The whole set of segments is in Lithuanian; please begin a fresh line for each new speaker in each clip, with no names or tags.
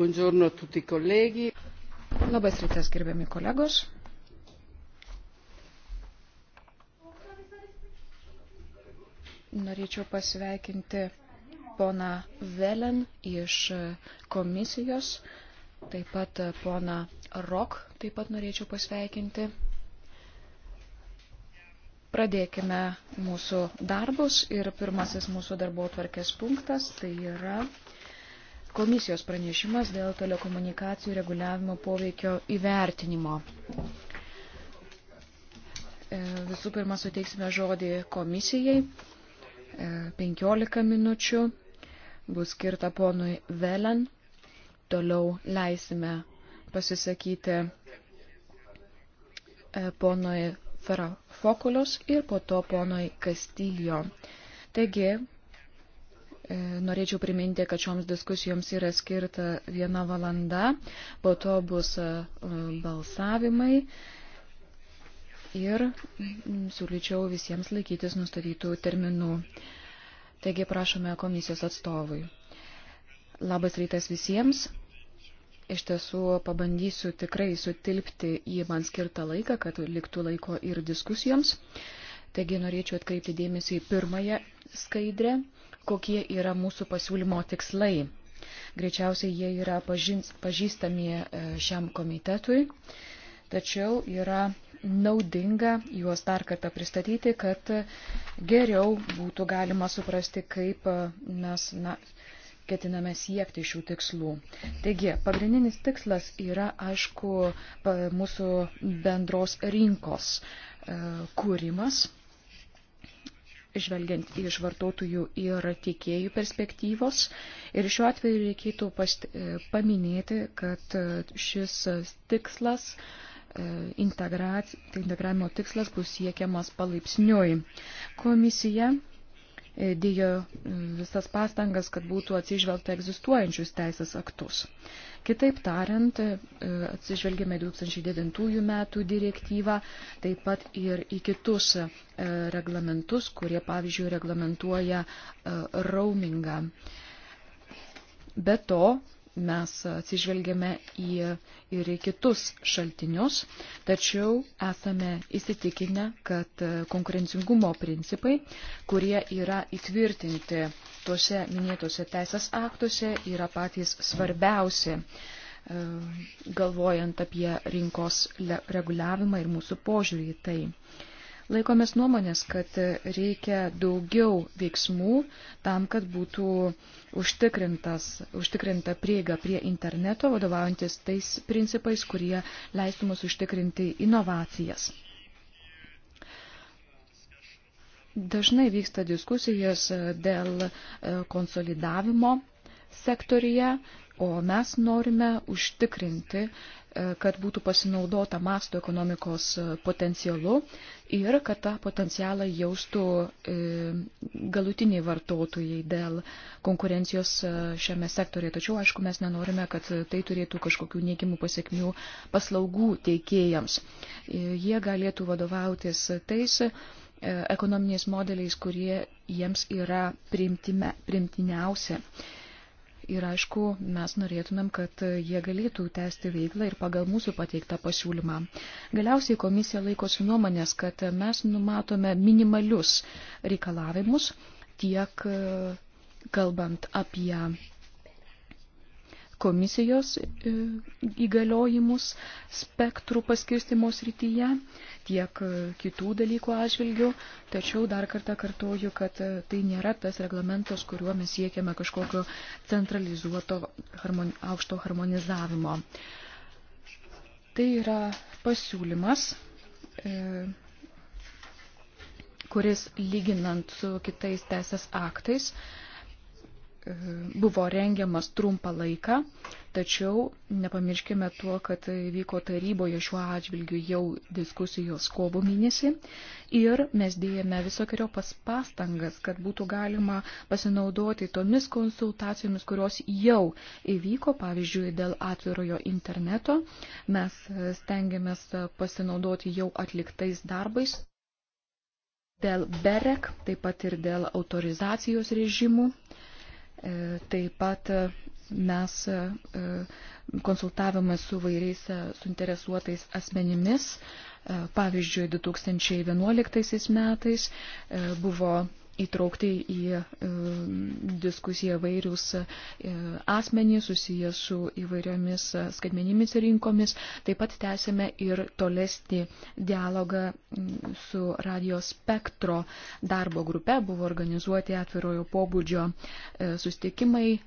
Buongiorno a tutti colleghi. Labas rytas, gerbiami kolegos. Norėčiau pasveikinti pona Velen iš komisijos, taip pat pona Rok taip pat norėčiau pasveikinti. Pradėkime mūsų darbus ir pirmasis mūsų darbo tvarkės punktas tai yra Komisijos pranešimas dėl telekomunikacijų reguliavimo poveikio įvertinimo. E, visų pirma, suteiksime žodį komisijai. 15 e, minučių bus skirta ponui Velen. Toliau leisime pasisakyti e, ponui Ferafokulius ir po to ponui Kastiljo. Taigi, E, norėčiau priminti, kad šioms diskusijoms yra skirta viena valanda, po to bus e, balsavimai ir siūlyčiau visiems laikytis nustatytų terminų. Taigi prašome komisijos atstovui. Labas rytas visiems. Iš tiesų pabandysiu tikrai sutilpti į man skirtą laiką, kad liktų laiko ir diskusijoms. Taigi norėčiau atkreipti dėmesį į pirmąją skaidrę kokie yra mūsų pasiūlymo tikslai. Greičiausiai jie yra pažįstami e, šiam komitetui, tačiau yra naudinga juos dar kartą pristatyti, kad geriau būtų galima suprasti, kaip e, mes na, ketiname siekti šių tikslų. Taigi, pagrindinis tikslas yra, aišku, mūsų bendros rinkos e, kūrimas žvelgiant iš vartotojų ir tiekėjų perspektyvos. Ir šiuo atveju reikėtų past, e, paminėti, kad e, šis tikslas, e, integrac, integravimo tikslas bus siekiamas palaipsniui. Komisija dėjo visas pastangas, kad būtų atsižvelgta egzistuojančius teisės aktus. Kitaip tariant, e, atsižvelgėme 2009 metų direktyvą, taip pat ir į kitus e, reglamentus, kurie, pavyzdžiui, reglamentuoja e, roamingą. Be to, mes atsižvelgėme į, ir į kitus šaltinius, tačiau esame įsitikinę, kad konkurencingumo principai, kurie yra įtvirtinti tuose minėtuose teisės aktuose yra patys svarbiausi, e, galvojant apie rinkos reguliavimą ir mūsų požiūrį į tai. Laikomės nuomonės, kad reikia daugiau veiksmų tam, kad būtų užtikrinta prieiga prie interneto, vadovaujantis tais principais, kurie leistų mus užtikrinti inovacijas. Dažnai vyksta diskusijas e, dėl e, konsolidavimo sektorija, o mes norime užtikrinti, e, kad būtų pasinaudota masto ekonomikos potencialu ir kad tą potencialą jaustų galutiniai vartotojai dėl konkurencijos šiame sektorėje. Tačiau, aišku, mes nenorime, kad tai turėtų kažkokių neigiamų pasiekmių paslaugų teikėjams. Jie galėtų vadovautis tais E, ekonominiais modeliais, kurie jiems yra priimtime, priimtiniausia. Ir aišku, mes norėtumėm, kad jie galėtų tęsti veiklą ir pagal mūsų pateiktą pasiūlymą. Galiausiai komisija laikosi nuomonės, kad mes numatome minimalius reikalavimus tiek e, kalbant apie komisijos e, įgaliojimus spektrų paskirstimo srityje, tiek e, kitų dalykų atžvilgių, tačiau dar kartą kartuoju, kad e, tai nėra tas reglamentas, kuriuo mes siekiame kažkokio centralizuoto harmoni, aukšto harmonizavimo. Tai yra pasiūlymas. E, kuris lyginant su kitais teisės aktais e, buvo rengiamas trumpą laiką, tačiau nepamirškime tuo, kad vyko taryboje šiuo atžvilgiu jau diskusijos kovo mėnesį ir mes dėjome visokiojo pastangas, kad būtų galima pasinaudoti tomis konsultacijomis, kurios jau įvyko, pavyzdžiui, dėl atvirojo interneto. Mes stengiamės pasinaudoti jau atliktais darbais. Dėl BEREK, taip pat ir dėl autorizacijos režimų, E, taip pat e, mes e, konsultavome su vairiais suinteresuotais asmenimis. Pavyzdžiui, 2011 metais buvo įtraukti į diskusiją vairius e, asmenys susijęs su įvairiomis skaitmenimis rinkomis. Taip pat tęsime ir tolesnį dialogą su Radio Spektro darbo grupe. Buvo organizuoti atvirojo pobūdžio e, sustikimai e,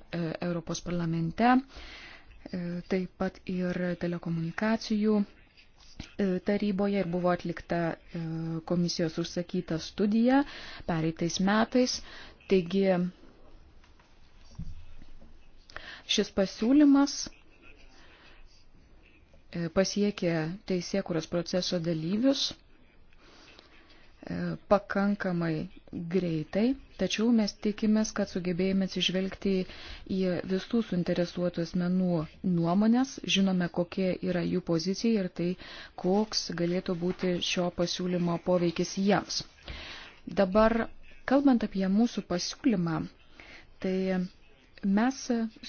Europos parlamente, taip pat ir telekomunikacijų E, taryboje ir buvo atlikta e, komisijos užsakyta studija pereitais metais. Taigi šis pasiūlymas e, pasiekė teisėkuros proceso dalyvius E, pakankamai greitai, tačiau mes tikimės, kad sugebėjome atsižvelgti į visų suinteresuotų asmenų nuomonės, žinome, kokie yra jų pozicija ir tai, koks galėtų būti šio pasiūlymo poveikis jiems. Dabar, kalbant apie mūsų pasiūlymą, tai mes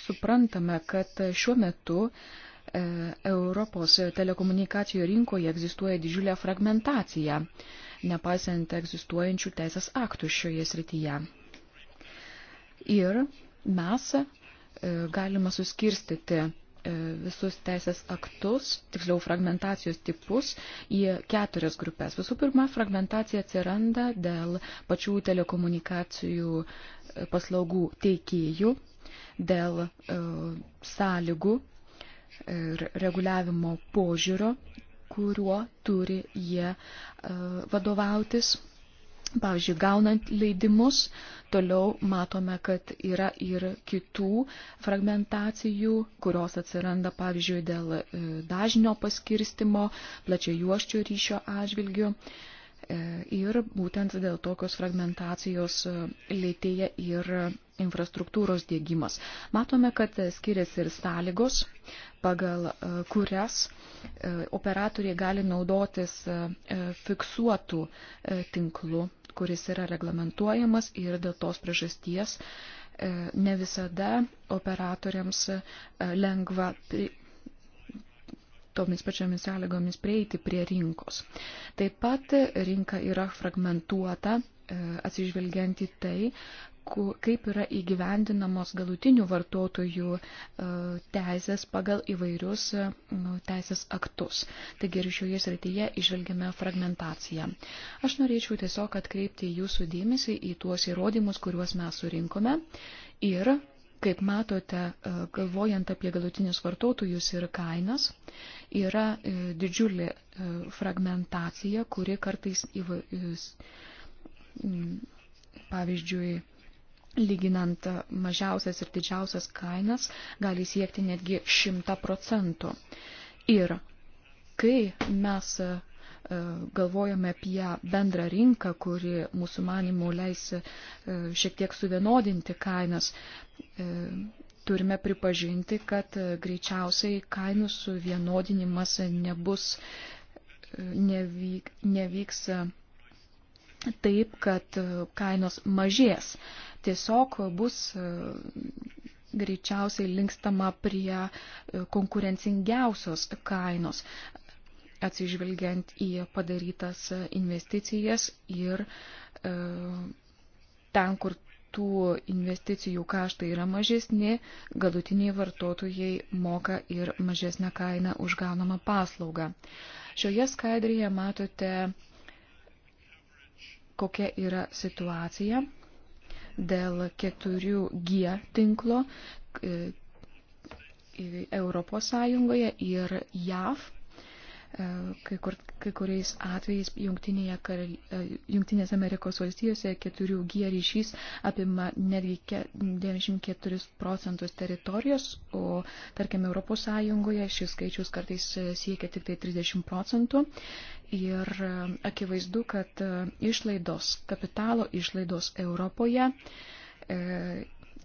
suprantame, kad šiuo metu e, Europos telekomunikacijų rinkoje egzistuoja didžiulė fragmentacija nepaisant egzistuojančių teisės aktų šioje srityje. Ir mes e, galima suskirstyti e, visus teisės aktus, tiksliau fragmentacijos tipus, į keturias grupės. Visų pirma, fragmentacija atsiranda dėl pačių telekomunikacijų e, paslaugų teikėjų, dėl e, sąlygų ir reguliavimo požiūrio kuriuo turi jie e, vadovautis. Pavyzdžiui, gaunant leidimus, toliau matome, kad yra ir kitų fragmentacijų, kurios atsiranda, pavyzdžiui, dėl e, dažnio paskirstimo, plačiojuoščio ryšio atžvilgių. E, E, ir būtent dėl tokios fragmentacijos e, lėtėja ir infrastruktūros dėgymas. Matome, kad skiriasi ir sąlygos, pagal e, kurias operatoriai gali naudotis fiksuotų tinklų, kuris yra reglamentuojamas ir dėl tos priežasties ne visada operatoriams lengva tomis pačiomis sąlygomis prieiti prie rinkos. Taip pat rinka yra fragmentuota, e, atsižvelgiant į tai, kaip yra įgyvendinamos galutinių vartotojų e, teisės pagal įvairius e, teisės aktus. Taigi ir šioje srityje išvelgiame fragmentaciją. Aš norėčiau tiesiog atkreipti jūsų dėmesį į tuos įrodymus, kuriuos mes surinkome ir Kaip matote, e, galvojant apie galutinius vartotojus ir kainas, yra e, didžiulė e, fragmentacija, kuri kartais, pavyzdžiui, lyginant mažiausias ir didžiausias kainas, gali siekti netgi 100 procentų. Ir kai mes E, galvojame apie bendrą rinką, kuri mūsų manimų leis e, šiek tiek suvienodinti kainas, e, turime pripažinti, kad greičiausiai kainų suvienodinimas nebus, nevyk, nevyks taip, kad kainos mažės. Tiesiog bus greičiausiai linkstama prie konkurencingiausios kainos atsižvelgiant į padarytas investicijas ir e, ten, kur tų investicijų kaštai yra mažesni, galutiniai vartotojai moka ir mažesnę kainą už gaunamą paslaugą. Šioje skaidrėje matote, kokia yra situacija dėl 4G tinklo e, Europos Sąjungoje ir JAV E, kai, kur, kai kuriais atvejais karal, e, Jungtinės Amerikos valstijose 4G ryšys apima netgi 94 procentus teritorijos, o tarkim Europos Sąjungoje šis skaičius kartais e, siekia tik tai 30 procentų. Ir akivaizdu, kad išlaidos, kapitalo išlaidos Europoje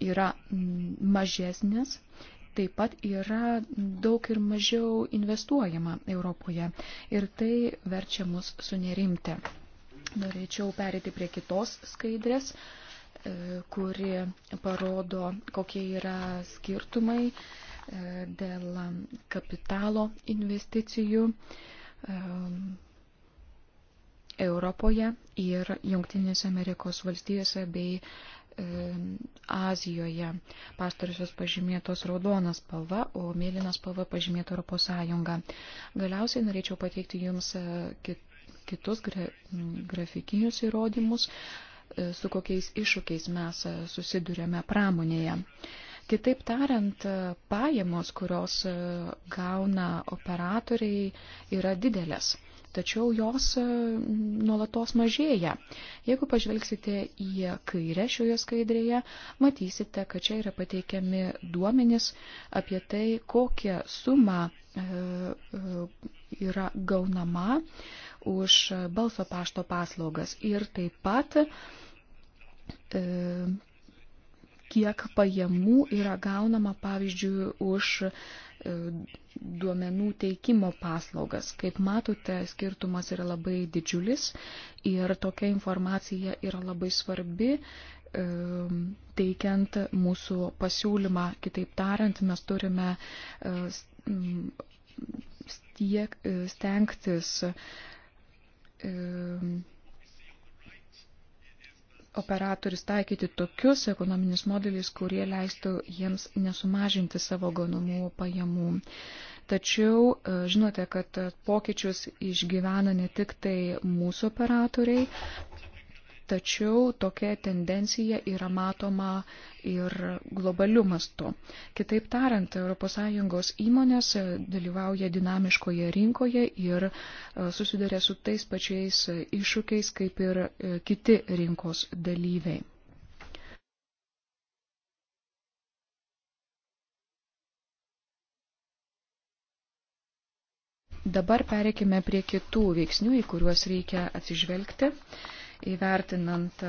yra mažesnės taip pat yra daug ir mažiau investuojama Europoje ir tai verčia mus sunerimti. Norėčiau perėti prie kitos skaidrės, e, kuri parodo, kokie yra skirtumai e, dėl kapitalo investicijų e, Europoje ir Junktinėse Amerikos valstijose bei Azijoje. Pastarusios pažymėtos raudonas spalva, o mėlynas spalva pažymėta Europos Sąjunga. Galiausiai norėčiau pateikti Jums e, kitus gra grafikinius įrodymus, e, su kokiais iššūkiais mes e, susidurėme pramonėje. Kitaip tariant, pajamos, kurios gauna operatoriai, yra didelės tačiau jos e, nuolatos mažėja. Jeigu pažvelgsite į kairę šioje skaidrėje, matysite, kad čia yra pateikiami duomenys apie tai, kokią sumą e, e, yra gaunama už balso pašto paslaugas ir taip pat kiek pajamų yra gaunama, pavyzdžiui, už E, duomenų teikimo paslaugas. Kaip matote, skirtumas yra labai didžiulis ir tokia informacija yra labai svarbi e, teikiant mūsų pasiūlymą. Kitaip tariant, mes turime e, stiek, stengtis operatorius taikyti tokius ekonominius modelius, kurie leistų jiems nesumažinti savo gaunamų pajamų. Tačiau e, žinote, kad pokyčius išgyvena ne tik tai mūsų operatoriai, tačiau tokia tendencija yra matoma ir globaliu mastu. Kitaip tariant, ES įmonės dalyvauja dinamiškoje rinkoje ir e, susiduria su tais pačiais iššūkiais kaip ir e, kiti rinkos dalyviai. Dabar pereikime prie kitų veiksnių, į kuriuos reikia atsižvelgti. Uh, įvertinant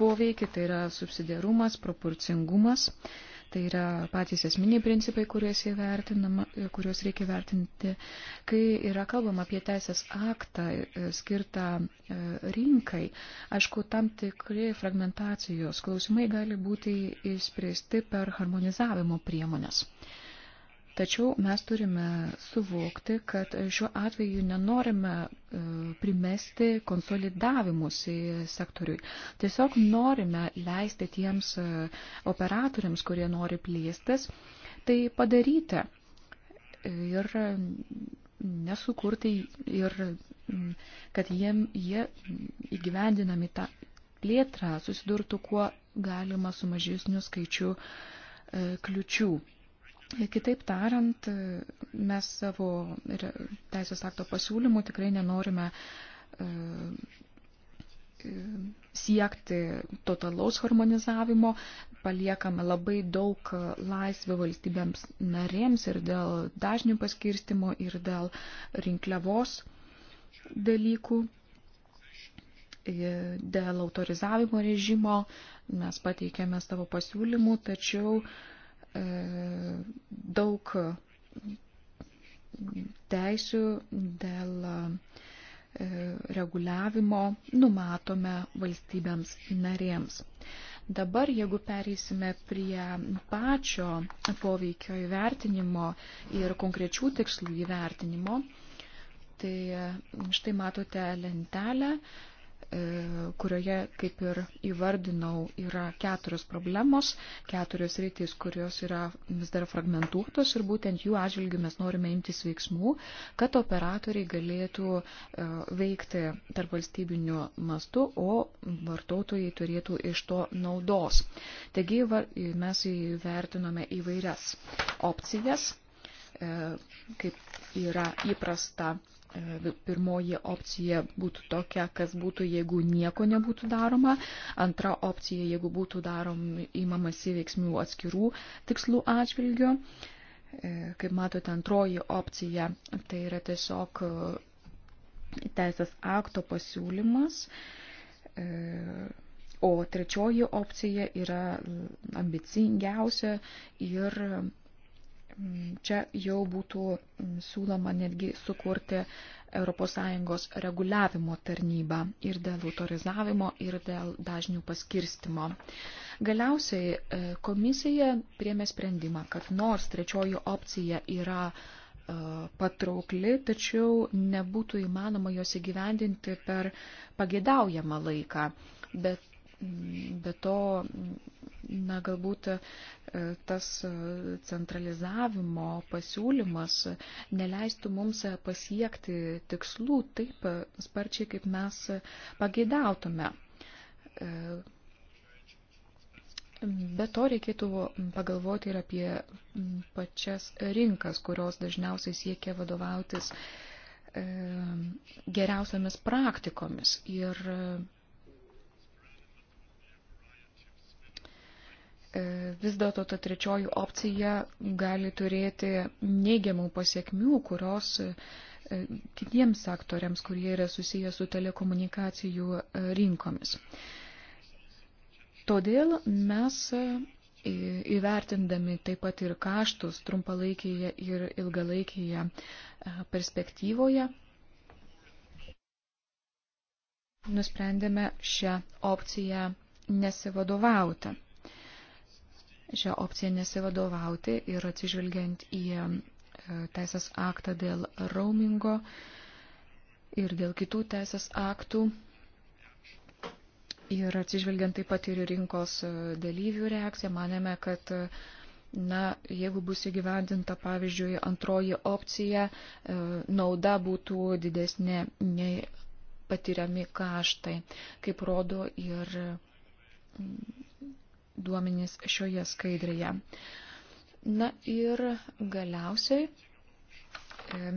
poveikį, tai yra subsidiarumas, proporcingumas, tai yra patys esminiai principai, kuriuos, kuriuos reikia vertinti. Kai yra kalbama apie teisės aktą e, skirtą e, rinkai, aišku, tam tikri fragmentacijos klausimai gali būti išspręsti per harmonizavimo priemonės. Tačiau mes turime suvokti, kad šiuo atveju nenorime e, primesti konsolidavimus į sektoriui. Tiesiog norime leisti tiems e, operatoriams, kurie nori plėstis, tai padaryti ir nesukurti ir kad jiem, jie įgyvendinami tą plėtrą susidurtų kuo galima sumažesnių skaičių e, kliučių. Kitaip tariant, mes savo teisės akto pasiūlymų tikrai nenorime e, e, siekti totalaus harmonizavimo, paliekame labai daug laisvę valstybėms narėms ir dėl dažnių paskirstimo, ir dėl rinkliavos dalykų, dėl autorizavimo režimo. Mes pateikėme savo pasiūlymų, tačiau uh, E, daug teisių dėl e, reguliavimo numatome valstybėms narėms. Dabar, jeigu pereisime prie pačio poveikio įvertinimo ir konkrečių tikslų įvertinimo, tai štai matote lentelę, E, kurioje, kaip ir įvardinau, yra keturios problemos, keturios rytis, kurios yra vis dar fragmentuotos ir būtent jų atžvilgių mes norime imtis veiksmų, kad operatoriai galėtų e, veikti tarp valstybinių mastų, o vartotojai turėtų iš to naudos. Taigi mes įvertinome įvairias opcijas, e, kaip yra įprasta E, pirmoji opcija būtų tokia, kas būtų, jeigu nieko nebūtų daroma. Antra opcija, jeigu būtų darom įmamasi veiksmių atskirų tikslų atžvilgių. E, kaip matote, antroji opcija tai yra tiesiog e, teisės akto pasiūlymas. O trečioji opcija yra ambicingiausia ir Čia jau būtų siūloma netgi sukurti ES reguliavimo tarnybą ir dėl autorizavimo, ir dėl dažnių paskirstimo. Galiausiai e, komisija priemė sprendimą, kad nors trečioji opcija yra e, patraukli, tačiau nebūtų įmanoma jos įgyvendinti per pagėdaujamą laiką. Bet, bet to, na, galbūt tas e, centralizavimo pasiūlymas neleistų mums e, pasiekti tikslų taip e, sparčiai, kaip mes pageidautume. Be to reikėtų pagalvoti ir apie pačias rinkas, kurios dažniausiai siekia vadovautis geriausiamis praktikomis ir E, vis dėlto ta trečioji opcija gali turėti neigiamų pasiekmių, kurios e, kitiems sektoriams, kurie yra susiję su telekomunikacijų e, rinkomis. Todėl mes įvertindami taip pat ir kaštus trumpalaikėje ir ilgalaikėje perspektyvoje, nusprendėme šią opciją nesivadovauti šią opciją nesivadovauti ir atsižvelgiant į e, teisės aktą dėl roamingo ir dėl kitų teisės aktų ir atsižvelgiant taip pat ir rinkos e, dalyvių reakciją, manėme, kad e, Na, jeigu bus įgyvendinta, pavyzdžiui, antroji opcija, nauda būtų didesnė nei patiriami kaštai, kaip rodo ir duomenys šioje skaidrėje. Na ir galiausiai e,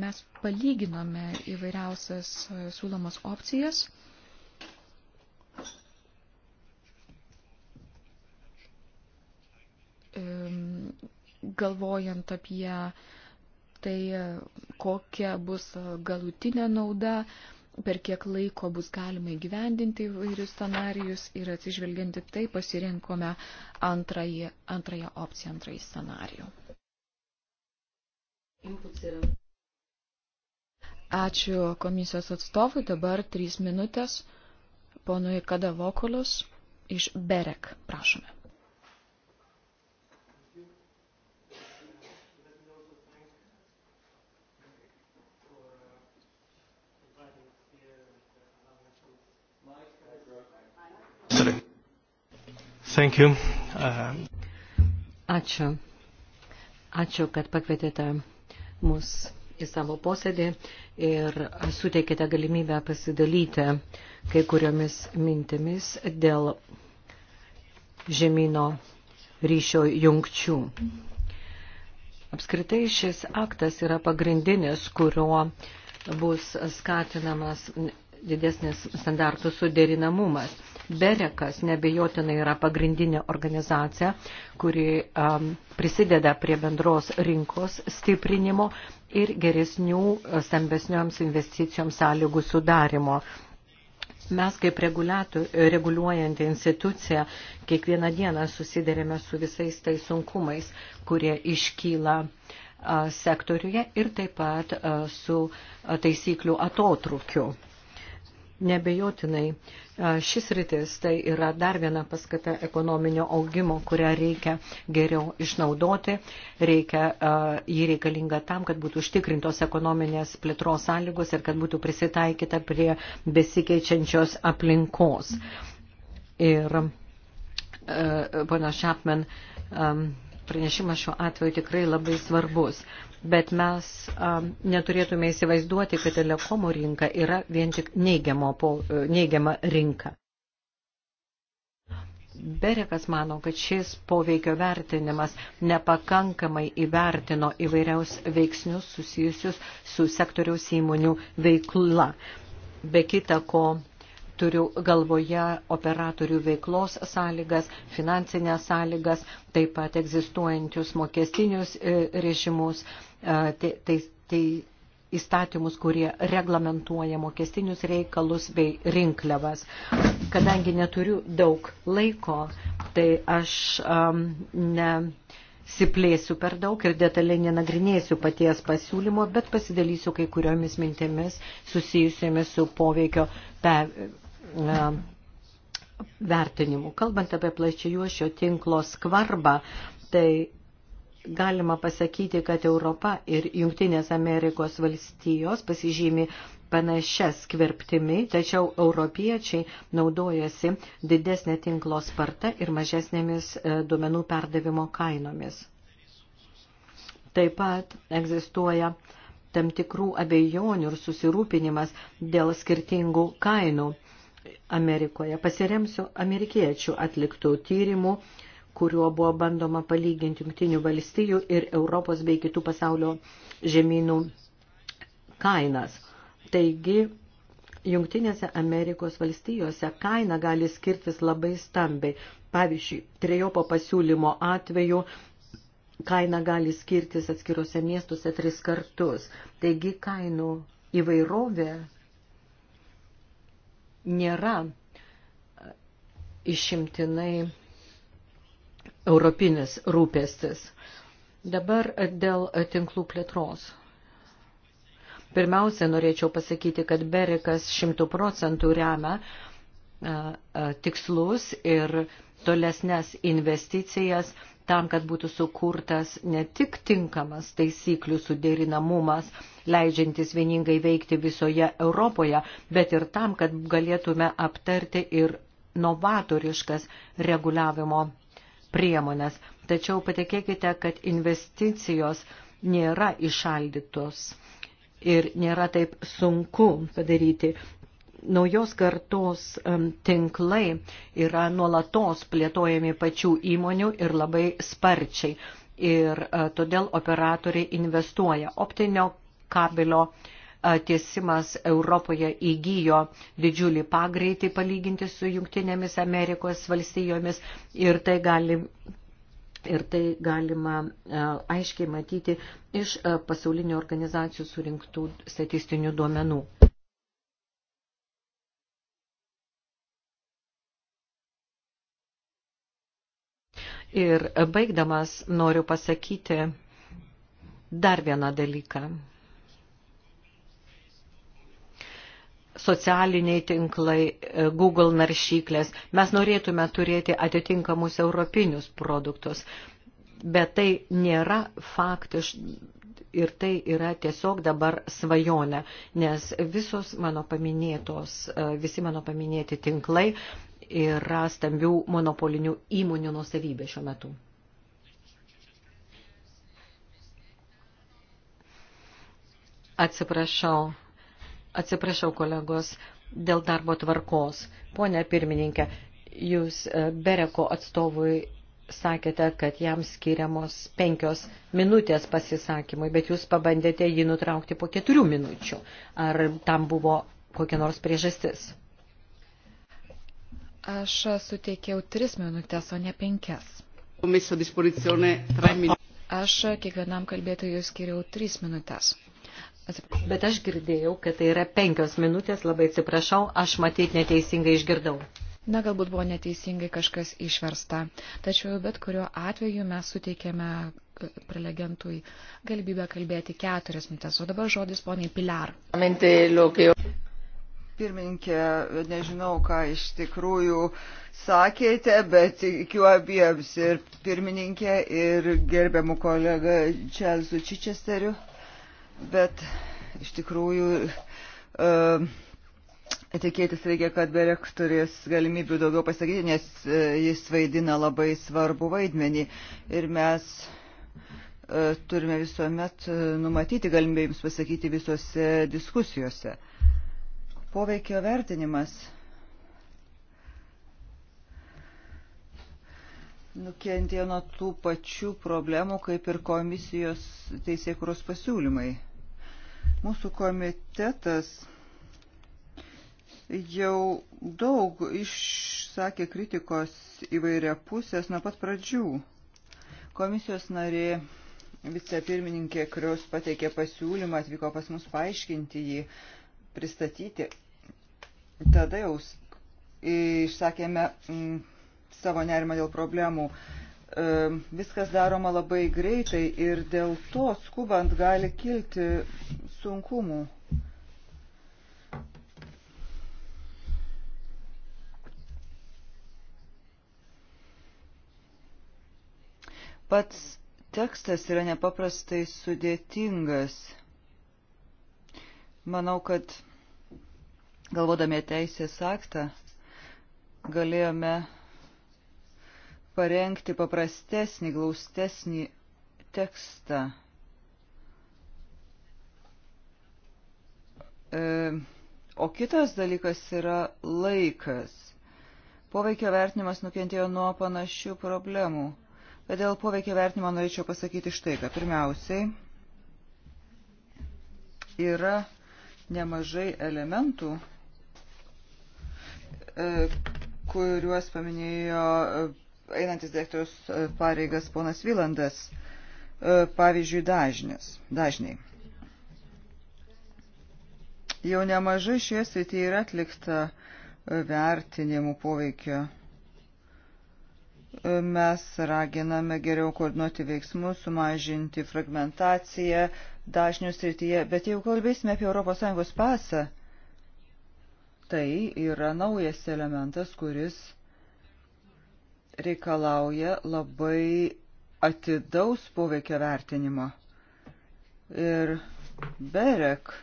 mes palyginome įvairiausias e, siūlomas opcijas. Galvojant apie tai, kokia bus galutinė nauda, per kiek laiko bus galima įgyvendinti įvairius scenarius ir atsižvelgianti tai pasirinkome antrąjį, antrąją opciją, antrąjį scenarių. Ačiū komisijos atstovui, dabar trys minutės ponui Kadavokulius iš Berek, prašome.
Thank you. Uh... Ačiū. Ačiū, kad pakvietėte mus į savo posėdį ir suteikėte galimybę pasidalyti kai kuriomis mintimis dėl žemino ryšio jungčių. Apskritai šis aktas yra pagrindinis, kuriuo bus skatinamas didesnis standartų suderinamumas. Berekas nebejotinai yra pagrindinė organizacija, kuri um, prisideda prie bendros rinkos stiprinimo ir geresnių stambesnioms investicijoms sąlygų sudarimo mes kaip reguliuojanti institucija kiekvieną dieną susidarėme su visais tai sunkumais, kurie iškyla sektoriuje ir taip pat su taisyklių atotrukiu. Nebejotinai šis rytis tai yra dar viena paskata ekonominio augimo, kurią reikia geriau išnaudoti, reikia, jį reikalinga tam, kad būtų užtikrintos ekonominės plėtros sąlygos ir kad būtų prisitaikyta prie besikeičiančios aplinkos. Ir pana Šapmen pranešimas šiuo atveju tikrai labai svarbus bet mes um, neturėtume įsivaizduoti, kad telekomų rinka yra vien tik neigiamo, po, e, neigiama rinka. Berekas mano, kad šis poveikio vertinimas nepakankamai įvertino įvairiaus veiksnius susijusius su sektoriaus įmonių veikla. Be kita ko, turiu galvoje operatorių veiklos sąlygas, finansinės sąlygas, taip pat egzistuojančius mokestinius e, režimus, tai, tai, tai įstatymus, kurie reglamentuoja mokestinius reikalus bei rinkliavas. Kadangi neturiu daug laiko, tai aš um, ne siplėsiu per daug ir detaliai nenagrinėsiu paties pasiūlymo, bet pasidalysiu kai kuriomis mintimis susijusiamis su poveikio E, vertinimų. Kalbant apie plačiajuošio tinklo skvarbą, tai galima pasakyti, kad Europa ir Junktinės Amerikos valstijos pasižymi panašias skvirptimi, tačiau europiečiai naudojasi didesnė tinklo sparta ir mažesnėmis e, duomenų perdavimo kainomis. Taip pat egzistuoja tam tikrų abejonių ir susirūpinimas dėl skirtingų kainų Amerikoje. Pasiremsiu amerikiečių atliktų tyrimų, kuriuo buvo bandoma palyginti jungtinių valstijų ir Europos bei kitų pasaulio žemynų kainas. Taigi, Jungtinėse Amerikos valstijose kaina gali skirtis labai stambiai. Pavyzdžiui, trejopo pasiūlymo atveju kaina gali skirtis atskiruose miestuose tris kartus. Taigi kainų įvairovė nėra išimtinai europinis rūpestis. Dabar dėl tinklų plėtros. Pirmiausia, norėčiau pasakyti, kad Berikas šimtų procentų remia tikslus ir tolesnės investicijas tam, kad būtų sukurtas ne tik tinkamas taisyklių suderinamumas, leidžiantis vieningai veikti visoje Europoje, bet ir tam, kad galėtume aptarti ir novatoriškas reguliavimo priemonės. Tačiau patikėkite, kad investicijos nėra išaldytos ir nėra taip sunku padaryti naujos kartos tinklai yra nuolatos plėtojami pačių įmonių ir labai sparčiai. Ir e, todėl operatoriai investuoja. Optinio kabelio e, tiesimas Europoje įgyjo didžiulį pagreitį palyginti su Junktinėmis Amerikos valstijomis ir tai gali Ir tai galima e, aiškiai matyti iš pasaulinių organizacijų surinktų statistinių duomenų. Ir baigdamas noriu pasakyti dar vieną dalyką. socialiniai tinklai, e, Google naršyklės. Mes norėtume turėti atitinkamus europinius produktus, bet tai nėra faktiš ir tai yra tiesiog dabar svajonė, nes visos mano paminėtos, e, visi mano paminėti tinklai yra stambių monopolinių įmonių nusavybė šiuo metu. Atsiprašau, atsiprašau kolegos dėl darbo tvarkos. Pone pirmininkė, jūs e, Bereko atstovui sakėte, kad jam skiriamos penkios minutės pasisakymui, bet jūs pabandėte jį nutraukti po keturių minučių. Ar tam buvo kokia nors priežastis?
Aš suteikiau tris minutės, o ne penkias. Aš kiekvienam
kalbėtojui skiriau tris minutės. Bet aš girdėjau, kad tai yra penkios minutės, labai atsiprašau, aš matyt neteisingai išgirdau.
Na, galbūt buvo neteisingai kažkas išversta, tačiau bet kuriuo atveju mes suteikėme e, prelegentui galimybę kalbėti keturias minutės, o dabar žodis poniai Pilar
pirmininkė, nežinau, ką iš tikrųjų sakėte, bet tikiu abiems ir pirmininkė, ir gerbiamų kolega Čelzu Čičesteriu. Bet iš tikrųjų uh, e, tikėtis reikia, kad Berek turės galimybių daugiau pasakyti, nes uh, jis vaidina labai svarbu vaidmenį. Ir mes uh, turime visuomet numatyti galimybę jums pasakyti visose diskusijose. Poveikio vertinimas. Nukentėjo nuo tų pačių problemų, kaip ir komisijos teisėkuros pasiūlymai. Mūsų komitetas jau daug išsakė kritikos įvairia pusės nuo pat pradžių. Komisijos narė vicepirmininkė, kurios pateikė pasiūlymą, atvyko pas mus paaiškinti jį pristatyti. Tada jau išsakėme mm, savo nerimą dėl problemų. E, viskas daroma labai greitai ir dėl to skubant gali kilti sunkumų. Pats tekstas yra nepaprastai sudėtingas. Manau, kad galvodami teisės aktą galėjome parengti paprastesnį, glaustesnį tekstą. E, o kitas dalykas yra laikas. Poveikio vertinimas nukentėjo nuo panašių problemų. Bet dėl poveikio vertinimo norėčiau pasakyti štai, kad pirmiausiai yra nemažai elementų, e, kuriuos paminėjo e, einantis direktorius e, pareigas ponas Vilandas, pavyzdžiui, dažnis, dažniai. Jau nemažai šioje srityje yra atlikta vertinimų poveikio Mes raginame geriau koordinuoti veiksmus, sumažinti fragmentaciją dažnių srityje, bet jeigu kalbėsime apie ES pasą, tai yra naujas elementas, kuris reikalauja labai atidaus poveikio vertinimo. Ir Berek e,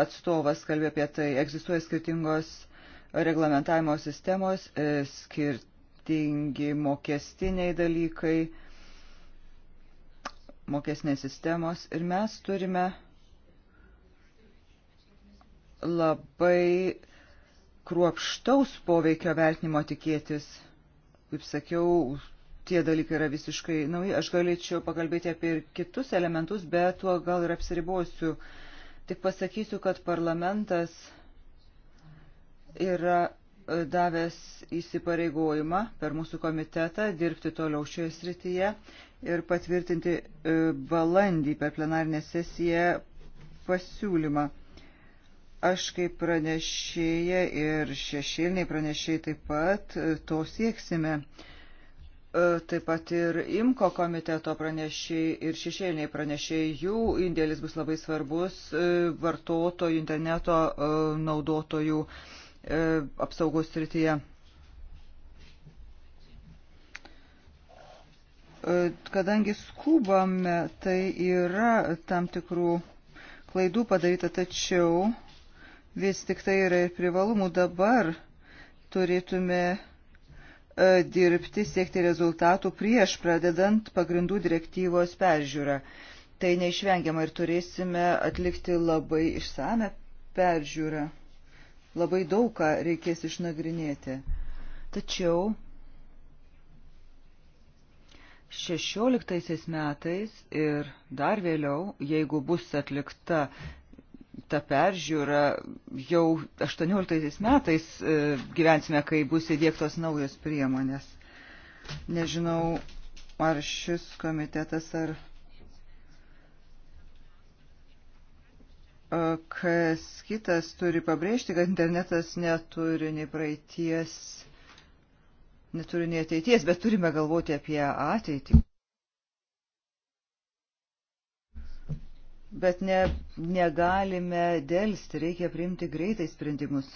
atstovas kalbė apie tai, egzistuoja skirtingos reglamentavimo sistemos, e, skirt skirtingi mokestiniai dalykai, mokesnės sistemos ir mes turime labai kruopštaus poveikio vertinimo tikėtis. Kaip sakiau, tie dalykai yra visiškai nauji. Aš galėčiau pakalbėti apie ir kitus elementus, bet tuo gal ir apsiribosiu. Tik pasakysiu, kad parlamentas yra davęs įsipareigojimą per mūsų komitetą dirbti toliau šioje srityje ir patvirtinti e, balandį per plenarinę sesiją pasiūlymą. Aš kaip pranešėja ir šešėliniai pranešėjai taip pat e, to sieksime. E, taip pat ir IMKO komiteto pranešėjai ir šešėliniai pranešėjai, jų indėlis bus labai svarbus vartotojų, interneto naudotojų E, apsaugos srityje. E, kadangi skubame, tai yra tam tikrų klaidų padaryta, tačiau vis tik tai yra ir privalumų dabar turėtume e, dirbti, siekti rezultatų prieš pradedant pagrindų direktyvos peržiūrą. Tai neišvengiama ir turėsime atlikti labai išsame peržiūrą. Labai daug ką reikės išnagrinėti. Tačiau 16 metais ir dar vėliau, jeigu bus atlikta ta peržiūra, jau 18 metais e, gyvensime, kai bus įdėktos naujos priemonės. Nežinau, ar šis komitetas ar kas kitas turi pabrėžti, kad internetas neturi nei praeities, neturi nei ateities, bet turime galvoti apie ateitį. Bet ne, negalime dėlsti, reikia priimti greitai sprendimus.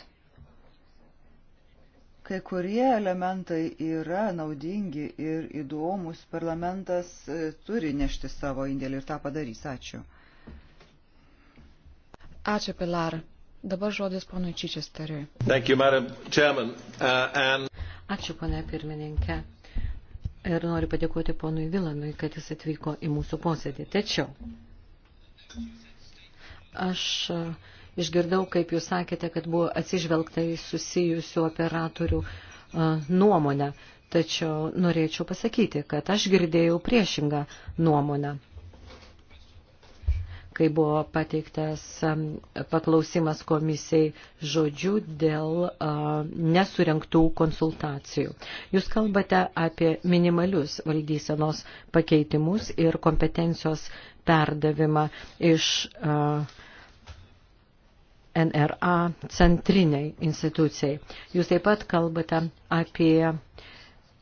Kai kurie elementai yra naudingi ir įdomus, parlamentas e, turi nešti savo indėlį ir tą padarys. Ačiū.
Ačiū, Pilar. Dabar žodis
ponui Čičesteriui. Uh, and... Ačiū, ponė pirmininkė. Ir noriu padėkoti ponui Vilanui, kad jis atvyko į mūsų posėdį. Tačiau aš uh, išgirdau, kaip jūs sakėte, kad buvo atsižvelgta į susijusių operatorių uh, nuomonę. Tačiau norėčiau pasakyti, kad aš girdėjau priešingą nuomonę kai buvo pateiktas um, paklausimas komisijai žodžių dėl uh, nesurinktų konsultacijų. Jūs kalbate apie minimalius valdysenos pakeitimus ir kompetencijos perdavimą iš uh, NRA centriniai institucijai. Jūs taip pat kalbate apie uh,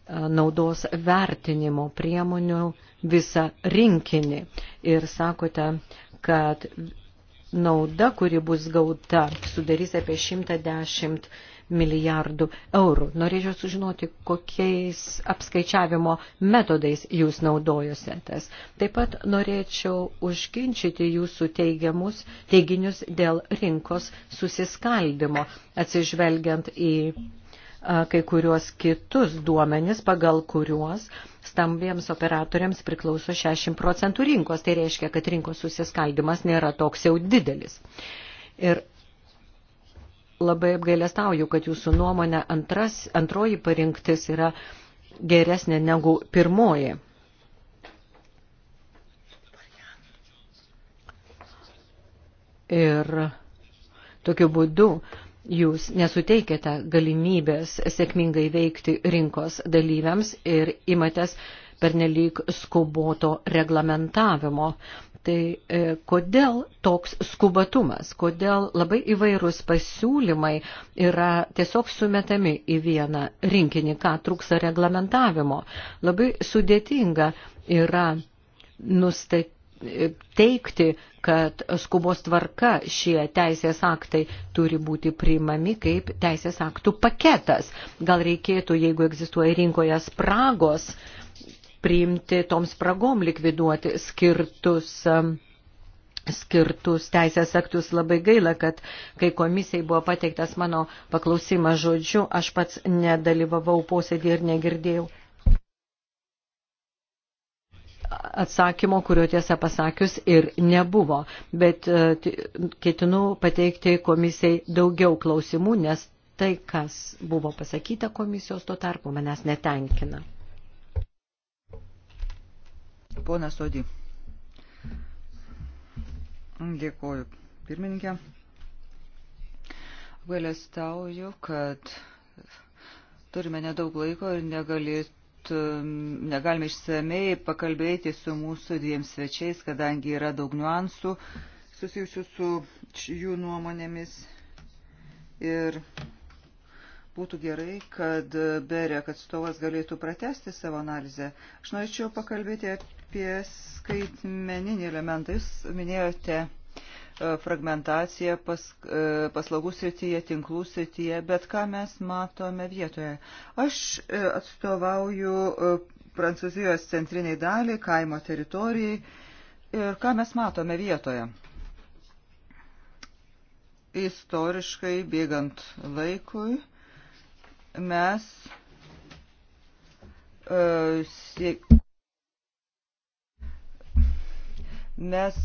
naudos vertinimo priemonių visą rinkinį ir sakote, kad nauda, kuri bus gauta, sudarys apie 110 milijardų eurų. Norėčiau sužinoti, kokiais apskaičiavimo metodais jūs naudojositės. Taip pat norėčiau užginčyti jūsų teigiamus teiginius dėl rinkos susiskaldimo, atsižvelgiant į kai kuriuos kitus duomenis, pagal kuriuos stambiems operatoriams priklauso 60 procentų rinkos. Tai reiškia, kad rinkos susiskaldimas nėra toks jau didelis. Ir labai apgailestauju, kad jūsų nuomonė antras, antroji parinktis yra geresnė negu pirmoji. Ir tokiu būdu jūs nesuteikėte galimybės sėkmingai veikti rinkos dalyviams ir imatės pernelyg skuboto reglamentavimo. Tai e, kodėl toks skubatumas, kodėl labai įvairūs pasiūlymai yra tiesiog sumetami į vieną rinkinį, ką trūksa reglamentavimo. Labai sudėtinga yra nustatyti teikti, kad skubos tvarka šie teisės aktai turi būti priimami kaip teisės aktų paketas. Gal reikėtų, jeigu egzistuoja rinkoje spragos, priimti toms spragom likviduoti skirtus um, skirtus teisės aktus. Labai gaila, kad kai komisijai buvo pateiktas mano paklausimas žodžiu, aš pats nedalyvavau posėdį ir negirdėjau atsakymo, kurio tiesą pasakius ir nebuvo. Bet e, ketinu pateikti komisijai daugiau klausimų, nes tai, kas buvo pasakyta komisijos tuo tarpu, manęs netenkina.
Pona Sodi. Dėkuoju, pirmininkė. Galėstauju, kad turime nedaug laiko ir negalėtume Um, negalime išsamei pakalbėti su mūsų dviem svečiais, kadangi yra daug niuansų susijusių su jų nuomonėmis. Ir būtų gerai, kad Berek atstovas galėtų pratesti savo analizę. Aš norėčiau pakalbėti apie skaitmeninį elementą. Jūs minėjote E, fragmentacija pas, e, paslaugų srityje, tinklų srityje, bet ką mes matome vietoje. Aš e, atstovauju Prancūzijos centriniai daliai, kaimo teritorijai ir ką mes matome vietoje. Istoriškai bėgant laikui mes uh, siek... mes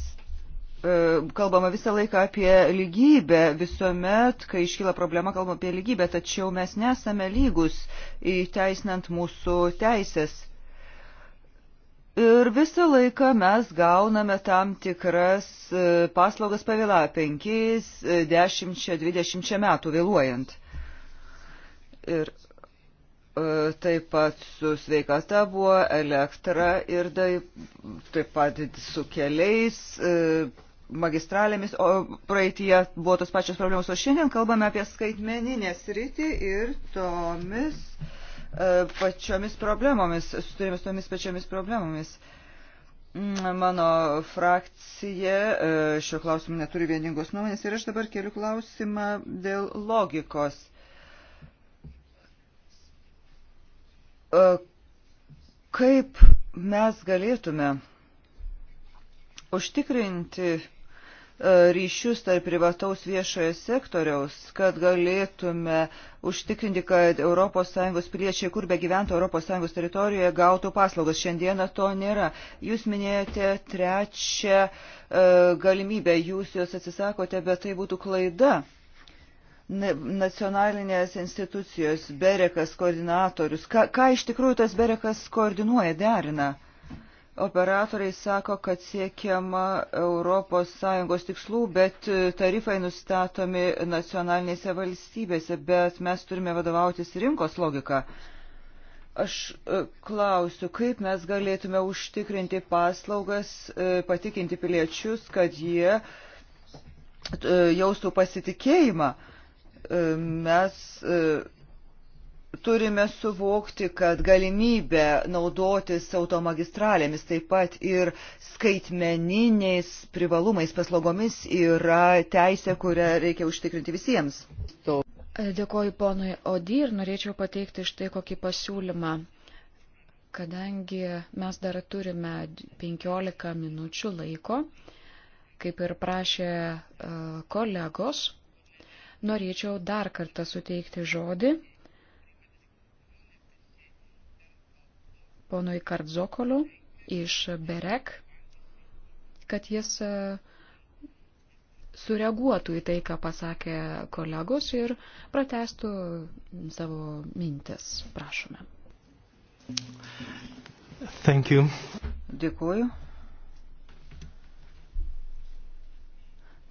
E, kalbama visą laiką apie lygybę, visuomet, kai iškyla problema, kalbama apie lygybę, tačiau mes nesame lygus įteisinant mūsų teisės. Ir visą laiką mes gauname tam tikras e, paslaugas pavėlą 5, 10, 20 metų vėluojant. Ir e, taip pat su sveikata buvo elektra ir taip pat su keliais magistralėmis, o praeitie buvo tos pačios problemos, o šiandien kalbame apie skaitmeninę sritį ir tomis e, pačiomis problemomis, turime su tomis pačiomis problemomis. Mm, mano frakcija e, šio klausimu neturi vieningos nuomonės ir aš dabar keliu klausimą dėl logikos e, kaip mes galėtume užtikrinti ryšius tarp privataus viešojo sektoriaus, kad galėtume užtikrinti, kad ES piliečiai, kur be gyventų ES teritorijoje, gautų paslaugas. Šiandieną to nėra. Jūs minėjote trečią e, galimybę, jūs jos atsisakote, bet tai būtų klaida nacionalinės institucijos, berekas koordinatorius. Ką, ką iš tikrųjų tas berekas koordinuoja, derina? Operatoriai sako, kad siekiama ES tikslų, bet e, tarifai nustatomi nacionalinėse valstybėse, bet mes turime vadovautis rinkos logiką. Aš e, klausiu, kaip mes galėtume užtikrinti paslaugas, e, patikinti piliečius, kad jie jaustų pasitikėjimą. Mes turime suvokti, kad galimybė naudotis automagistralėmis taip pat ir skaitmeniniais privalumais paslaugomis yra teisė, kurią reikia užtikrinti visiems. Dėkoju ponui Odi ir norėčiau pateikti štai
kokį pasiūlymą. Kadangi mes dar turime 15 minučių laiko, kaip ir prašė e, kolegos, norėčiau dar kartą suteikti žodį ponui Kardzokoliu iš Berek, kad jis e, sureaguotų į tai, ką pasakė kolegos ir pratestų savo mintis. Prašome.
Thank you.
Dėkuoju.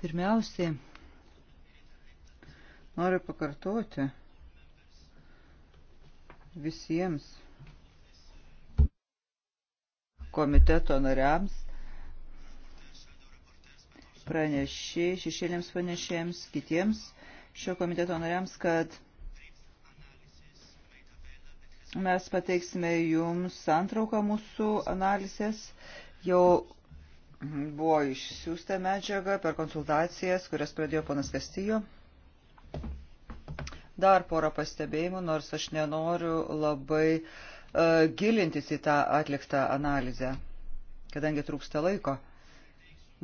Pirmiausiai, noriu pakartoti visiems komiteto nariams, pranešiai, šešėlėms pranešėjams, kitiems šio komiteto nariams, kad mes pateiksime jums santrauką mūsų analizės. Jau buvo išsiųsta medžiaga per konsultacijas, kurias pradėjo ponas Kastijo. Dar porą pastebėjimų, nors aš nenoriu labai uh, E, gilintis į tą atliktą analizę, kadangi trūksta laiko.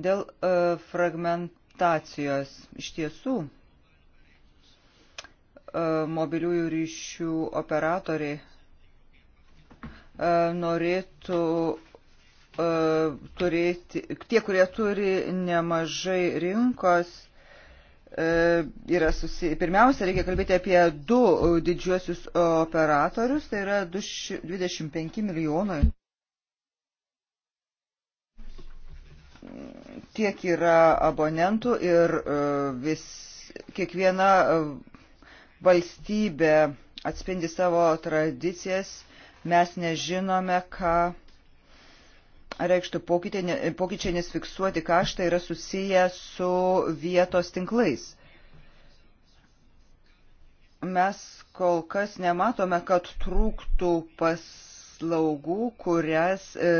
Dėl e, fragmentacijos iš tiesų e, mobiliųjų ryšių operatoriai norėtų turėti, tie, kurie turi nemažai rinkos, E, yra susi... Pirmiausia, reikia kalbėti apie du e, didžiuosius operatorius, tai yra 25 milijonai. Tiek yra abonentų ir e, vis, kiekviena valstybė atspindi savo tradicijas. Mes nežinome, ką reikštų pokyčiai, nes fiksuoti kaštai yra susiję su vietos tinklais. Mes kol kas nematome, kad trūktų paslaugų, kurias e,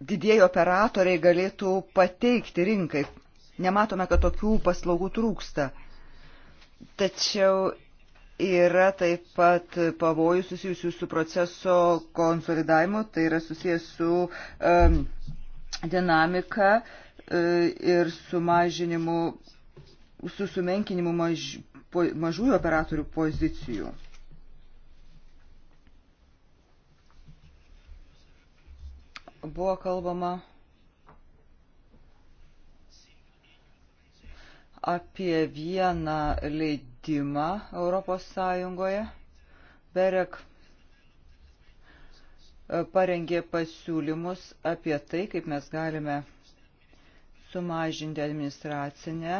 didieji operatoriai galėtų pateikti rinkai. Nematome, kad tokių paslaugų trūksta. Tačiau Yra taip pat pavojų susijusių su proceso konsolidavimu, tai yra susijęs su um, dinamika um, ir sumažinimu, su sumenkinimu maž, po, mažųjų operatorių pozicijų. Buvo kalbama apie vieną leidimą švietimą Europos Sąjungoje. Berek e, parengė pasiūlymus apie tai, kaip mes galime sumažinti administracinę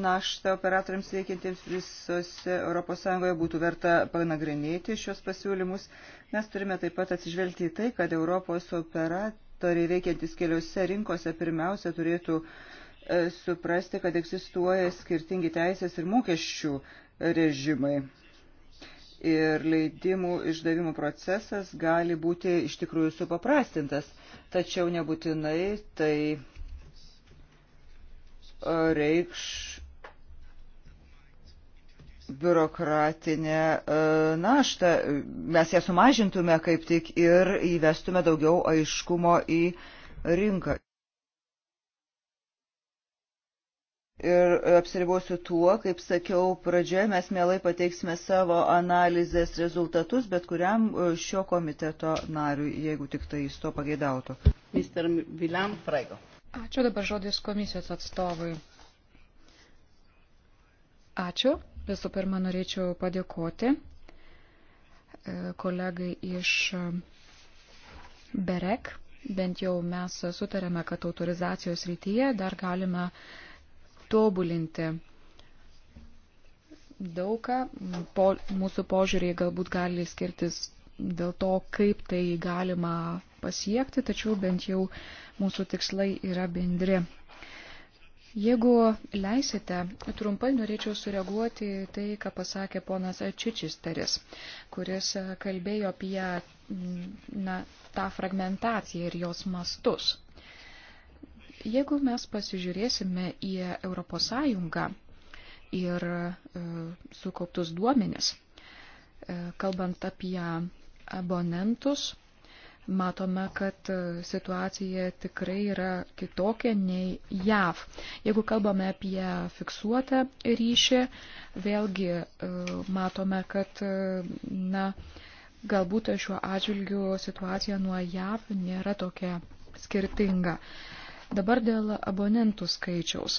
naštą operatoriams veikiantiems visose ES būtų verta panagrinėti šios pasiūlymus. Mes turime taip pat atsižvelgti į tai, kad Europos operatoriai veikiantis keliose rinkose pirmiausia turėtų e, suprasti, kad egzistuoja skirtingi teisės ir mokesčių režimai. Ir leidimų išdavimo procesas gali būti iš tikrųjų supaprastintas, tačiau nebūtinai tai e, reikš biurokratinę e, naštą. Mes ją sumažintume kaip tik ir įvestume daugiau aiškumo į rinką. Ir apsiribosiu tuo, kaip sakiau pradžioje, mes mielai pateiksime savo analizės rezultatus, bet kuriam e, šio komiteto nariui, jeigu tik tai jis to pageidautų. Mr. Vilam Frego.
Ačiū dabar žodis komisijos atstovui. Ačiū. Visų pirma, norėčiau padėkoti e, kolegai iš e, BEREK. Bent jau mes sutarėme, kad autorizacijos rytyje dar galime uh, tobulinti daugą. Po, mūsų požiūriai galbūt gali skirtis dėl to, kaip tai galima pasiekti, tačiau bent jau mūsų tikslai yra bendri. Jeigu leisite, trumpai norėčiau sureaguoti tai, ką pasakė ponas Čičisteris, kuris kalbėjo apie mm, na, tą fragmentaciją ir jos mastus. Jeigu mes pasižiūrėsime į ES ir e, sukauptus duomenis, e, kalbant apie abonentus, matome, kad e, situacija tikrai yra kitokia nei JAV. Jeigu kalbame apie fiksuotą ryšį, vėlgi matome, kad na, galbūt šiuo atžvilgiu situacija nuo JAV nėra tokia skirtinga. Uh, Dabar dėl abonentų skaičiaus.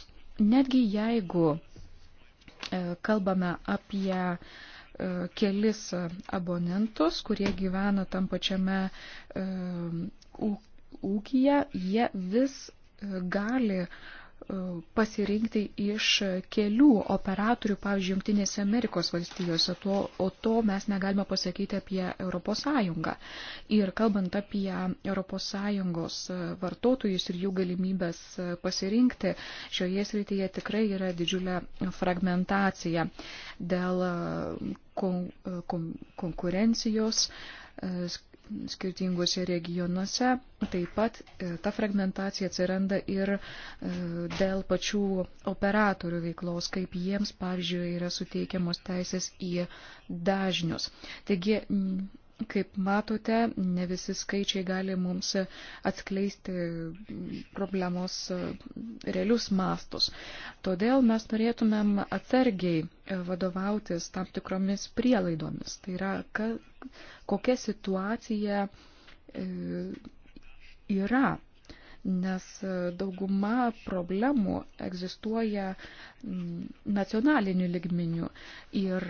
Netgi jeigu e, kalbame apie e, kelis abonentus, kurie gyvena tam pačiame e, ūkyje, jie vis gali uh, pasirinkti iš kelių operatorių, pavyzdžiui, Junktinėse Amerikos valstijose, to, o to mes negalime pasakyti apie Europos Sąjungą. Ir kalbant apie Europos Sąjungos vartotojus ir jų galimybės pasirinkti, šioje srityje tikrai yra didžiulė fragmentacija dėl kon, kon, konkurencijos skirtinguose regionuose. Taip pat e, ta fragmentacija atsiranda ir e, dėl pačių operatorių veiklos, kaip jiems, pavyzdžiui, yra suteikiamos teisės į dažnius. Taigi Kaip matote, ne visi skaičiai gali mums atskleisti problemos e, realius mastus. Todėl mes norėtumėm atsargiai e, vadovautis tam tikromis prielaidomis. Tai yra, ka, kokia situacija e, yra nes dauguma problemų egzistuoja mm, nacionaliniu ligminiu. Ir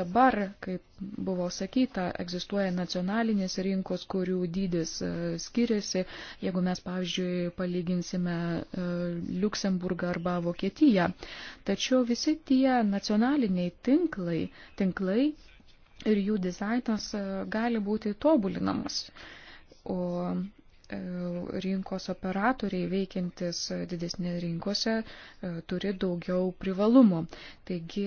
dabar, kaip buvo sakyta, egzistuoja nacionalinės rinkos, kurių dydis e, skiriasi. Jeigu mes, pavyzdžiui, palyginsime e, Luksemburgą arba Vokietiją. Tačiau visi tie nacionaliniai tinklai, tinklai ir jų dizainas e, gali būti tobulinamas. O E, rinkos operatoriai veikiantis didesnė rinkose e, turi daugiau privalumų. Taigi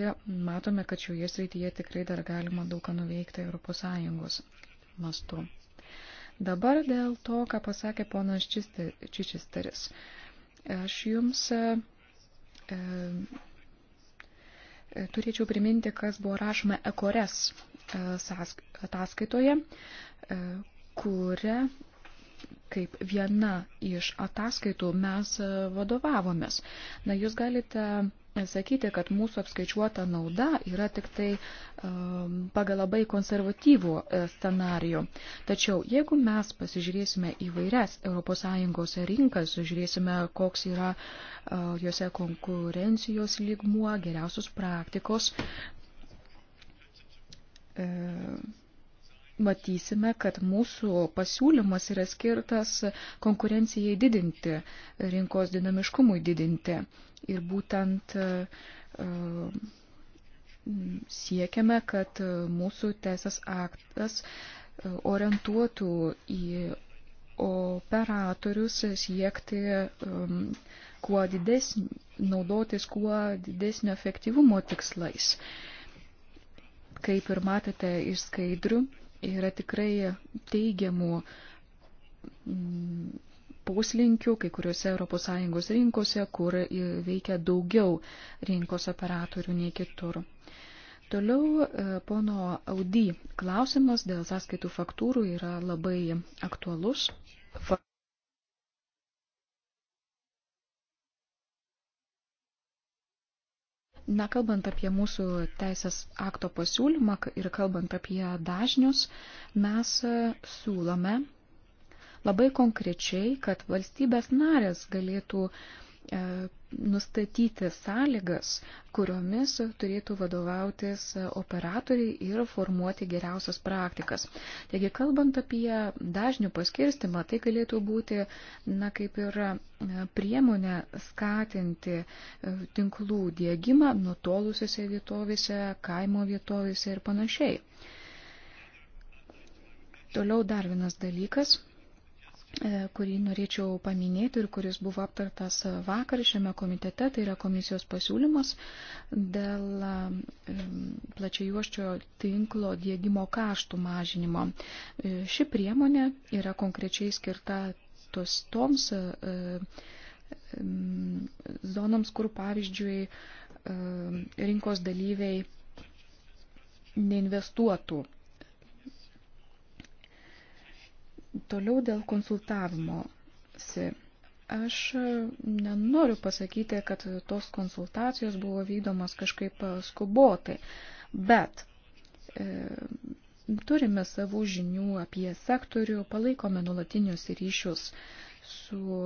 matome, kad šioje srityje tikrai dar galima daug ką nuveikti ES mastu. Dabar dėl to, ką pasakė ponas Čičisteris. Aš jums e, e, turėčiau priminti, kas buvo rašoma Ekores ataskaitoje, e, kuria kaip viena iš ataskaitų mes e, vadovavomės. Na, jūs galite e, sakyti, kad mūsų apskaičiuota nauda yra tik tai um, pagal labai konservatyvų scenarijų. Tačiau jeigu mes pasižiūrėsime į vairias ES rinkas, žiūrėsime, koks yra uh, juose konkurencijos lygmuo, geriausios praktikos, uh, matysime, kad mūsų pasiūlymas yra skirtas konkurencijai didinti, rinkos dinamiškumui didinti. Ir būtent e, siekiame, kad mūsų teisės aktas e, orientuotų į operatorius siekti e, kuo didesnį, naudotis kuo didesnio efektyvumo tikslais. Kaip ir matote iš skaidrių, yra tikrai teigiamų mm, poslinkių kai kuriuose ES rinkose, kur veikia daugiau rinkos operatorių nei kitur. Toliau e, pono Audy klausimas dėl sąskaitų faktūrų yra labai aktualus. Na, kalbant apie mūsų teisės akto pasiūlymą ir kalbant apie dažnius, mes e, siūlome labai konkrečiai, kad valstybės narės galėtų uh, E, nustatyti sąlygas, kuriomis turėtų vadovautis operatoriai ir formuoti geriausias praktikas. Taigi, kalbant apie dažnių paskirstimą, tai galėtų būti, na, kaip ir e, priemonė skatinti e, tinklų dėgymą nutolusiose vietovėse, kaimo vietovėse ir panašiai. Toliau dar vienas dalykas E, kurį norėčiau paminėti ir kuris buvo aptartas vakar šiame komitete, tai yra komisijos pasiūlymas dėl e, plačiajuoščio tinklo dėgymo kaštų mažinimo. E, ši priemonė yra konkrečiai skirta tos, toms zonoms, kur pavyzdžiui rinkos dalyviai neinvestuotų Toliau dėl konsultavimo. Aš e, nenoriu pasakyti, kad tos konsultacijos buvo vykdomas kažkaip e, skubotai, bet e, turime savų žinių apie sektorių, palaikome nulatinius ryšius su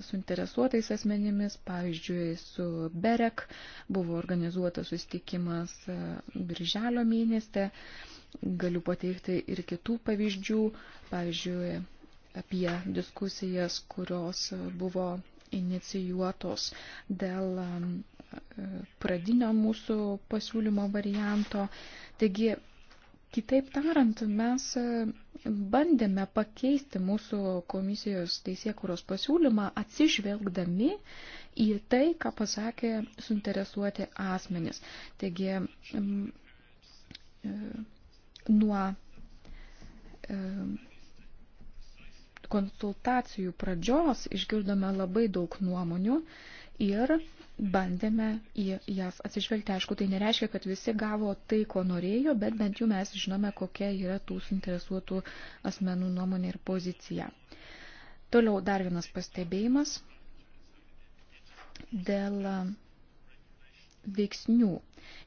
suinteresuotais asmenimis, pavyzdžiui, su Berek buvo organizuotas susitikimas e, birželio mėnesį, galiu pateikti ir kitų pavyzdžių, pavyzdžiui, apie diskusijas, kurios buvo inicijuotos dėl e, pradinio mūsų pasiūlymo varianto. Taigi Kitaip tariant, mes e, bandėme pakeisti mūsų komisijos teisėkuros pasiūlymą atsižvelgdami į tai, ką pasakė suinteresuoti asmenys. Taigi, e, nuo e, konsultacijų pradžios išgirdome labai daug nuomonių, ir bandėme į jas atsižvelgti. Aišku, tai nereiškia, kad visi gavo tai, ko norėjo, bet bent jau mes žinome, kokia yra tų suinteresuotų asmenų nuomonė ir pozicija. Toliau dar vienas pastebėjimas dėl veiksnių,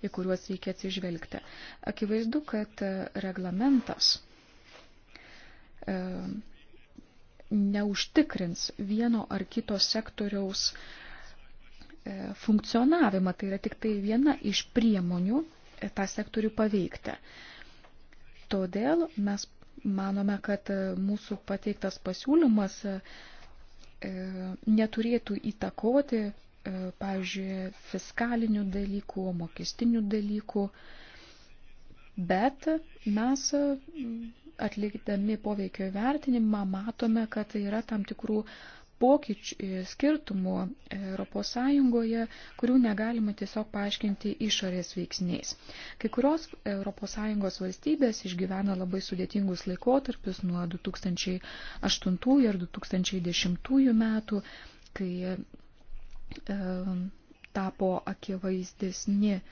į kuriuos reikia atsižvelgti. Akivaizdu, kad reglamentas e, neužtikrins vieno ar kito sektoriaus uh, E, funkcionavimą. Tai yra tik tai viena iš priemonių e, tą sektorių paveikti. Todėl mes manome, kad e, mūsų pateiktas pasiūlymas neturėtų įtakoti, pavyzdžiui, fiskalinių dalykų, mokestinių dalykų, bet mes atlikdami poveikio įvertinimą matome, kad yra tam tikrų pokyčių e, skirtumų ES, kurių negalima tiesiog paaiškinti išorės veiksniais. Kai kurios ES valstybės išgyvena labai sudėtingus laikotarpius nuo 2008 ir 2010 metų, kai e, tapo akivaizdesni e,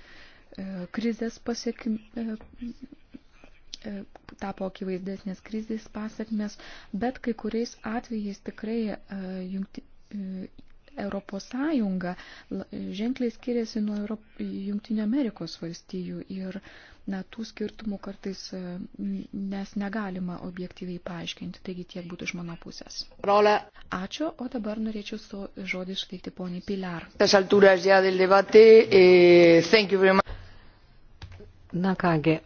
krizės pasiekimai. E, E, tapo akivaizdesnės krizės pasakmės, bet kai kuriais atvejais tikrai e, jungti, e, Europos Sąjunga ženkliai skiriasi nuo Europ... Jungtinio Amerikos valstijų ir na, tų skirtumų kartais nes negalima objektyviai paaiškinti. Taigi tiek būtų iš mano pusės. Rola. Ačiū, o dabar norėčiau su žodį suteikti poniai Pilar. Eh,
na kągi,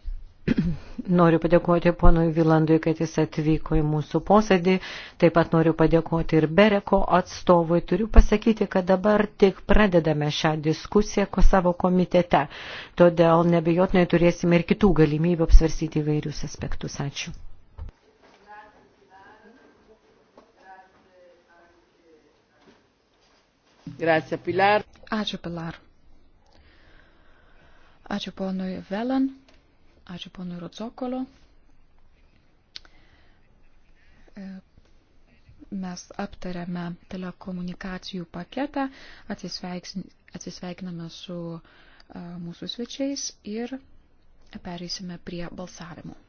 Noriu padėkoti ponui Vilandui, kad jis atvyko į mūsų posėdį. Taip pat noriu padėkoti ir Bereko atstovui. Turiu pasakyti, kad dabar tik pradedame šią diskusiją ko savo komitete. Todėl nebejotinai turėsime ir kitų galimybių apsvarstyti įvairius aspektus. Ačiū.
Grazie, Pilar. Ačiū, Pilar. Ačiū ponui Velan. Ačiū ponui Rotsokolo. E, mes aptariame telekomunikacijų paketą, atsisveikiname su e, mūsų svečiais ir pereisime prie balsavimo.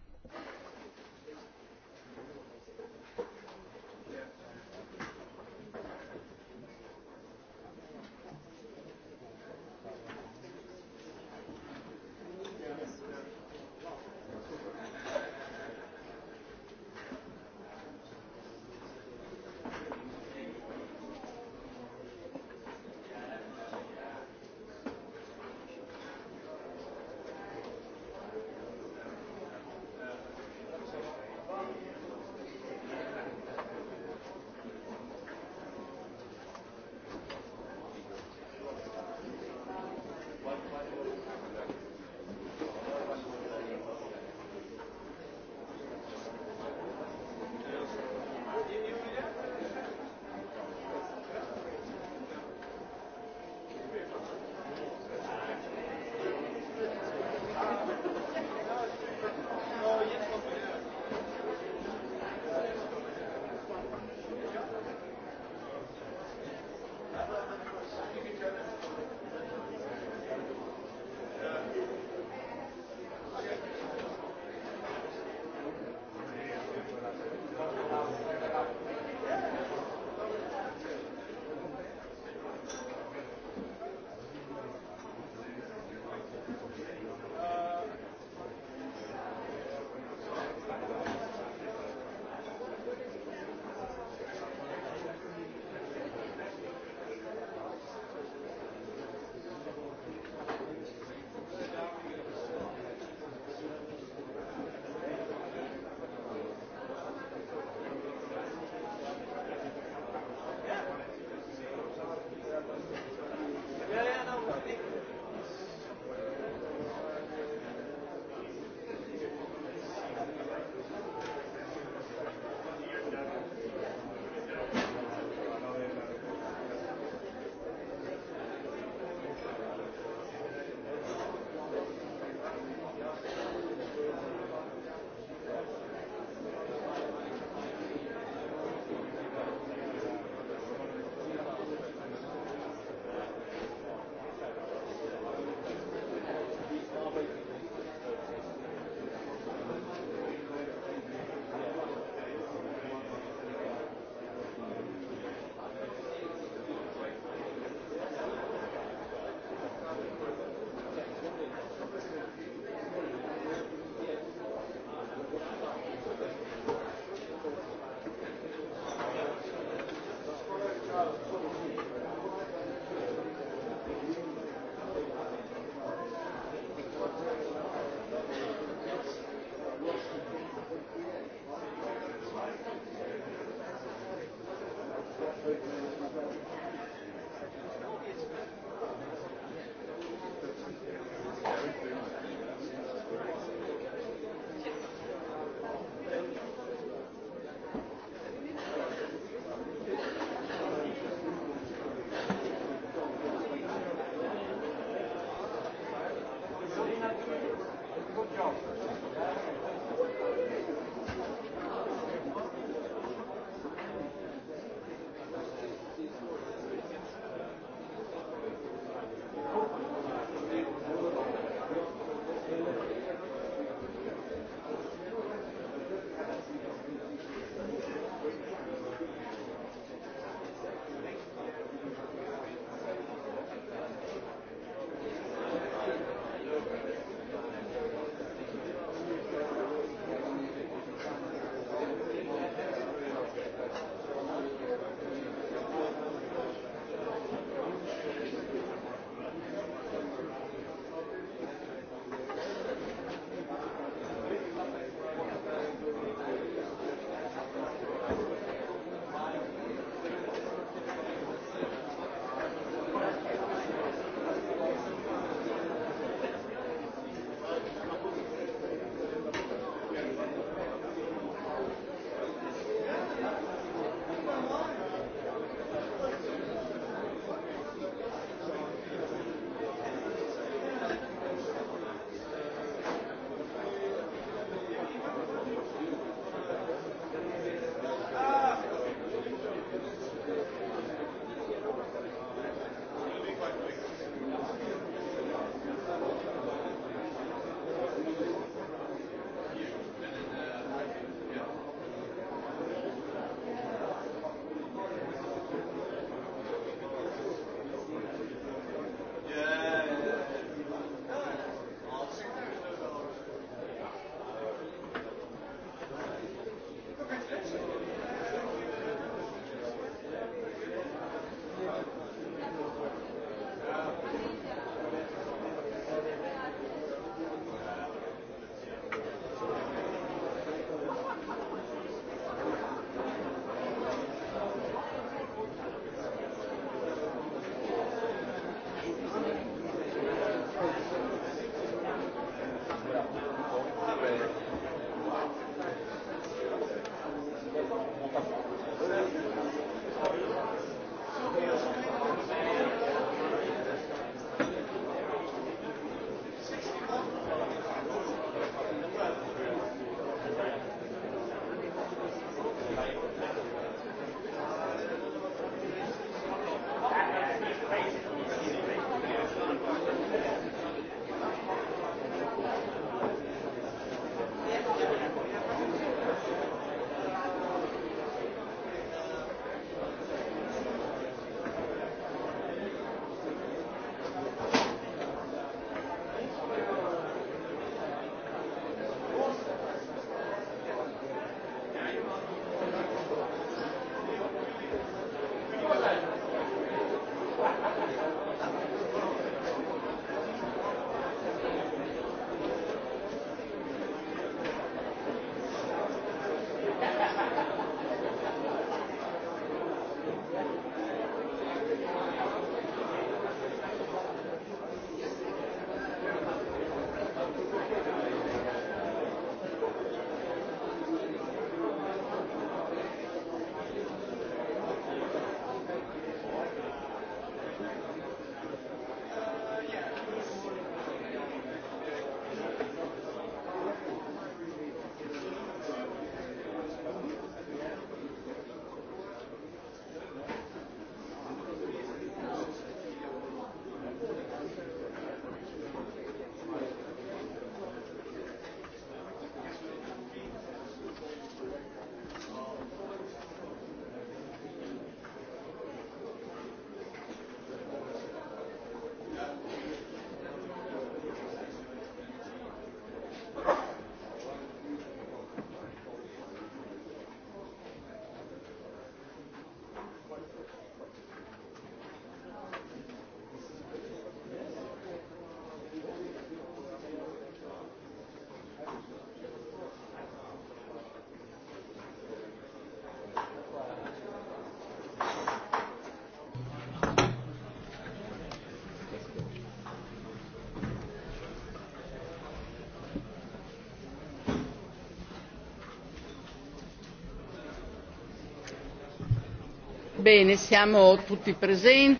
Bene, siamo tutti presenti.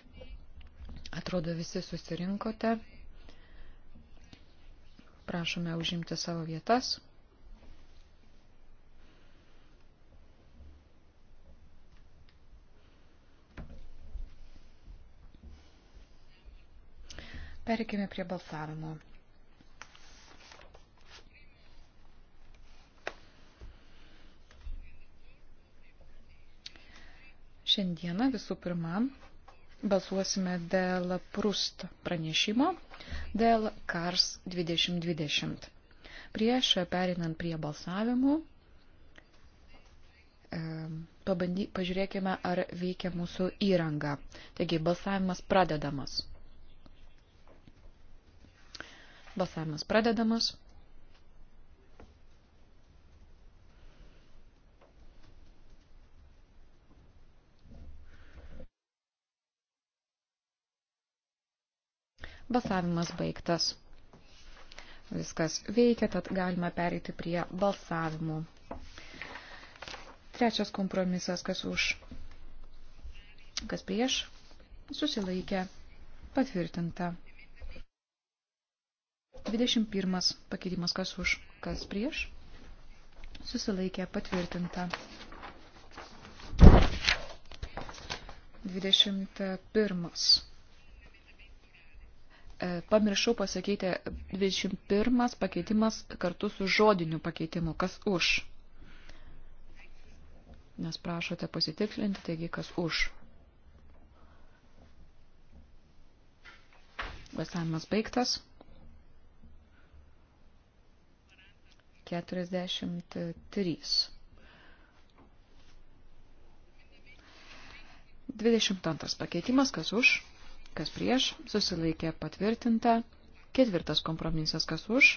Atrodo, visi susirinkote. Prašome užimti savo vietas. Perikime prie balsavimo. Šiandieną visų pirma balsuosime dėl Prust pranešimo, dėl Kars 2020. Prieš perinant prie balsavimų, e, pabandy, pažiūrėkime, ar veikia mūsų įranga. Taigi, balsavimas pradedamas. Balsavimas pradedamas. Balsavimas baigtas. Viskas veikia, tad galima pereiti prie balsavimų. Trečias kompromisas, kas už, kas prieš, susilaikė, patvirtinta. 21 pakeitimas, kas už, kas prieš, susilaikė, patvirtinta. 21 E, pamiršau pasakyti 21 pakeitimas kartu su žodiniu pakeitimu. Kas už? Nes prašote pasitikslinti, taigi kas už. Vasavimas baigtas. 43. 22 pakeitimas, kas už? kas prieš, susilaikė patvirtinta. Ketvirtas kompromisas, kas už,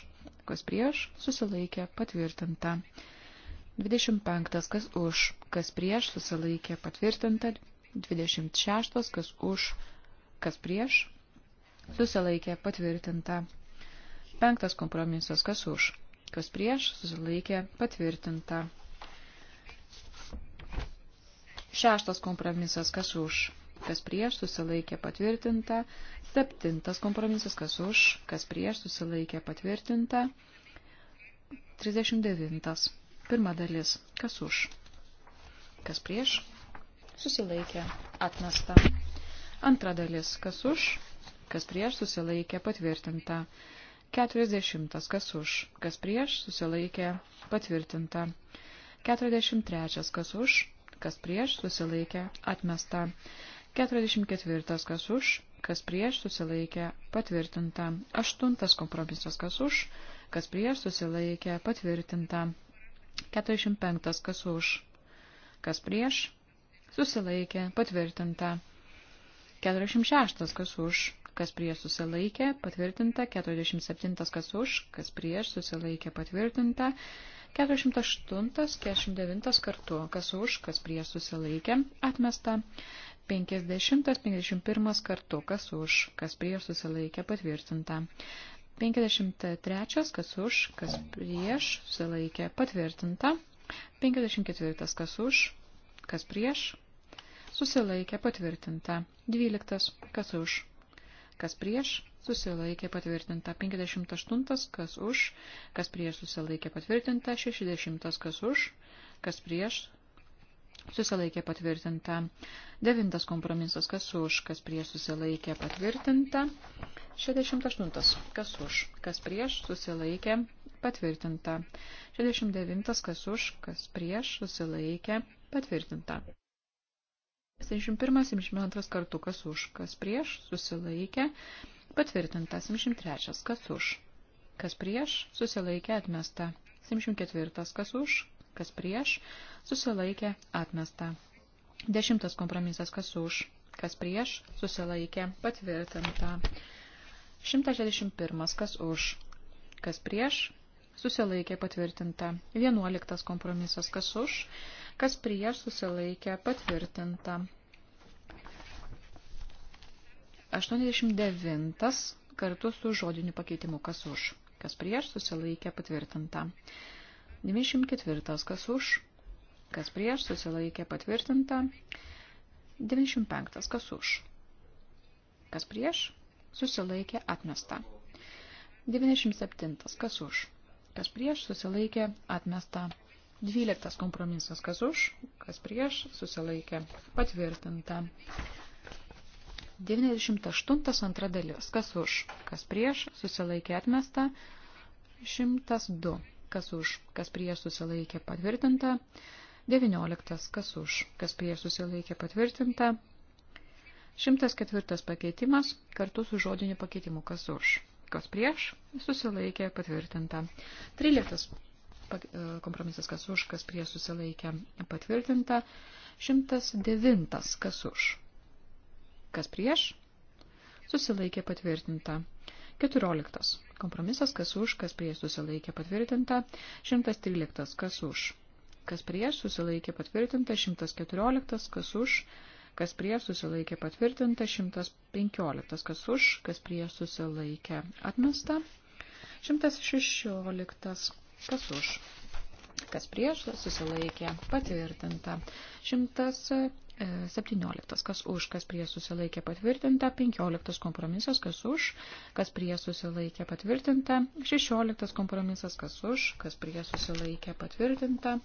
kas prieš, susilaikė patvirtinta. 25, kas už, kas prieš, susilaikė patvirtinta. 26, kas už, kas prieš, susilaikė patvirtinta. Penktas kompromisas, kas už, kas prieš, susilaikė patvirtinta. Šeštas kompromisas, kas už, kas prieš susilaikė patvirtinta. Septintas kompromisas, kas už, kas prieš susilaikė patvirtinta. 39. Pirma dalis, kas už, kas prieš susilaikė atmesta. Antra dalis, kas už, kas prieš susilaikė patvirtinta. 40. Kas už, kas prieš susilaikė patvirtinta. 43. Kas už, kas prieš susilaikė atmesta. 44 kas už, kas prieš susilaikė patvirtinta. 8 kompromisas kas už, kas prieš susilaikė patvirtinta. 45 kas už, kas prieš susilaikė patvirtinta. 46 kas už, kas prieš susilaikė patvirtinta. 47 kas už, kas prieš susilaikė patvirtinta. 48, 49 kartu, kas už, kas prieš susilaikė, atmesta, 50-51 kartu, kas už, kas prieš susilaikė patvirtinta. 53, kas už, kas prieš susilaikė patvirtinta. 54, kas už, kas prieš susilaikė patvirtinta. 12, kas už, kas prieš susilaikė patvirtinta 58, kas už, kas prieš susilaikė patvirtinta 60, kas už, kas prieš susilaikė patvirtinta. Devintas kompromisas, kas už, kas prieš susilaikė patvirtinta. 68. Kas už, kas prieš susilaikė patvirtinta. 69. Kas už, kas prieš susilaikė patvirtinta. 71. 72 kartų, kas už, kas prieš susilaikė patvirtinta. 73. Kas už, kas prieš susilaikė atmesta. 74. Kas už, kas prieš, susilaikė, atmesta. Dešimtas kompromisas, kas už, kas prieš, susilaikė, patvirtinta. 161, kas už, kas prieš, susilaikė, patvirtinta. 11 kompromisas, kas už, kas prieš, susilaikė, patvirtinta. 89 kartu su žodiniu pakeitimu, kas už, kas prieš, susilaikė, patvirtinta. 94. Kas už, kas prieš, susilaikė patvirtinta. 95. Kas už, kas prieš, susilaikė atmesta. 97. Kas už, kas prieš, susilaikė atmesta. 12 kompromisas, kas už, kas prieš, susilaikė, patvirtinta. 98 antra dalis, kas už, kas prieš, susilaikė atmesta, 102, kas už, kas prieš susilaikė patvirtinta, 19, kas už, kas prieš susilaikė patvirtinta, 104 pakeitimas kartu su žodiniu pakeitimu, kas už, kas prieš susilaikė patvirtinta, 13 e, kompromisas, kas už, kas prieš susilaikė patvirtinta, 109, kas už, kas prieš susilaikė patvirtinta, 14 Kompromisas, kas už, kas prieš susilaikė patvirtinta, 113, kas už, kas prieš susilaikė patvirtinta, 114, kas už, kas prieš susilaikė patvirtinta, 115, kas už, kas prieš susilaikė atmesta, 116, kas už kas prieš, susilaikė, patvirtinta. 117, e, kas už, kas prieš susilaikė patvirtinta, 15 kompromisas, kas už, kas prieš susilaikė patvirtinta, 16 kompromisas, kas už, kas prieš susilaikė patvirtinta,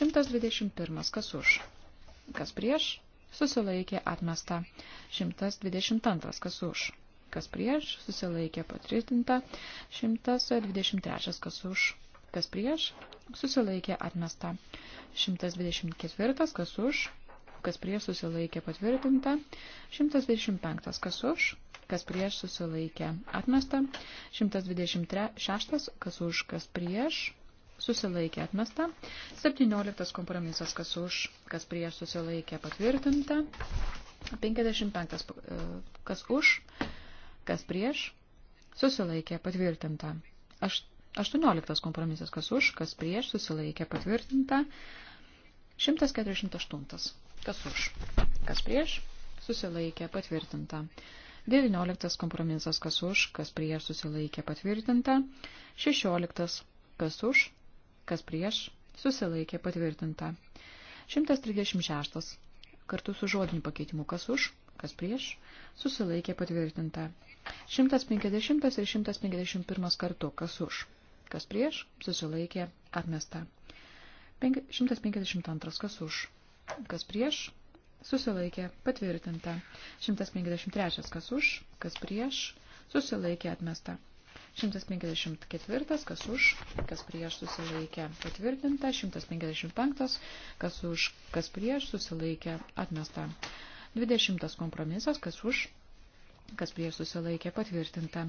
121, kas už, kas prieš susilaikė atmesta, 122, kas už, kas prieš susilaikė patvirtinta, 123, kas už, kas prieš, susilaikė atmesta. 124, kas už, kas prieš susilaikė patvirtinta, 125, kas už, kas prieš susilaikė atmesta, 126, kas už, kas prieš susilaikė atmesta, 17 kompromisas, kas už, kas prieš susilaikė patvirtinta, 55, e, kas už, kas prieš susilaikė patvirtinta. Aš 18 kompromisas, kas už, kas prieš, susilaikė patvirtinta. 148. Kas už, kas prieš, susilaikė patvirtinta. 19 kompromisas, kas už, kas prieš, susilaikė patvirtinta. 16. Kas už, kas prieš, susilaikė patvirtinta. 136. Kartu su žodiniu pakeitimu, kas už, kas prieš, susilaikė patvirtinta. 150 ir 151 kartu, kas už, Kas prieš, susilaikė, atmesta. 152. Kas už, kas prieš, susilaikė, patvirtinta. 153. Kas už, kas prieš, susilaikė, atmesta. 154, kas už, kas prieš susilaikė patvirtinta, 155, kas už, kas prieš susilaikė atmesta. 20 kompromisas, kas už, kas prieš susilaikė patvirtinta.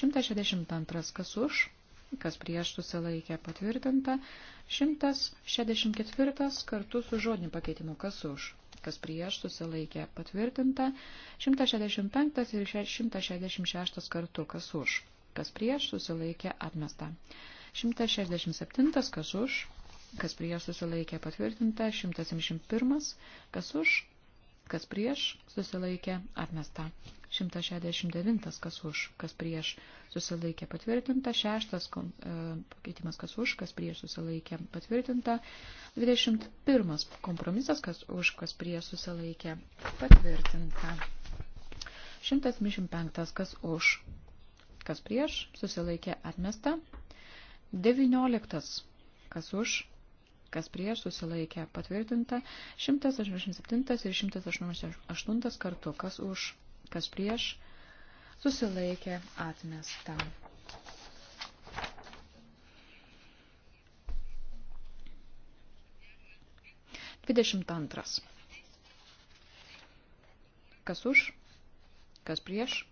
162, kas už, kas prieš susilaikė patvirtinta, 164 kartu su žodiniu pakeitimu, kas už, kas prieš susilaikė patvirtinta, 165 ir 166 kartu, kas už, kas prieš susilaikė atmesta, 167 kas už, kas prieš susilaikė patvirtinta, 171 kas už, kas prieš, susilaikė, atmesta. 169, kas už, kas prieš, susilaikė, patvirtinta. 6, e, pakeitimas, kas už, kas prieš, susilaikė, patvirtinta. 21, kompromisas, kas už, kas prieš, susilaikė, patvirtinta. 175, kas už, kas prieš, susilaikė, atmesta. 19, kas už, kas prieš susilaikė patvirtinta, 187 ir 188 kartu, kas už, kas prieš susilaikė atmesta. Dvidešimt antras. Kas už, kas prieš,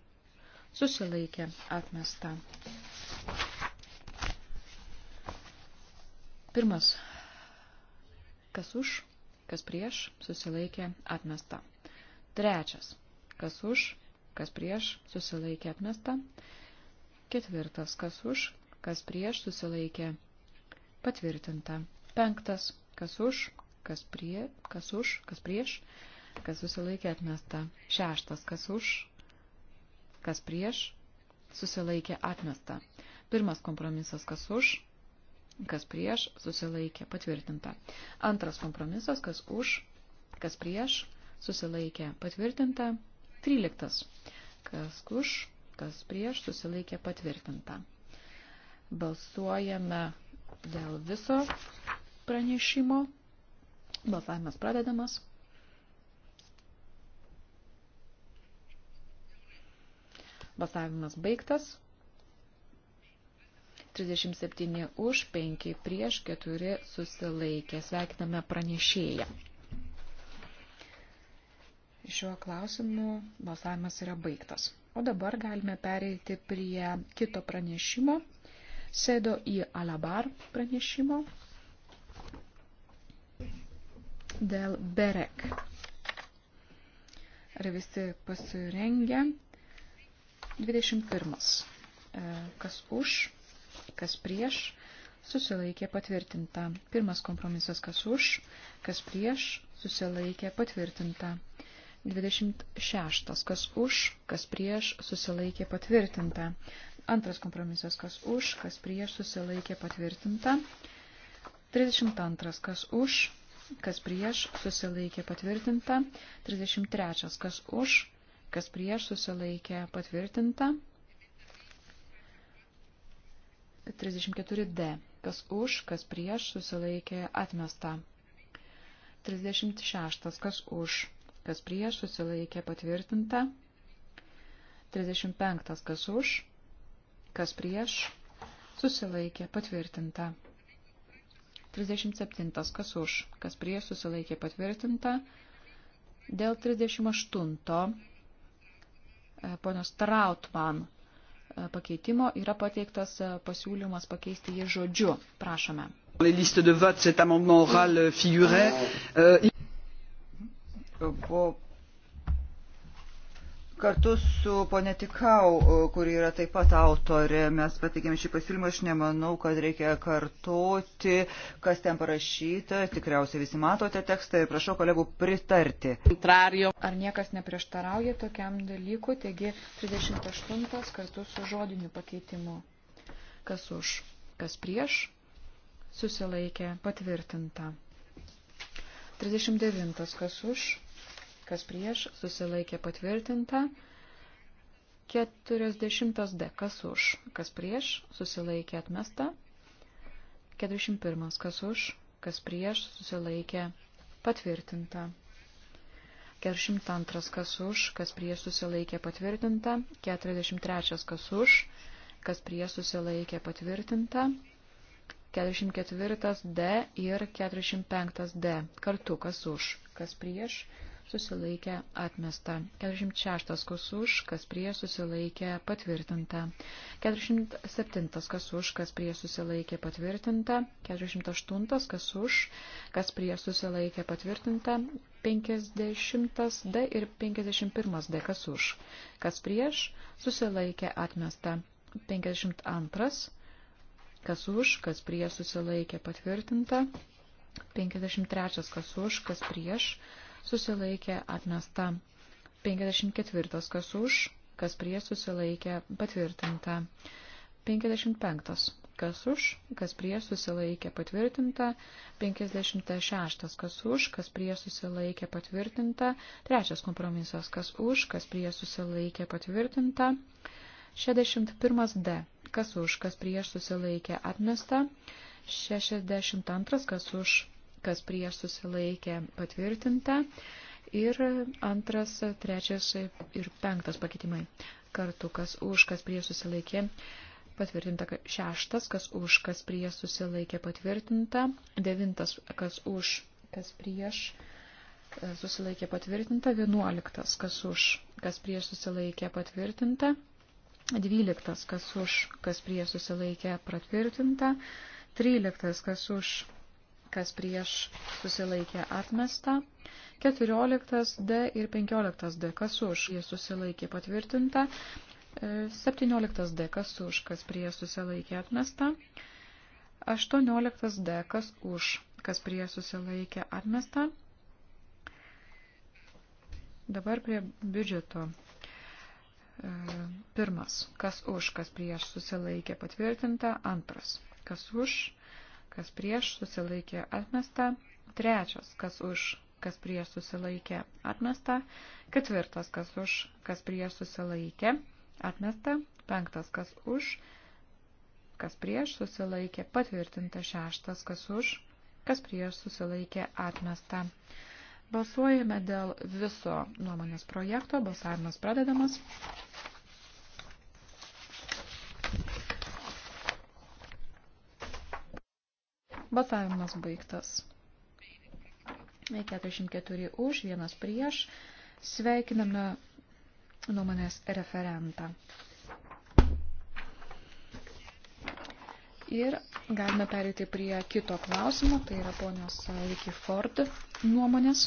susilaikė atmesta. Pirmas Kas už, kas prieš, susilaikė atmesta. Trečias. Kas už, kas prieš, susilaikė atmesta. Ketvirtas. Kas už, kas prieš, susilaikė patvirtinta. Penktas. Kas už, kas prie, kas už, kas prieš, kas susilaikė atmesta. Šeštas. Kas už, kas prieš, susilaikė atmesta. Pirmas kompromisas. Kas už, kas prieš, susilaikė, patvirtinta. Antras kompromisas, kas už, kas prieš, susilaikė, patvirtinta. Tryliktas, kas už, kas prieš, susilaikė, patvirtinta. Balsuojame dėl viso pranešimo. Balsavimas pradedamas. Balsavimas baigtas. 37 už, 5 prieš, 4 susilaikė. Sveikiname pranešėją. Šiuo klausimu balsavimas yra baigtas. O dabar galime pereiti prie kito pranešimo. Sėdo į Alabar pranešimo dėl Berek. Ar visi pasirengę? 21. E, kas už? kas prieš, susilaikė patvirtinta. Pirmas kompromisas, kas už, kas prieš, susilaikė patvirtinta. 26. Kas už, kas prieš, susilaikė patvirtinta. Antras kompromisas, kas už, kas prieš, susilaikė patvirtinta. 32. Kas už, kas prieš, susilaikė patvirtinta. 33. Kas už, kas prieš, susilaikė patvirtinta. 34D. Kas už, kas prieš, susilaikė atmesta. 36. Kas už, kas prieš, susilaikė patvirtinta. 35. Kas už, kas prieš, susilaikė patvirtinta. 37. Kas už, kas prieš, susilaikė patvirtinta. Dėl 38. E, ponios Trautman E, pakeitimo yra pateiktas e, pasiūlymas pakeisti jį žodžiu. Prašome.
Buvo Kartu su ponė Tikau, e, kuri yra taip pat autorė, mes patikėme šį pasiūlymą, aš nemanau, kad reikia kartoti, kas ten parašyta, tikriausiai visi matote tekstą ir prašau kolegų pritarti.
Ar niekas neprieštarauja tokiam dalykui, taigi 38 kartu su žodiniu pakeitimu. Kas už, kas prieš, susilaikė, patvirtinta. 39 kas už kas prieš, susilaikė patvirtinta. 40 D, kas už, kas prieš, susilaikė atmesta. 41, kas už, kas prieš, susilaikė patvirtinta. 42, kas už, kas prieš, susilaikė patvirtinta. 43, kas už, kas prieš, susilaikė patvirtinta. 44 D ir 45 D. Kartu kas už, kas prieš, susilaikė atmesta. 46 kas už, kas prie susilaikė patvirtinta. 47 kas už, kas prie susilaikė patvirtinta. 48 kas už, kas prie susilaikė patvirtinta. 50 D ir 51 D kas už, kas prieš susilaikė atmesta. 52 kas už, kas prie susilaikė patvirtinta. 53 kas už, kas prieš susilaikė atmesta. 54. Kas už, kas prieš susilaikė patvirtinta. 55. Kas už, kas prieš susilaikė patvirtinta. 56. Kas už, kas prieš susilaikė patvirtinta. Trečias kompromisas. Kas už, kas prieš susilaikė patvirtinta. 61. D. Kas už, kas prieš susilaikė atmesta. 62. Kas už, kas prieš susilaikė patvirtinta. Ir antras, trečias ir penktas pakeitimai. Kartu, kas už, kas prieš susilaikė patvirtinta. Šeštas, kas už, kas prieš susilaikė patvirtinta. Devintas, kas už, kas prieš e, susilaikė patvirtinta. Vienuoliktas, kas už, kas prieš susilaikė patvirtinta. Dvyliktas, kas už, kas prieš susilaikė patvirtinta. Tryliktas, kas už, kas prieš susilaikė atmesta, 14 D ir 15 D, kas už, jie susilaikė patvirtinta, 17 e, D, kas už, kas prieš susilaikė atmesta, 18 D, kas už, kas prieš susilaikė atmesta. Dabar prie biudžeto. E, pirmas, kas už, kas prieš susilaikė patvirtinta, antras, kas už, kas prieš susilaikė atmesta, trečias, kas už, kas prieš susilaikė atmesta, ketvirtas, kas už, kas prieš susilaikė atmesta, penktas, kas už, kas prieš susilaikė patvirtinta, šeštas, kas už, kas prieš susilaikė atmesta. Balsuojame dėl viso nuomonės projekto, balsavimas pradedamas. Balsavimas baigtas. 44 už, vienas prieš. Sveikiname nuomonės referentą. Ir galime perėti prie kito klausimo, tai yra ponios Vicky Ford nuomonės.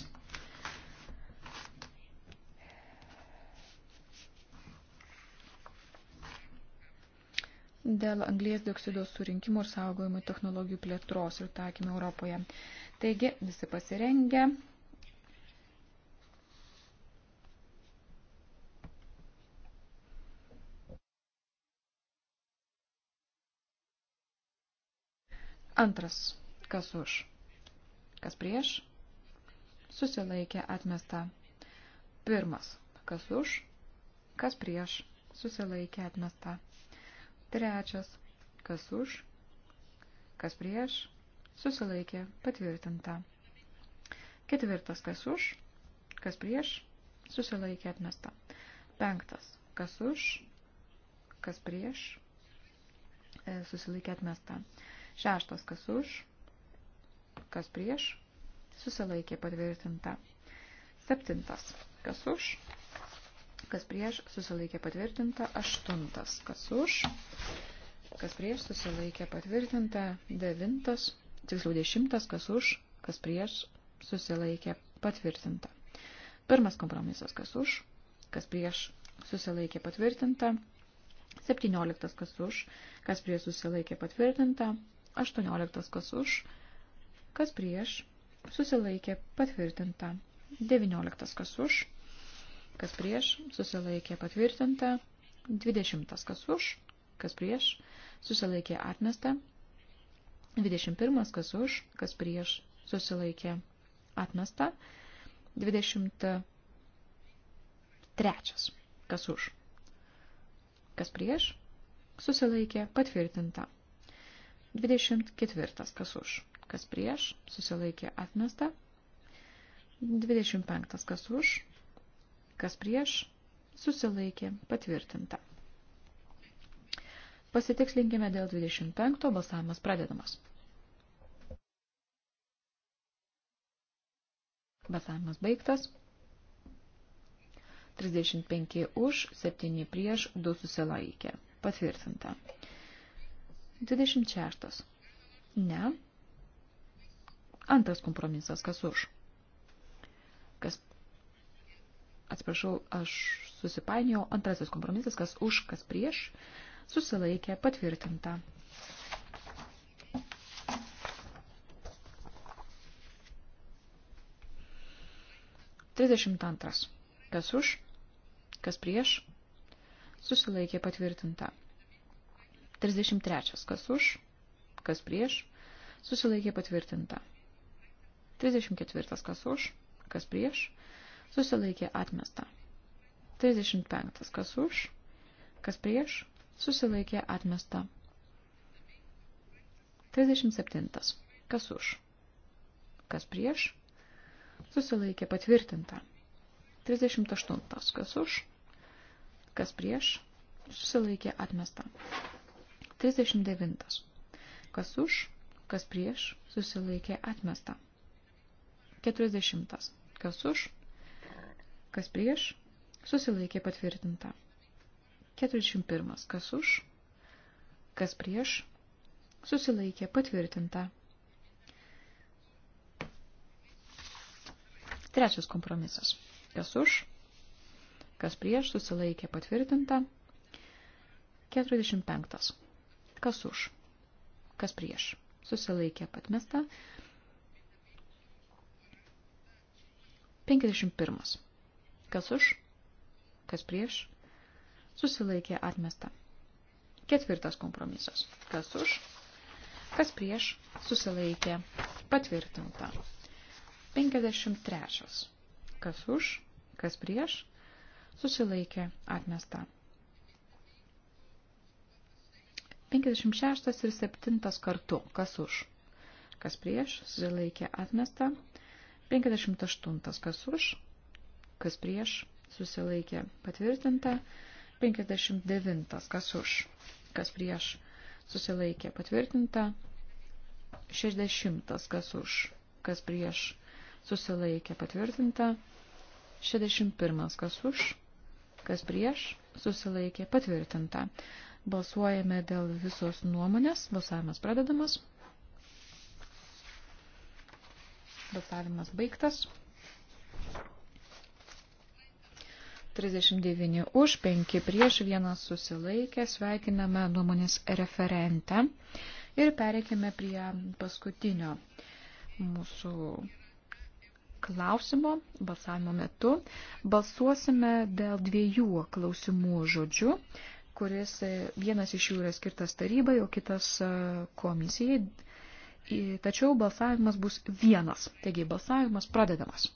dėl anglės dioksido surinkimo ir saugojimo technologijų plėtros ir taikymų Europoje. Taigi, visi pasirengę. Antras. Kas už? Kas prieš? Susilaikė atmesta. Pirmas. Kas už? Kas prieš? Susilaikė atmesta. Trečias. Kas už? Kas prieš? Susilaikė. Patvirtinta. Ketvirtas. Kas už? Kas prieš? Susilaikė atmesta. Penktas. Kas už? Kas prieš? E, susilaikė atmesta. Šeštas. Kas už? Kas prieš? Susilaikė patvirtinta. Septintas. Kas už? kas prieš susilaikė patvirtinta, aštuntas, kas už, kas prieš susilaikė patvirtinta, devintas, tiksliau dešimtas, kas už, kas prieš susilaikė patvirtinta. Pirmas kompromisas, kas už, kas prieš susilaikė patvirtinta, septynioliktas, kas už, kas prieš susilaikė patvirtinta, aštuonioliktas, kas už, kas prieš susilaikė patvirtinta, devynioliktas, kas už, kas prieš, susilaikė patvirtinta, 20 kas už, kas prieš, susilaikė atmesta, 21 kas už, kas prieš, susilaikė atmesta, 23 kas už, kas prieš, susilaikė patvirtinta, 24 kas už, kas prieš, susilaikė atmesta, 25 kas už, kas prieš, susilaikė, patvirtinta. Pasitikslinkime dėl 25 balsavimas pradedamas. Balsavimas baigtas. 35 už, 7 prieš, 2 susilaikė. Patvirtinta. 26. Ne. Antras kompromisas, kas už. Atsiprašau, aš susipainiojau. Antrasis kompromisas, kas už, kas prieš, susilaikė patvirtinta. Trisdešimt antras. Kas už, kas prieš, susilaikė patvirtinta. 33. Kas už, kas prieš, susilaikė patvirtinta. 34. Kas už, kas prieš, susilaikė atmesta. 35. Kas už, kas prieš, susilaikė atmesta. 37. Kas už, kas prieš, susilaikė patvirtinta. 38. Kas už, kas prieš, susilaikė atmesta. 39. Kas už, kas prieš, susilaikė atmesta. 40. Kas už, Kas prieš? Susilaikė patvirtinta. 41. Kas už? Kas prieš? Susilaikė patvirtinta. Trečias kompromisas. Kas už? Kas prieš? Susilaikė patvirtinta. 45. Kas už? Kas prieš? Susilaikė patmesta. 51. Kas už? Kas prieš? Susilaikė atmesta. Ketvirtas kompromisas. Kas už? Kas prieš? Susilaikė patvirtinta. 53. Kas už? Kas prieš? Susilaikė atmesta. 56 ir 7 kartu. Kas už? Kas prieš? Susilaikė atmesta. 58. Kas už? kas prieš, susilaikė patvirtinta, 59 kas už, kas prieš, susilaikė patvirtinta, 60 kas už, kas prieš, susilaikė patvirtinta, 61 kas už, kas prieš, susilaikė patvirtinta. Balsuojame dėl visos nuomonės. Balsavimas pradedamas. Balsavimas baigtas. 39 už, 5 prieš, 1 susilaikė. Sveikiname nuomonės referentę ir pereikime prie paskutinio mūsų klausimo balsavimo metu. Balsuosime dėl dviejų klausimų žodžių kuris vienas iš jų yra skirtas tarybai, o kitas komisijai. Tačiau balsavimas bus vienas. Taigi balsavimas pradedamas.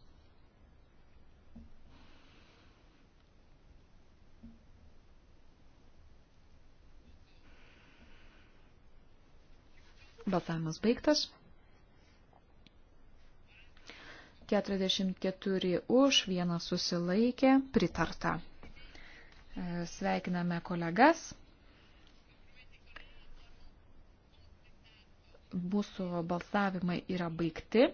Balsavimas baigtas. 44 už, vienas susilaikė, pritarta. E, sveikiname kolegas. Mūsų balsavimai yra baigti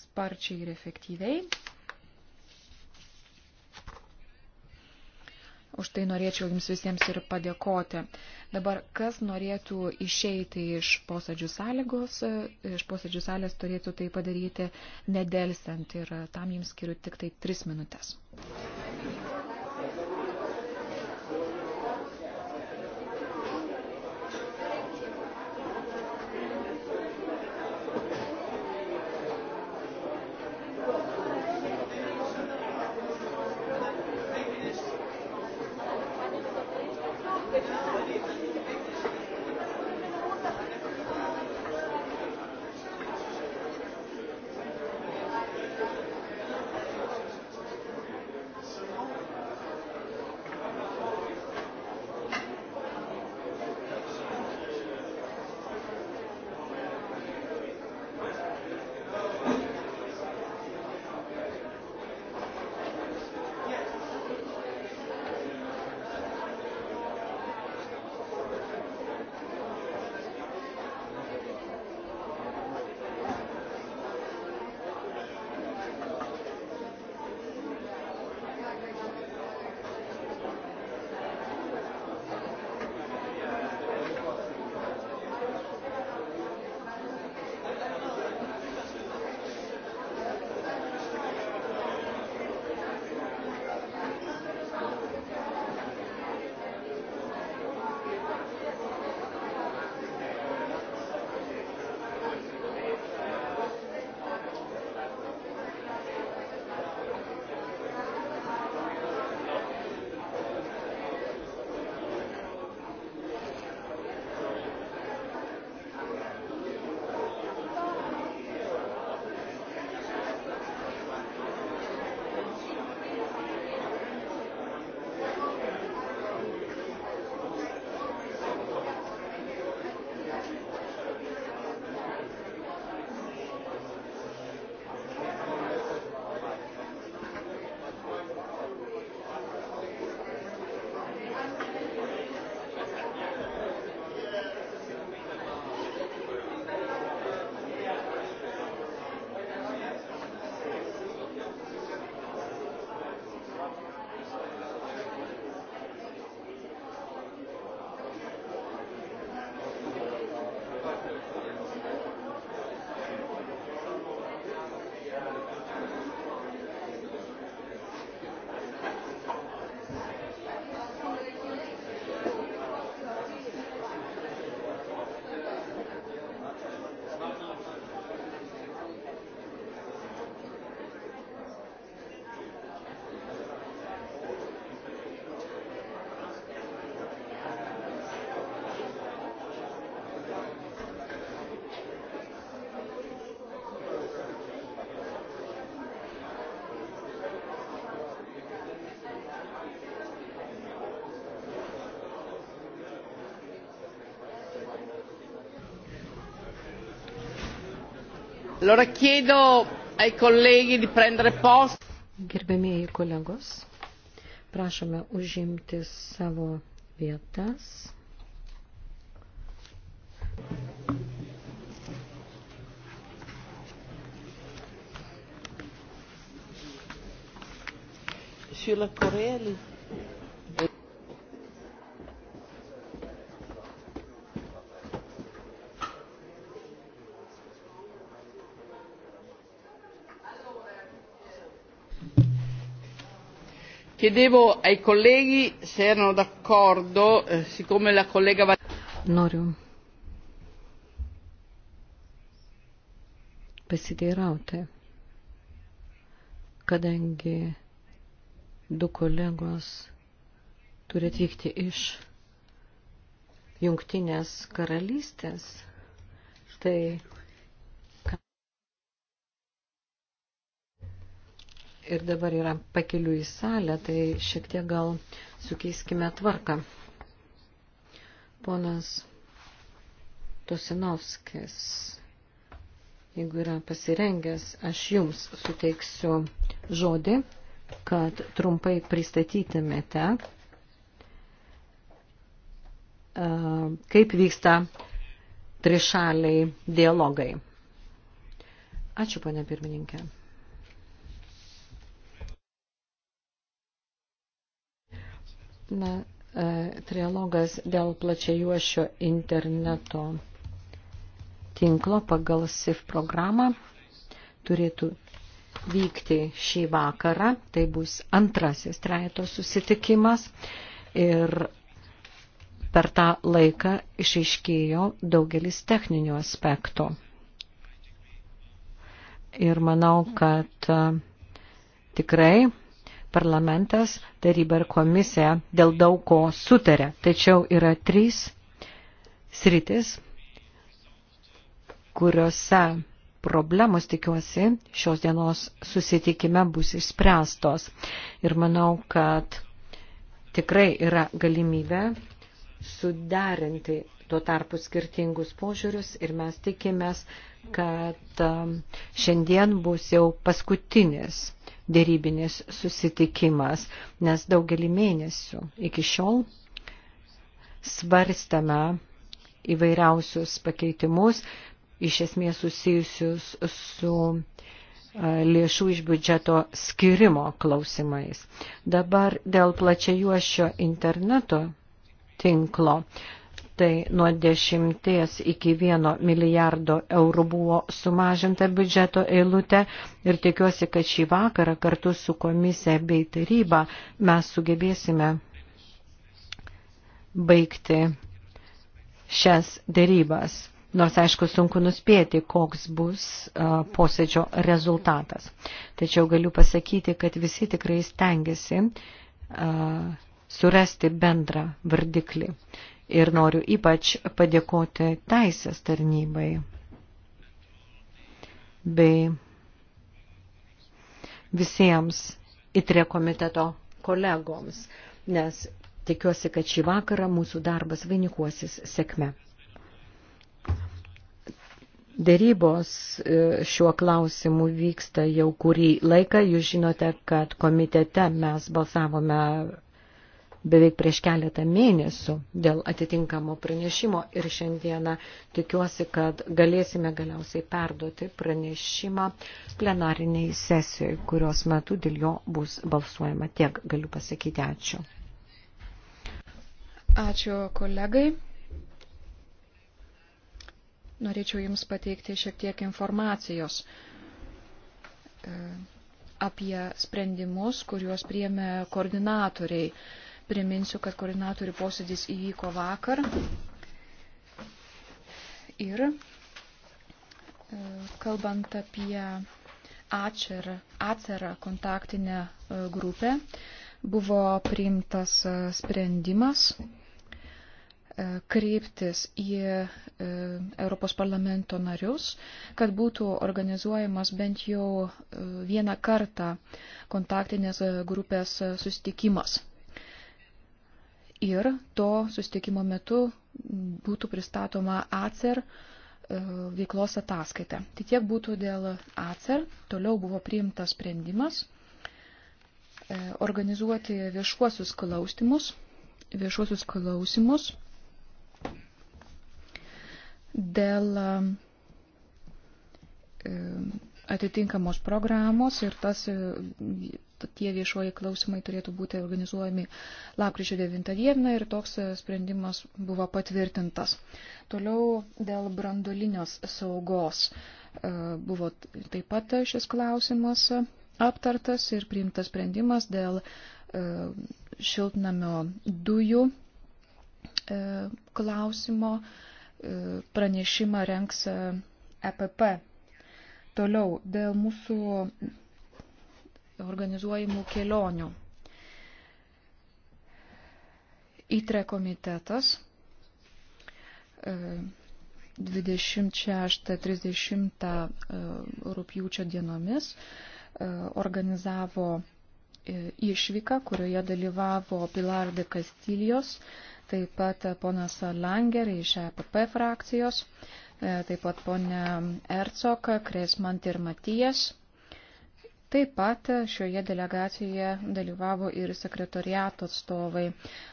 sparčiai ir efektyviai. Už tai norėčiau jums visiems ir padėkoti. Dabar, kas norėtų išeiti iš posėdžių sąlygos, iš posėdžių salės turėtų tai padaryti nedelsiant ir tam jums skiriu tik tai tris minutės.
Allora chiedo ai colleghi di prendere posto. Gerbėmėjai kolegos, prašome užimti savo vietas. Sur la Corée,
Chiedevo ai colleghi se erano d'accordo, eh, siccome la collega
Noriu pasiteirauti, kadangi du kolegos turi atvykti iš Jungtinės karalystės, štai ir dabar yra pakeliu į salę, tai šiek tiek gal sukeiskime tvarką. Ponas Tosinovskis, jeigu yra pasirengęs, aš jums suteiksiu žodį, kad trumpai pristatytumėte, e, kaip vyksta trišaliai dialogai. Ačiū, ponė pirmininkė. Na, e, trialogas dėl plačiajuošio interneto tinklo pagal SIF programą turėtų vykti šį vakarą. Tai bus antrasis trejato susitikimas ir per tą laiką išaiškėjo daugelis techninių aspektų. Ir manau, kad e, tikrai Parlamentas, taryba ir komisija dėl daug ko sutarė. Tačiau yra trys sritis, kuriuose problemos, tikiuosi, šios dienos susitikime bus išspręstos. Ir manau, kad tikrai yra galimybė suderinti tuo tarpu skirtingus požiūrius ir mes tikimės, kad um, šiandien bus jau paskutinis dėrybinis susitikimas, nes daugelį mėnesių iki šiol svarstame įvairiausius pakeitimus, iš esmės susijusius su lėšų iš biudžeto skirimo klausimais. Dabar dėl plačiajuošio interneto tinklo tai nuo 10 iki 1 milijardo eurų buvo sumažinta biudžeto eilutė ir tikiuosi, kad šį vakarą kartu su komisija bei taryba mes sugebėsime baigti šias dėrybas. Nors, aišku, sunku nuspėti, koks bus posėdžio rezultatas. Tačiau galiu pasakyti, kad visi tikrai stengiasi surasti bendrą vardiklį ir noriu ypač padėkoti teisės tarnybai bei visiems įtrė komiteto kolegoms, nes tikiuosi, kad šį vakarą mūsų darbas vainikuosis sėkme. Dėrybos e, šiuo klausimu vyksta jau kurį laiką. Jūs žinote, kad komitete mes balsavome beveik prieš keletą mėnesių dėl atitinkamo pranešimo ir šiandieną tikiuosi, kad galėsime galiausiai perduoti pranešimą plenariniai sesijai, kurios metu dėl jo bus balsuojama. Tiek galiu pasakyti ačiū.
Ačiū kolegai. Norėčiau Jums pateikti šiek tiek informacijos e, apie sprendimus, kuriuos priemė koordinatoriai Priminsiu, kad koordinatorių posėdis įvyko vakar. Ir e, kalbant apie atserą kontaktinę e, grupę, buvo priimtas e, sprendimas kreiptis į Europos parlamento narius, kad būtų organizuojamas bent jau vieną kartą kontaktinės grupės susitikimas ir to sustikimo metu būtų pristatoma ACER e, veiklos ataskaita. Tai tiek būtų dėl ACER. Toliau buvo priimtas sprendimas e, organizuoti viešuosius klausimus, viešuosius klausimus dėl e, atitinkamos programos ir tas, e, tie viešoji klausimai turėtų būti organizuojami lapkričio 9 dieną ir toks e, sprendimas buvo patvirtintas. Toliau dėl brandolinės saugos e, buvo taip pat šis klausimas aptartas ir priimtas sprendimas dėl šiltnamio dujų klausimo pranešimą renks EPP Toliau, dėl mūsų organizuojamų kelionių. ITRE komitetas 26-30 e, e, rūpjūčio dienomis e, organizavo išvyką, kurioje dalyvavo Pilar de Kastilijos, taip pat ponas Langer iš EPP frakcijos. E, taip pat ponė Ercoka, Kresmant ir Matijas. Taip pat šioje delegacijoje dalyvavo ir sekretoriato atstovai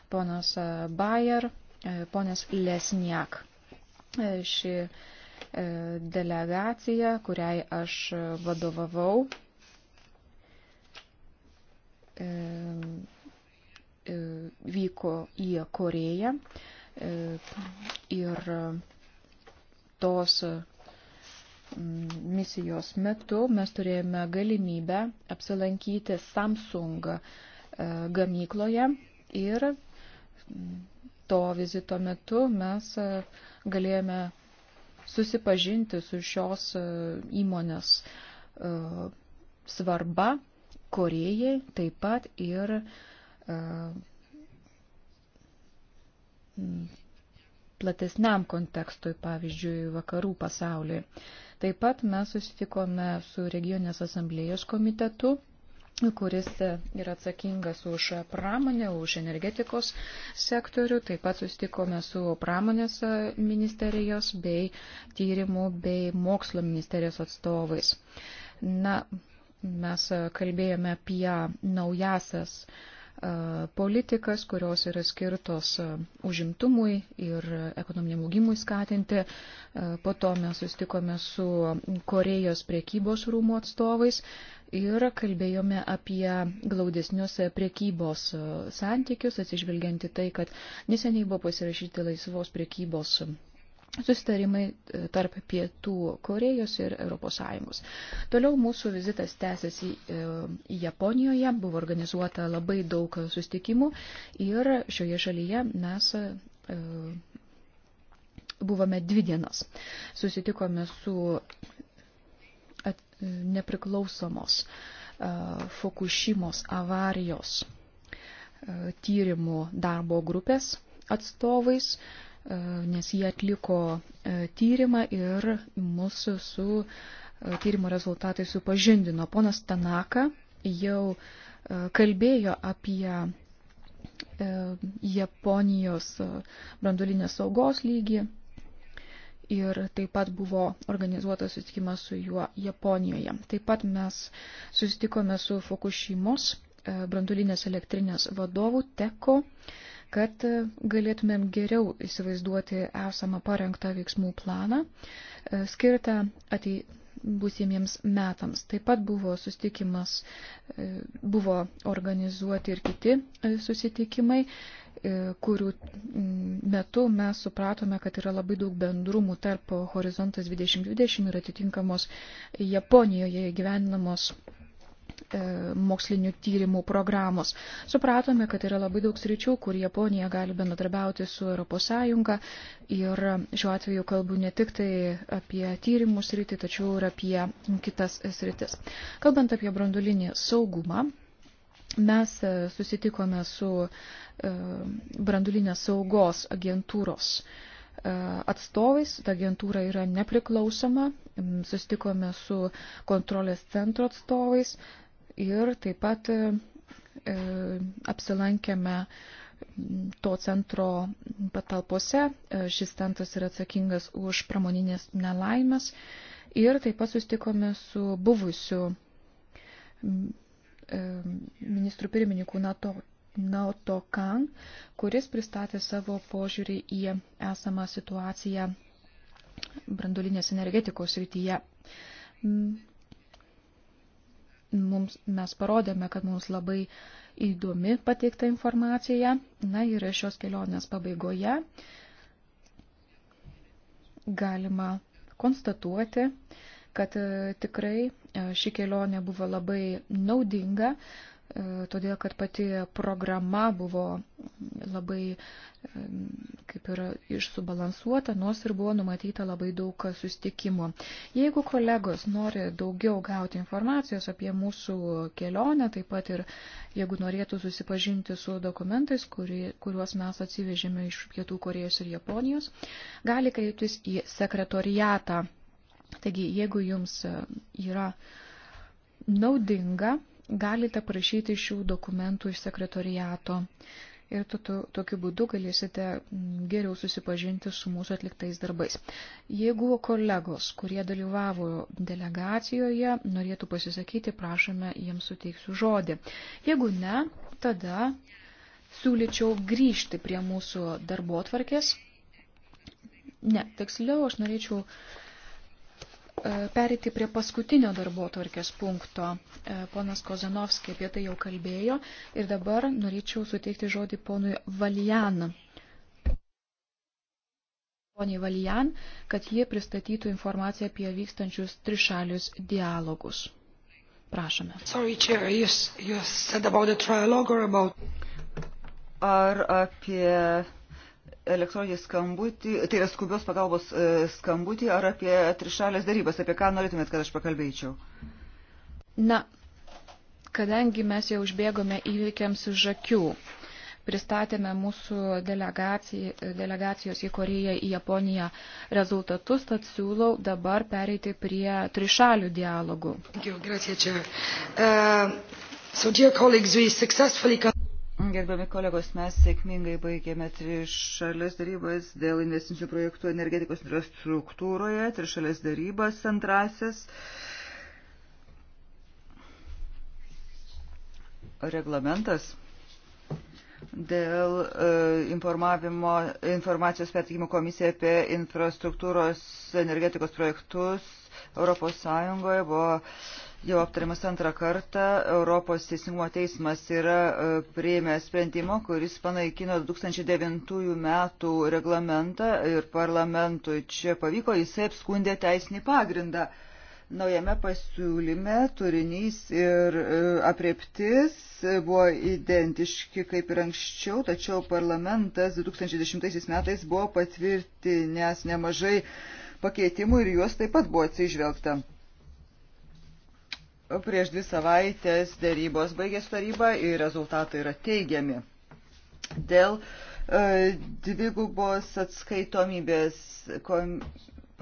ponas Bayer, e, ponas Lesniak. E, ši delegacija, kuriai aš vadovavau, vyko į Koreją ir tos mm, misijos metu mes turėjome galimybę apsilankyti Samsung e, gamykloje ir mm, to vizito metu mes e, galėjome susipažinti su šios e, įmonės svarba Korejai, taip pat ir mm, platesniam kontekstui, pavyzdžiui, vakarų pasauliui. Taip pat mes susitikome su regionės asamblėjos komitetu kuris yra atsakingas už pramonę, už energetikos sektorių. Taip pat sustikome su pramonės ministerijos bei tyrimų bei mokslo ministerijos atstovais. Na, mes kalbėjome apie naujasias uh, politikas, kurios yra skirtos e, užimtumui ir ekonominiam augimui skatinti. E, po to mes sustikome su Korejos priekybos rūmų atstovais ir kalbėjome apie glaudesnius priekybos e, santykius, atsižvelgianti tai, kad neseniai buvo pasirašyti laisvos priekybos susitarimai e, tarp Pietų Korejos ir ES. Toliau mūsų vizitas tęsiasi e, Japonijoje, buvo organizuota labai daug sustikimų ir šioje šalyje mes e, buvome dvi dienas. Susitikome su nepriklausomos Fukushimos avarijos tyrimų darbo grupės atstovais, E, nes jie atliko e, tyrimą ir mūsų su e, tyrimo rezultatai supažindino. Ponas Tanaka jau kalbėjo apie Japonijos brandulinės saugos lygį ir taip pat buvo organizuotas susitikimas su juo Japonijoje. Taip pat mes susitikome su Fukushimos brandulinės elektrinės vadovu Teko kad galėtumėm geriau įsivaizduoti esamą parengtą veiksmų planą, e, skirtą atei būsimiems metams. Taip pat buvo susitikimas, e, buvo organizuoti ir kiti e, susitikimai, kurių metu mes supratome, kad yra labai daug bendrumų tarp Horizontas 2020 ir atitinkamos Japonijoje gyvenamos E, mokslinių tyrimų programos. Supratome, kad yra labai daug sričių, kur Japonija gali bendradarbiauti su ES ir šiuo atveju kalbu ne tik tai apie tyrimų sritį, tačiau ir apie kitas sritis. Kalbant apie brandulinį saugumą, mes e, susitikome su e, brandulinės saugos agentūros atstovais, ta agentūra yra nepriklausoma, susitikome su kontrolės centro atstovais, ir taip pat e, e, apsilankėme to centro patalpose. E, šis centras yra atsakingas už pramoninės nelaimės ir taip pat sustikome su buvusiu ministrų pirmininku NATO, NATO Kang, kuris pristatė savo požiūrį į esamą situaciją brandulinės energetikos rytyje mums, mes parodėme, kad mums labai įdomi pateikta informacija. Na ir šios kelionės pabaigoje galima konstatuoti, kad e, tikrai e, ši kelionė buvo labai naudinga, E, todėl kad pati programa buvo labai e, kaip ir išsubalansuota, nors ir buvo numatyta labai daug sustikimų. Jeigu kolegos nori daugiau gauti informacijos apie mūsų kelionę, taip pat ir jeigu norėtų susipažinti su dokumentais, kuri, kuriuos mes atsivežėme iš Pietų Korejos ir Japonijos, gali kreiptis į sekretoriatą. Taigi, jeigu jums e, yra naudinga, galite prašyti šių dokumentų iš sekretoriato. Ir tu, tu, tokiu būdu galėsite mm, geriau susipažinti su mūsų atliktais darbais. Jeigu kolegos, kurie dalyvavo delegacijoje, norėtų pasisakyti, prašome jiems suteiksiu žodį. Jeigu ne, tada siūlyčiau grįžti prie mūsų darbo atvarkės. Ne, tiksliau, aš norėčiau uh, E, perėti prie paskutinio darbo tvarkės punkto. E, ponas Kozanovskis apie tai jau kalbėjo ir dabar norėčiau suteikti žodį ponui Valijan. Poniai Valijan, kad jie pristatytų informaciją apie vykstančius trišalius dialogus. Prašome.
Sorry, chair, you, you said about the trialogue or about... Ar apie elektroninį skambutį, tai yra skubios pagalbos e, skambutį ar apie trišalės darybas, apie ką norėtumėt, kad aš pakalbėčiau?
Na, kadangi mes jau užbėgome įvykiams už akių, pristatėme mūsų delegacijos į Koreją, į Japoniją rezultatus, tad siūlau dabar pereiti prie trišalių
dialogų. Thank you, gracias, uh, so, dear colleagues, we successfully... Gerbiami kolegos, mes sėkmingai baigėme trišalės darybas dėl investicinių projektų energetikos infrastruktūroje, trišalės darybas antrasis. Reglamentas dėl e, informavimo, informacijos pertikimo komisija apie infrastruktūros energetikos projektus Europos Sąjungoje buvo jau aptariamas antrą kartą. Europos teisingumo teismas yra e, prieimęs sprendimo, kuris panaikino 2009 metų reglamentą ir parlamentui čia pavyko, jisai apskundė teisinį pagrindą. Naujame pasiūlyme turinys ir e, apreptis buvo identiški kaip ir anksčiau, tačiau parlamentas 2010 metais buvo patvirtinęs nemažai pakeitimų ir juos taip pat buvo atsižvelgta. Prieš dvi savaitės dėrybos baigė taryba ir rezultatai yra teigiami. Dėl e, dvigubos atskaitomybės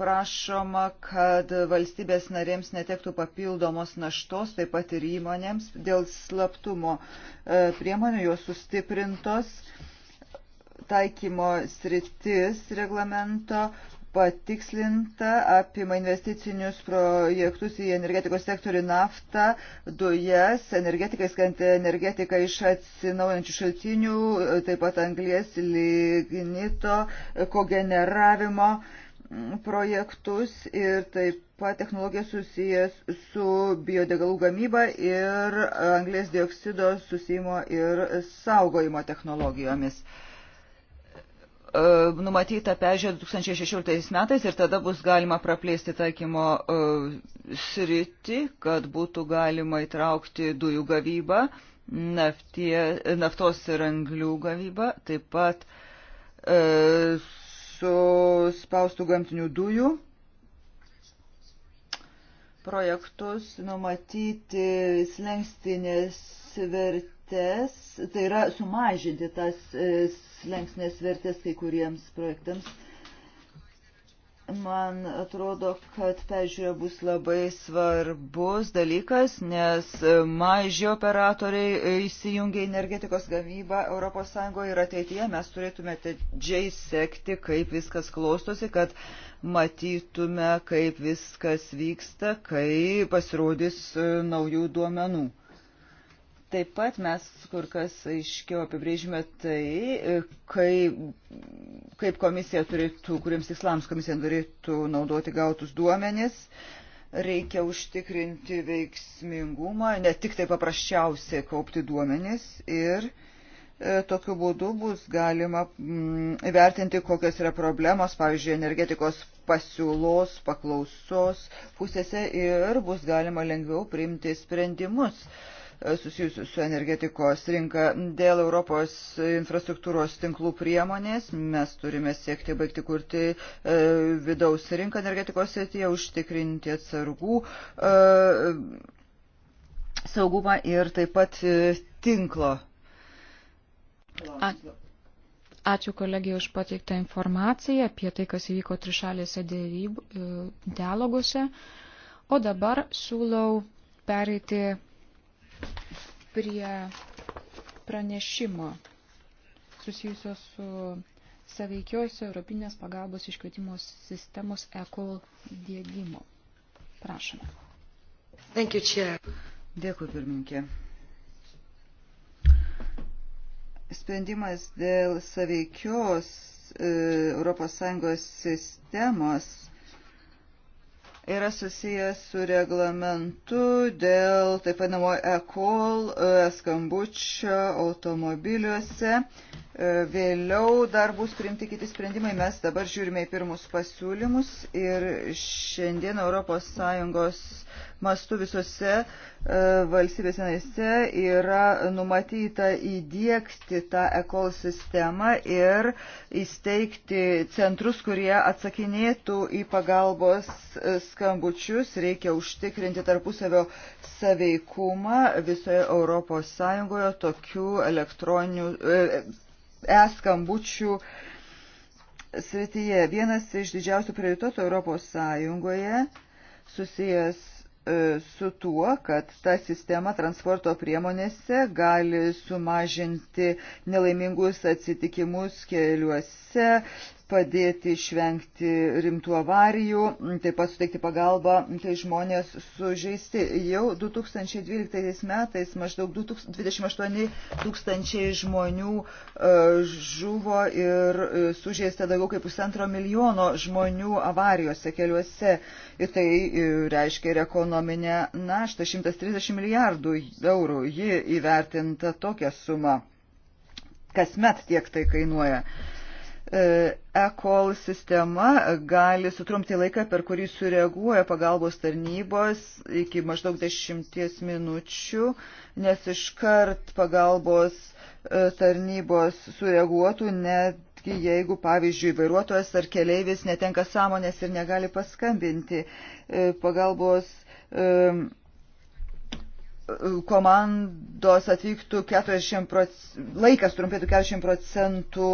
prašoma, kad valstybės narėms netektų papildomos naštos, taip pat ir įmonėms dėl slaptumo e, priemonių jos sustiprintos taikymo sritis reglamento patikslinta, apima investicinius projektus į energetikos sektorių naftą, dujas, energetikai skantį energetiką iš atsinaujančių šaltinių, taip pat anglės, lignito, kogeneravimo projektus ir taip pat technologija susijęs su biodegalų gamyba ir anglės dioksido susijimo ir saugojimo technologijomis. Uh, E, numatyta peržiūrė 2016 metais ir tada bus galima praplėsti taikymo e, sritį, kad būtų galima įtraukti dujų gavybą, naftie, naftos ir anglių gavybą, taip pat e, su spaustų gamtinių dujų projektus numatyti slengstinės vertės vertės, tai yra sumažinti tas e, slengsnės vertės kai kuriems projektams. Man atrodo, kad peržiūrė bus labai svarbus dalykas, nes maži operatoriai įsijungia energetikos gamybą ES ir ateityje mes turėtume džiai sekti, kaip viskas klostosi, kad matytume, kaip viskas vyksta, kai pasirodys e, naujų duomenų. Taip pat mes kur kas aiškiau apibrėžime tai, e, kai, kaip komisija turėtų, kuriems tikslams komisija turėtų naudoti gautus duomenis. Reikia užtikrinti veiksmingumą, ne tik tai paprasčiausiai kaupti duomenis ir e, tokiu būdu bus galima mm, įvertinti, mm, kokios yra problemos, pavyzdžiui, energetikos pasiūlos, paklausos pusėse ir bus galima lengviau priimti sprendimus. E, susijusių su energetikos rinka. Dėl Europos infrastruktūros tinklų priemonės mes turime siekti baigti kurti e, vidaus rinką energetikos srityje, užtikrinti atsargų e, saugumą ir taip pat e, tinklo.
A,
ačiū kolegijai už pateiktą informaciją apie tai, kas įvyko trišalėse dialoguose. O dabar siūlau pereiti prie pranešimo susijusio su saveikios Europinės pagalbos iškvietimo sistemos ECOL dėgymo. Prašome.
Thank you, Chair. Dėkui, pirminkė. Sprendimas dėl saveikios ES sistemos yra susijęs su reglamentu dėl taip vadinamo e-call e, skambučio automobiliuose. E, vėliau dar bus priimti kiti sprendimai. Mes dabar žiūrime į pirmus pasiūlymus ir šiandien ES mastu visose e, valstybėse narėse yra numatyta įdėkti tą ekol sistemą ir įsteigti centrus, kurie atsakinėtų į pagalbos e, skambučius. Reikia užtikrinti tarpusavio saveikumą visoje Europos Sąjungoje tokių elektroninių e, e-skambučių srityje. Vienas iš didžiausių prioritetų Europos Sąjungoje susijęs E, su tuo, kad ta sistema transporto priemonėse gali sumažinti nelaimingus atsitikimus keliuose, padėti išvengti rimtų avarijų, taip pat suteikti pagalbą, kai žmonės sužeisti. Jau 2012 metais maždaug 28 tūkstančiai žmonių e, žuvo ir e, sužeista daugiau kaip pusantro milijono žmonių avarijose keliuose. Ir tai e, reiškia ir ekonominę naštą 130 milijardų eurų. Ji įvertinta tokia suma. Kasmet tiek tai kainuoja. Uh, E, e-call sistema gali sutrumti laiką, per kurį sureaguoja pagalbos tarnybos iki maždaug dešimties minučių, nes iškart pagalbos e, tarnybos sureaguotų, netgi jeigu, pavyzdžiui, vairuotojas ar keleivis netenka sąmonės ir negali paskambinti e, pagalbos tarnybos komandos atvyktų 40 procentų, laikas trumpėtų 40 procentų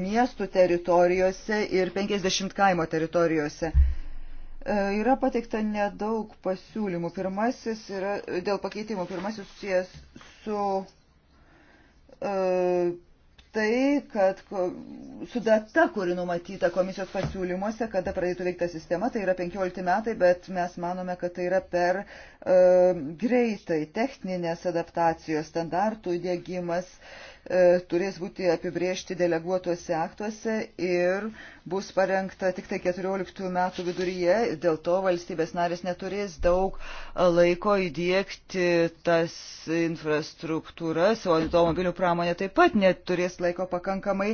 miestų teritorijose ir 50 kaimo teritorijose. E, yra pateikta nedaug pasiūlymų. Pirmasis yra dėl pakeitimų. Pirmasis susijęs su e, tai, kad su data, kuri numatyta komisijos pasiūlymuose, kada pradėtų veikti ta sistema, tai yra 15 metai, bet mes manome, kad tai yra per e, greitai techninės adaptacijos standartų dėgymas. E, E, turės būti apibriežti deleguotuose aktuose ir bus parengta tik tai 14 metų viduryje. Dėl to valstybės narės neturės daug e, laiko įdėkti tas infrastruktūras, o automobilių pramonė taip pat neturės laiko pakankamai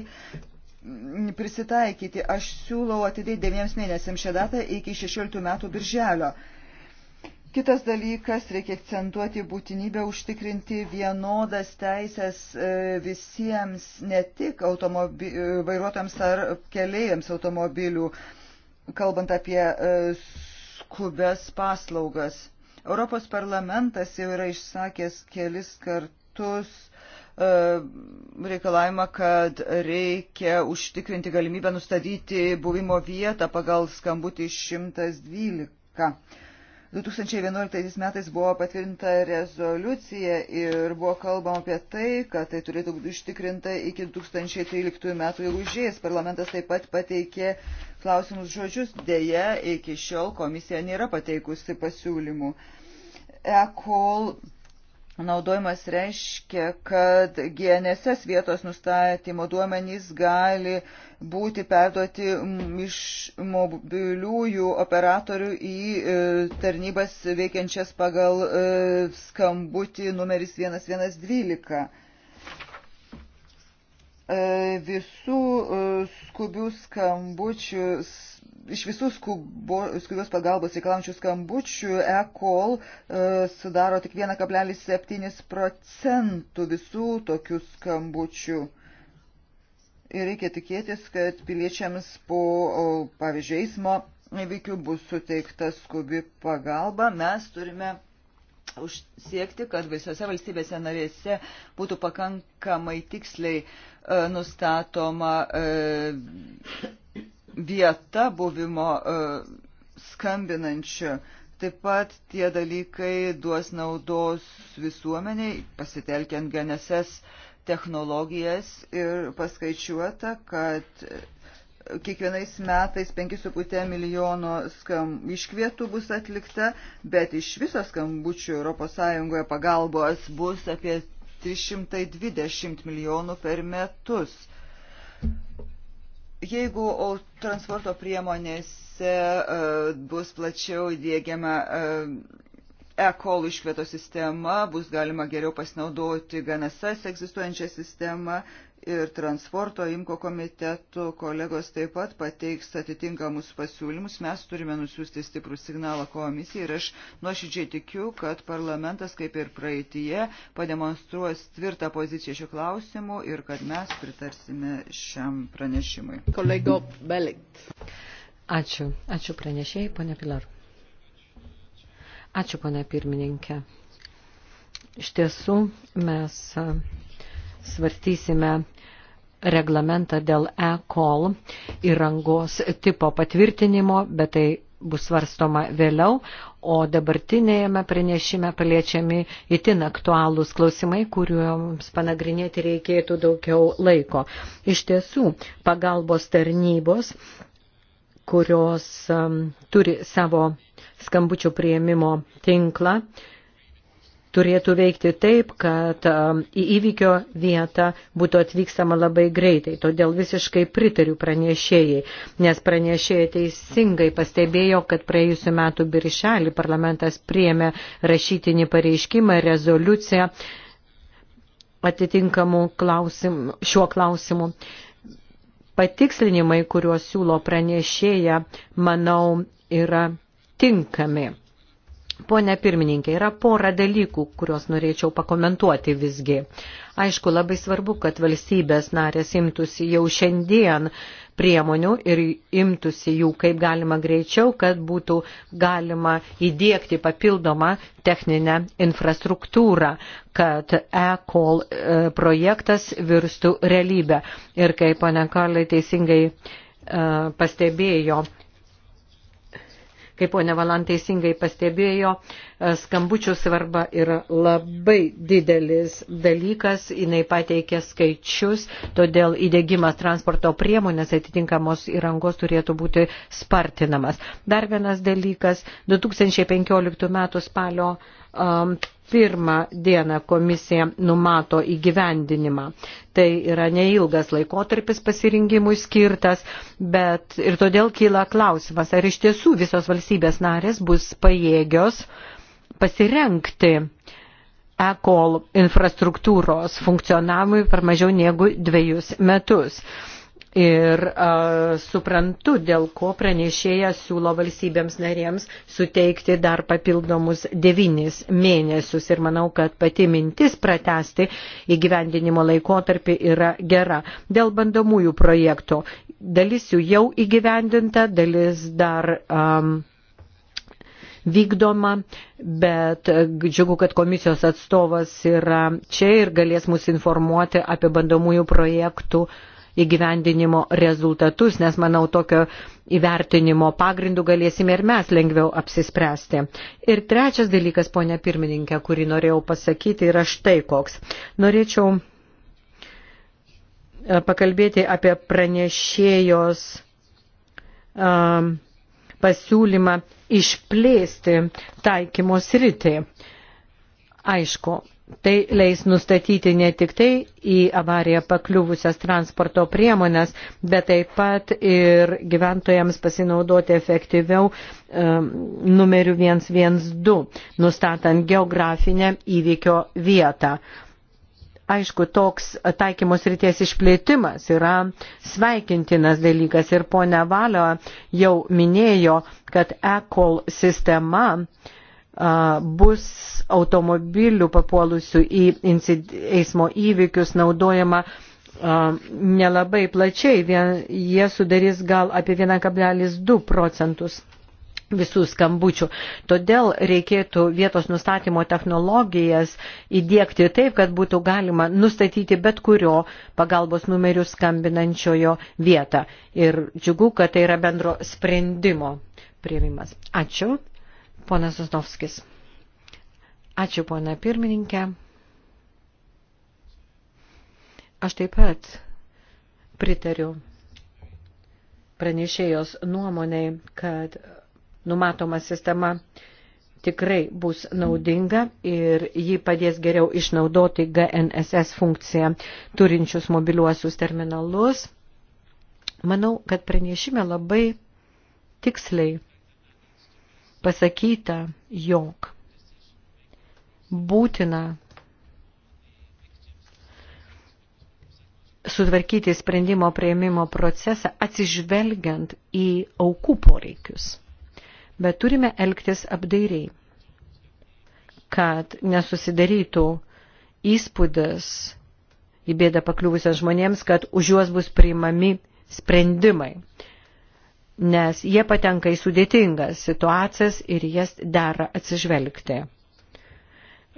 prisitaikyti. Aš siūlau atidėti 9 mėnesiams šią datą iki 16 metų birželio. Kitas dalykas, reikia akcentuoti būtinybę užtikrinti vienodas teisės e, visiems, ne tik automobi, e, vairuotams ar keliaiviams automobilių, kalbant apie e, skubes paslaugas. Europos parlamentas jau yra išsakęs kelis kartus reikalavimą, kad reikia užtikrinti galimybę nustatyti buvimo vietą pagal skambutį 112. 2011 metais buvo patvirtinta rezoliucija ir buvo kalbama apie tai, kad tai turėtų būti ištikrinta iki 2013 metų gegužės. Parlamentas taip pat pateikė klausimus žodžius, dėja iki šiol komisija nėra pateikusi pasiūlymų. E-call naudojimas reiškia, kad GNSS vietos nustatymo duomenys gali būti perduoti iš mobiliųjų operatorių į e, tarnybas veikiančias pagal e, skambutį numeris 1112. E, visų e, skubių skambučių, iš visų skubo, skubios pagalbos reikalaujančių skambučių e-call e, sudaro tik 1,7 procentų visų tokių skambučių. Ir reikia tikėtis, kad piliečiams po, pavyzdžiui, eismo įvykių bus suteikta skubi pagalba. Mes turime užsiekti, kad visose valstybėse narėse būtų pakankamai tiksliai uh, E, nustatoma e, vieta buvimo e, skambinančių. Taip pat tie dalykai duos naudos visuomeniai, pasitelkiant GNSS technologijas ir paskaičiuota, kad kiekvienais metais 5,5 milijono skam, iškvietų bus atlikta, bet iš viso skambučių ES pagalbos bus apie 320 milijonų per metus. Jeigu transporto priemonėse e, bus plačiau dėgiama e, e-call iškvieto sistema, bus galima geriau pasinaudoti GNSS egzistuojančią sistemą ir transporto imko komitetų kolegos taip pat pateiks atitinkamus pasiūlymus. Mes turime nusiųsti stiprų signalą komisijai ir aš nuoširdžiai tikiu, kad parlamentas kaip ir praeitie pademonstruos tvirtą poziciją šiuo klausimu ir kad mes pritarsime šiam pranešimui. Kolego Belit.
Ačiū. Ačiū pranešėjai, ponia Pilar. Ačiū, pana pirmininkė. Iš tiesų, mes svartysime reglamentą dėl e-call įrangos tipo patvirtinimo, bet tai bus svarstoma vėliau, o dabartinėjame pranešime paliečiami itin aktualūs klausimai, kuriuoms panagrinėti reikėtų daugiau laiko. Iš tiesų, pagalbos tarnybos kurios um, turi savo skambučių prieimimo tinklą, turėtų veikti taip, kad um, į įvykio vietą būtų atvykstama labai greitai. Todėl visiškai pritariu pranešėjai, nes pranešėjai teisingai pastebėjo, kad praėjusiu metu birželį parlamentas priėmė rašytinį pareiškimą, rezoliuciją atitinkamų klausimų, šiuo klausimu patikslinimai, kuriuos siūlo pranešėja, manau, yra tinkami. Pone pirmininkė, yra pora dalykų, kuriuos norėčiau pakomentuoti visgi. Aišku, labai svarbu, kad valstybės narės imtųsi jau šiandien uh, priemonių ir imtųsi jų kaip galima greičiau, kad būtų galima įdėkti papildomą techninę infrastruktūrą, kad e-call e, projektas virstų realybę. Ir kaip pane Karlai teisingai e, pastebėjo, Kaip ponia Valan teisingai pastebėjo, e, skambučių svarba yra labai didelis dalykas, jinai pateikė skaičius, todėl įdėgymas transporto priemonės atitinkamos įrangos turėtų būti spartinamas. Dar vienas dalykas, 2015 m. spalio Um, pirmą dieną komisija numato įgyvendinimą. Tai yra neilgas laikotarpis pasirinkimui skirtas, bet ir todėl kyla klausimas, ar iš tiesų visos valstybės narės bus pajėgios pasirenkti e-call infrastruktūros funkcionavimui per mažiau negu dviejus metus. Ir a, suprantu, dėl ko pranešėjas siūlo valstybėms narėms suteikti dar papildomus devynis mėnesius. Ir manau, kad pati mintis pratesti įgyvendinimo laikotarpį yra gera. Dėl bandomųjų projektų. Dalis jų jau įgyvendinta, dalis dar. Um, vykdoma, bet džiugu, kad komisijos atstovas yra čia ir galės mus informuoti apie bandomųjų projektų uh, įgyvendinimo rezultatus, nes manau tokio įvertinimo pagrindų galėsime ir mes lengviau apsispręsti. Ir trečias dalykas, ponia pirmininkė, kurį norėjau pasakyti, yra štai koks. Norėčiau e, pakalbėti apie pranešėjos um, pasiūlymą išplėsti taikymo sritį. Aišku, Tai leis nustatyti ne tik tai į avariją pakliuvusias transporto priemonės, bet taip pat ir gyventojams pasinaudoti efektyviau um, numeriu 112, nustatant geografinę įvykio vietą aišku, toks taikymos ryties išplėtimas yra sveikintinas dalykas ir ponia Valio jau minėjo, kad e-call sistema uh, bus automobilių papuolusių į eismo įvykius naudojama nelabai plačiai, vien, jie sudarys gal apie 1,2 procentus visų skambučių. Todėl reikėtų vietos nustatymo technologijas įdėkti taip, kad būtų galima nustatyti bet kurio pagalbos numerių skambinančiojo vietą. Ir džiugu, kad tai yra bendro sprendimo prieimimas. Ačiū. Ponas Zuznovskis. Ačiū, pona pirmininkė. Aš taip pat pritariu pranešėjos nuomonei, kad numatoma sistema tikrai bus naudinga ir ji padės geriau išnaudoti GNSS funkciją turinčius mobiliuosius terminalus. Manau, kad pranešime labai tiksliai pasakyta, jog būtina sutvarkyti sprendimo prieimimo procesą atsižvelgiant į aukų poreikius. Bet turime elgtis apdairiai, kad nesusidarytų įspūdis į bėdą pakliuvusias žmonėms, kad už juos bus priimami sprendimai nes jie patenka į sudėtingas situacijas ir jas dera atsižvelgti.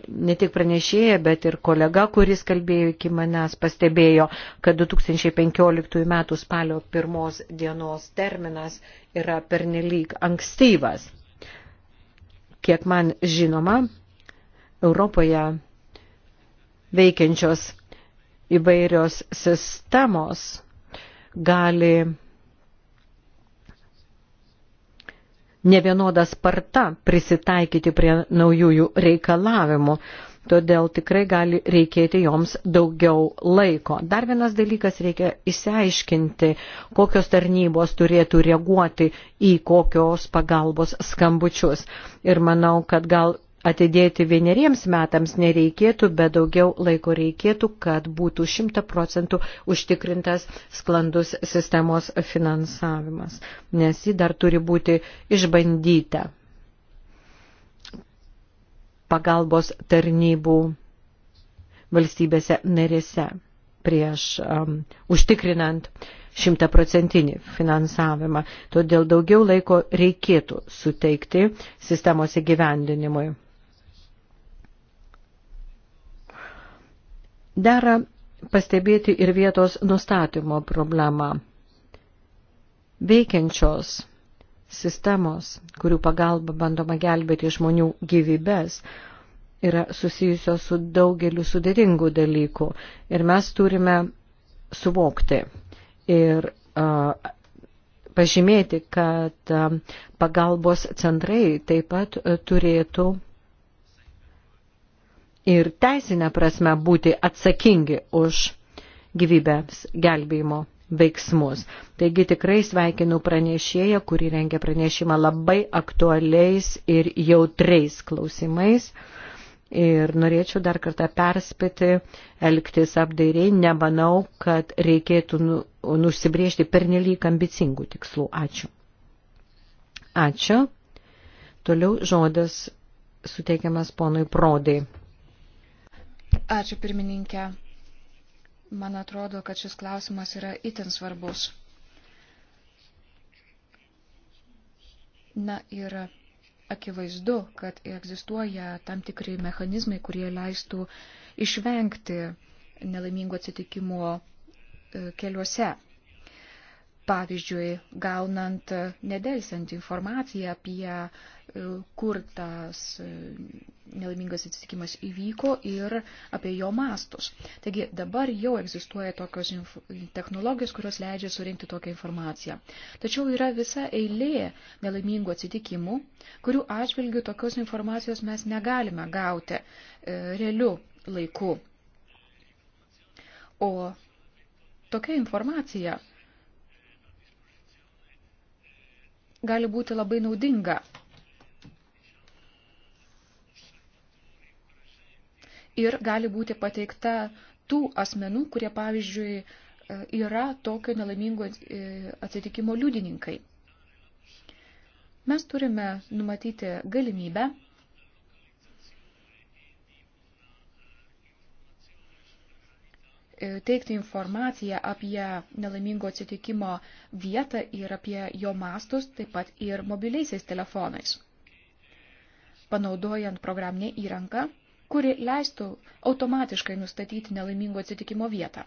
Ne tik pranešėja, bet ir kolega, kuris kalbėjo iki manęs, pastebėjo, kad 2015 m. spalio pirmos dienos terminas yra pernelyg ankstyvas. Kiek man žinoma, Europoje veikiančios įvairios sistemos gali nevienoda sparta prisitaikyti prie naujųjų reikalavimų. Todėl tikrai gali reikėti joms daugiau laiko. Dar vienas dalykas reikia išsiaiškinti, kokios tarnybos turėtų reaguoti į kokios pagalbos skambučius. Ir manau, kad gal atidėti vieneriems metams nereikėtų, bet daugiau laiko reikėtų, kad būtų 100 procentų užtikrintas sklandus sistemos finansavimas, nes ji dar turi būti išbandyta pagalbos tarnybų valstybėse narėse prieš um, užtikrinant šimtaprocentinį finansavimą. Todėl daugiau laiko reikėtų suteikti sistemos įgyvendinimui. Dera pastebėti ir vietos nustatymo problemą. Veikiančios sistemos, kurių pagalba bandoma gelbėti žmonių gyvybės, yra susijusios su daugeliu sudėtingų dalykų. Ir mes turime suvokti ir uh, pažymėti, kad uh, pagalbos centrai taip pat uh, turėtų ir teisinę prasme būti atsakingi už gyvybės gelbėjimo veiksmus. Taigi tikrai sveikinu pranešėją, kuri rengia pranešimą labai aktualiais ir jautriais klausimais. Ir norėčiau dar kartą perspėti, elgtis apdairiai, nemanau, kad reikėtų nu, nusibriežti pernelyg ambicingų tikslų. Ačiū. Ačiū. Toliau žodis suteikiamas ponui Prodai.
Ačiū pirmininkė. Man atrodo, kad šis klausimas yra itin svarbus. Na ir akivaizdu, kad egzistuoja tam tikri mechanizmai, kurie leistų išvengti nelaimingo atsitikimo e, keliuose. Pavyzdžiui, gaunant nedelsiant informaciją apie e, kur tas e, nelaimingas atsitikimas įvyko ir apie jo mastus. Taigi dabar jau egzistuoja tokios technologijos, kurios leidžia surinkti tokią informaciją. Tačiau yra visa eilė nelaimingų atsitikimų, kurių atžvilgių tokios informacijos mes negalime gauti e, realiu laiku. O tokia informacija gali būti labai naudinga ir gali būti pateikta tų asmenų, kurie, pavyzdžiui, e, yra tokio nelaimingo e, atsitikimo liudininkai. Mes turime numatyti galimybę e, teikti informaciją apie nelaimingo atsitikimo vietą ir apie jo mastus, taip pat ir mobiliaisiais telefonais. Panaudojant programinę įrangą, kuri leistų automatiškai nustatyti nelaimingo atsitikimo vietą.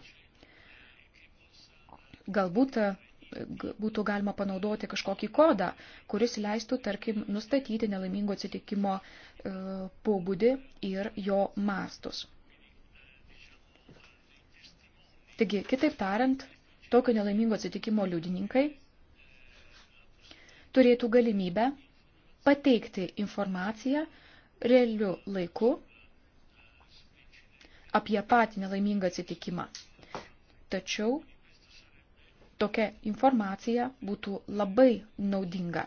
Galbūt e, būtų galima panaudoti kažkokį kodą, kuris leistų, tarkim, nustatyti nelaimingo atsitikimo e, pobūdį ir jo mastus. Taigi, kitaip tariant, tokio nelaimingo atsitikimo liudininkai turėtų galimybę pateikti informaciją realiu laiku apie patį nelaimingą atsitikimą. Tačiau tokia informacija būtų labai naudinga.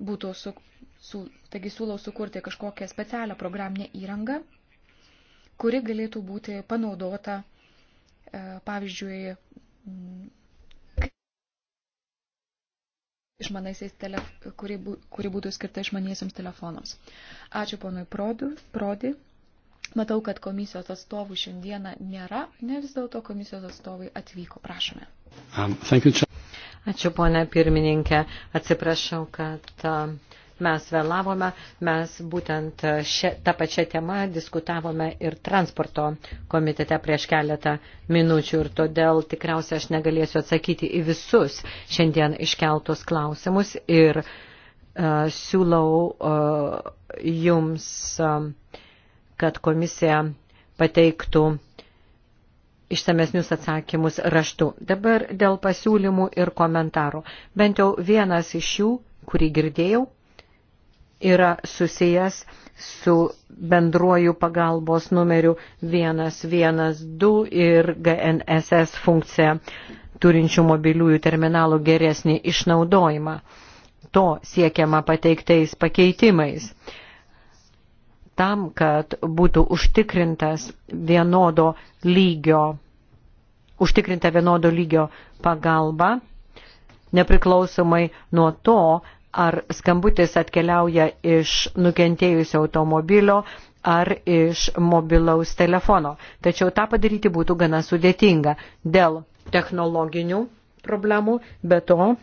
Būtų su, su, taigi siūlau sukurti kažkokią specialią programinę įrangą, kuri galėtų būti panaudota, e, pavyzdžiui, mm, išmanaisiais telef, kuri, bu, kuri būtų skirta išmaniesiams telefonams. Ačiū ponui Prodi. Matau, kad komisijos atstovų šiandieną nėra, ne vis dėlto komisijos atstovai atvyko. Prašome. Um, you,
Ačiū, ponia pirmininkė. Atsiprašau, kad uh, mes vėlavome, mes būtent uh, šia, tą pačią temą diskutavome ir transporto komitete prieš keletą minučių ir todėl tikriausiai aš negalėsiu atsakyti į visus šiandien iškeltus klausimus ir uh, siūlau uh, jums. Uh, kad komisija pateiktų išsamesnius atsakymus raštu. Dabar dėl pasiūlymų ir komentarų. Bent jau vienas iš jų, kurį girdėjau, yra susijęs su bendruoju pagalbos numeriu 112 ir GNSS funkcija turinčių mobiliųjų terminalų geresnį išnaudojimą. To siekiama pateiktais pakeitimais tam, kad būtų užtikrintas vienodo lygio, užtikrinta vienodo lygio pagalba, nepriklausomai nuo to, ar skambutis atkeliauja iš nukentėjusio automobilio ar iš mobilaus telefono. Tačiau tą padaryti būtų gana sudėtinga dėl technologinių problemų, be to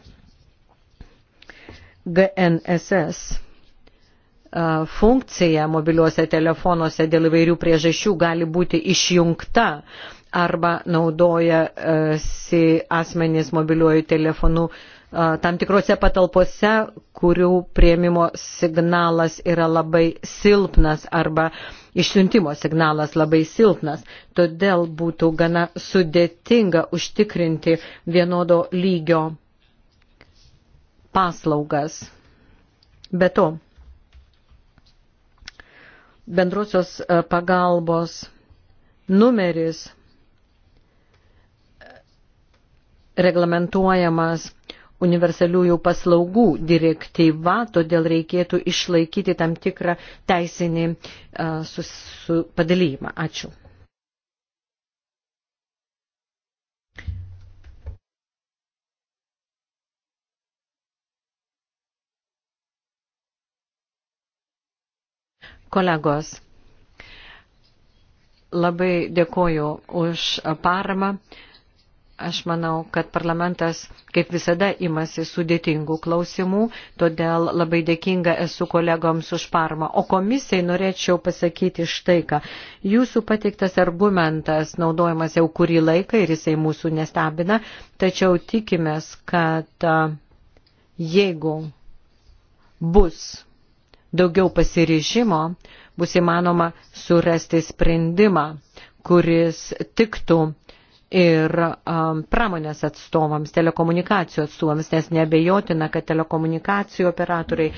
GNSS funkcija mobiliuose telefonuose dėl įvairių priežasčių gali būti išjungta arba naudojasi asmenys mobiliuoju telefonu tam tikrose patalpose, kurių prieimimo signalas yra labai silpnas arba išsiuntimo signalas labai silpnas. Todėl būtų gana sudėtinga užtikrinti vienodo lygio paslaugas. Be to, bendrosios e, pagalbos numeris reglamentuojamas universaliųjų paslaugų direktyva, todėl reikėtų išlaikyti tam tikrą teisinį e, uh, padalymą. Ačiū. Kolegos, labai dėkoju už paramą. Aš manau, kad parlamentas, kaip visada, imasi sudėtingų klausimų, todėl labai dėkinga esu kolegoms už parmą. O komisijai norėčiau pasakyti štai ką. Jūsų pateiktas argumentas naudojamas jau kurį laiką ir jisai mūsų nestebina, tačiau tikimės, kad jeigu bus daugiau pasirižimo bus įmanoma surasti sprendimą, kuris tiktų ir um, pramonės atstovams, telekomunikacijų atstovams, nes nebejotina, kad telekomunikacijų operatoriai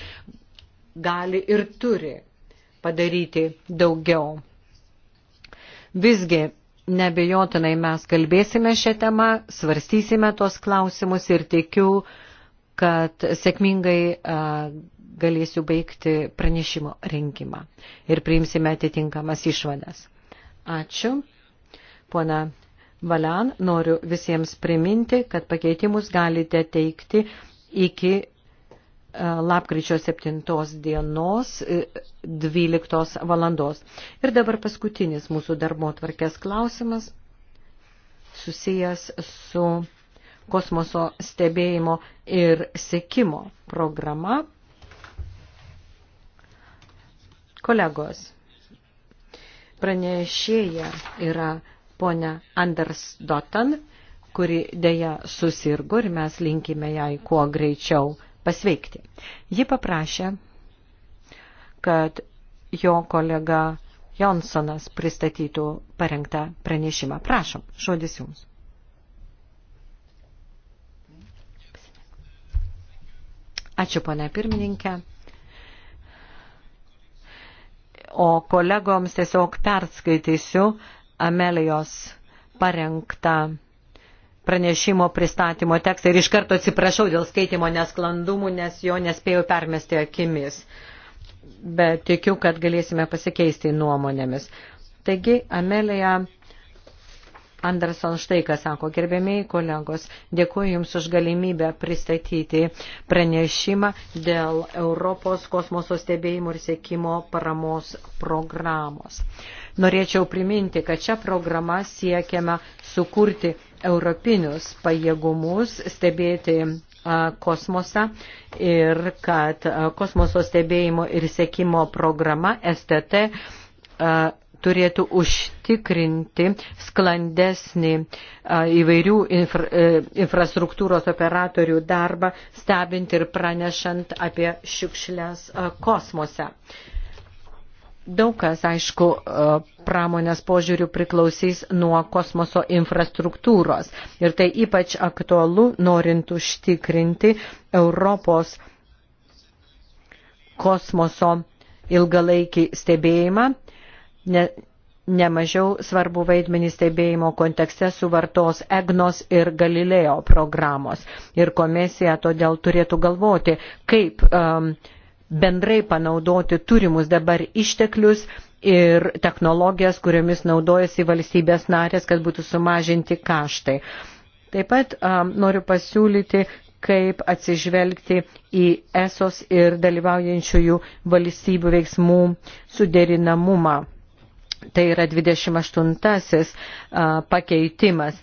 gali ir turi padaryti daugiau. Visgi nebejotinai mes kalbėsime šią temą, svarstysime tos klausimus ir tikiu, kad sėkmingai uh, galėsiu baigti pranešimo rengimą ir priimsime atitinkamas išvadas. Ačiū. Pona Valian, noriu visiems priminti, kad pakeitimus galite teikti iki e, lapkričio 7 dienos 12 e, valandos. Ir dabar paskutinis mūsų darbo tvarkės klausimas susijęs su kosmoso stebėjimo ir sekimo programa Kolegos, pranešėja yra ponia Anders Dotan, kuri dėja susirgo ir mes linkime jai kuo greičiau pasveikti. Ji paprašė, kad jo kolega Jonsonas pristatytų parengtą pranešimą. Prašom, žodis jums. Ačiū, ponia pirmininkė o kolegoms tiesiog perskaitysiu Amelijos parengtą pranešimo pristatymo tekstą ir iš karto atsiprašau dėl skaitimo nesklandumų, nes jo nespėjau permesti akimis. Bet tikiu, kad galėsime pasikeisti nuomonėmis. Taigi, Amelija Anderson štai, ką sako gerbėmiai kolegos, dėkuoju Jums už galimybę pristatyti pranešimą dėl Europos kosmoso stebėjimų ir sėkimo paramos programos. Norėčiau priminti, kad šią programą siekiame sukurti europinius pajėgumus stebėti kosmosą ir kad kosmoso stebėjimo ir sėkimo programa STT turėtų užtikrinti sklandesnį įvairių infra, e, infrastruktūros operatorių darbą, stebint ir pranešant apie šiukšlės kosmose. Daug kas, aišku, pramonės požiūrių priklausys nuo kosmoso infrastruktūros. Ir tai ypač aktualu, norint užtikrinti Europos kosmoso ilgalaikį stebėjimą ne, nemažiau svarbu vaidmenį stebėjimo kontekste suvartos EGNOS ir Galileo programos. Ir komisija todėl turėtų galvoti, kaip um, bendrai panaudoti turimus dabar išteklius ir technologijas, kuriomis naudojasi valstybės narės, kad būtų sumažinti kaštai. Taip pat um, noriu pasiūlyti, kaip atsižvelgti į esos ir dalyvaujančiųjų valstybių veiksmų suderinamumą Tai yra 28 pakeitimas.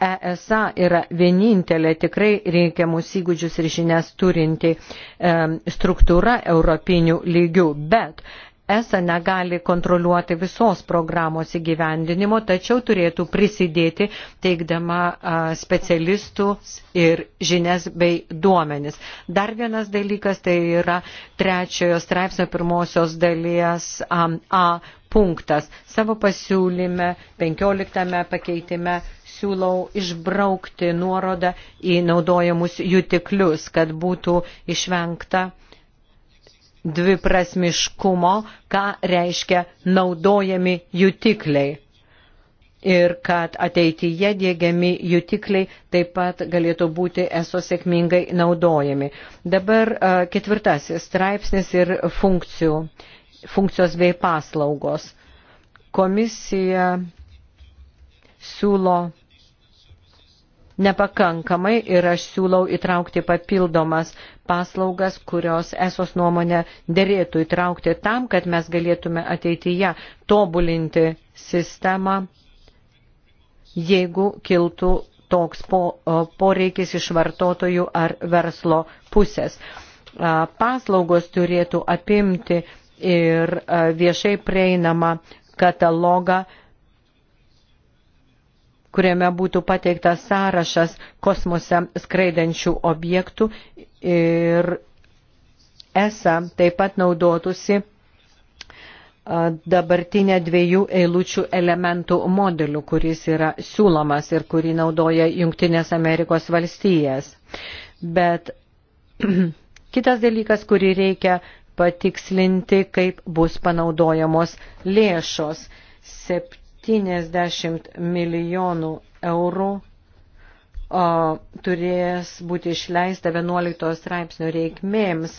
ESA e yra vienintelė tikrai reikiamus įgūdžius ir žinias turinti struktūra europinių lygių, bet ESA negali kontroliuoti visos programos įgyvendinimo, tačiau turėtų prisidėti teikdama specialistus ir žinias bei duomenis. Dar vienas dalykas tai yra trečiojo straipsnio pirmosios dalies A punktas. Savo pasiūlyme 15 pakeitime siūlau išbraukti nuorodą į naudojamus jutiklius, kad būtų išvengta uh, dviprasmiškumo, ką reiškia naudojami jutikliai. Ir kad ateityje dėgiami jutikliai taip pat galėtų būti eso sėkmingai naudojami. Dabar e, ketvirtasis straipsnis ir funkcijų, funkcijos bei paslaugos. Komisija siūlo nepakankamai ir aš siūlau įtraukti papildomas paslaugas, kurios esos nuomonė dėrėtų įtraukti tam, kad mes galėtume ateityje tobulinti sistemą, jeigu kiltų toks po, poreikis iš vartotojų ar verslo pusės. Paslaugos turėtų apimti ir viešai prieinamą katalogą kuriame būtų pateiktas sąrašas kosmose skraidančių objektų ir ESA taip pat naudotųsi dabartinę dviejų eilučių elementų modelių, kuris yra siūlomas ir kurį naudoja Junktinės Amerikos valstijas. Bet kitas dalykas, kurį reikia patikslinti, kaip bus panaudojamos lėšos. Sep 70 milijonų eurų o, turės būti išleista 11 straipsnio reikmėms.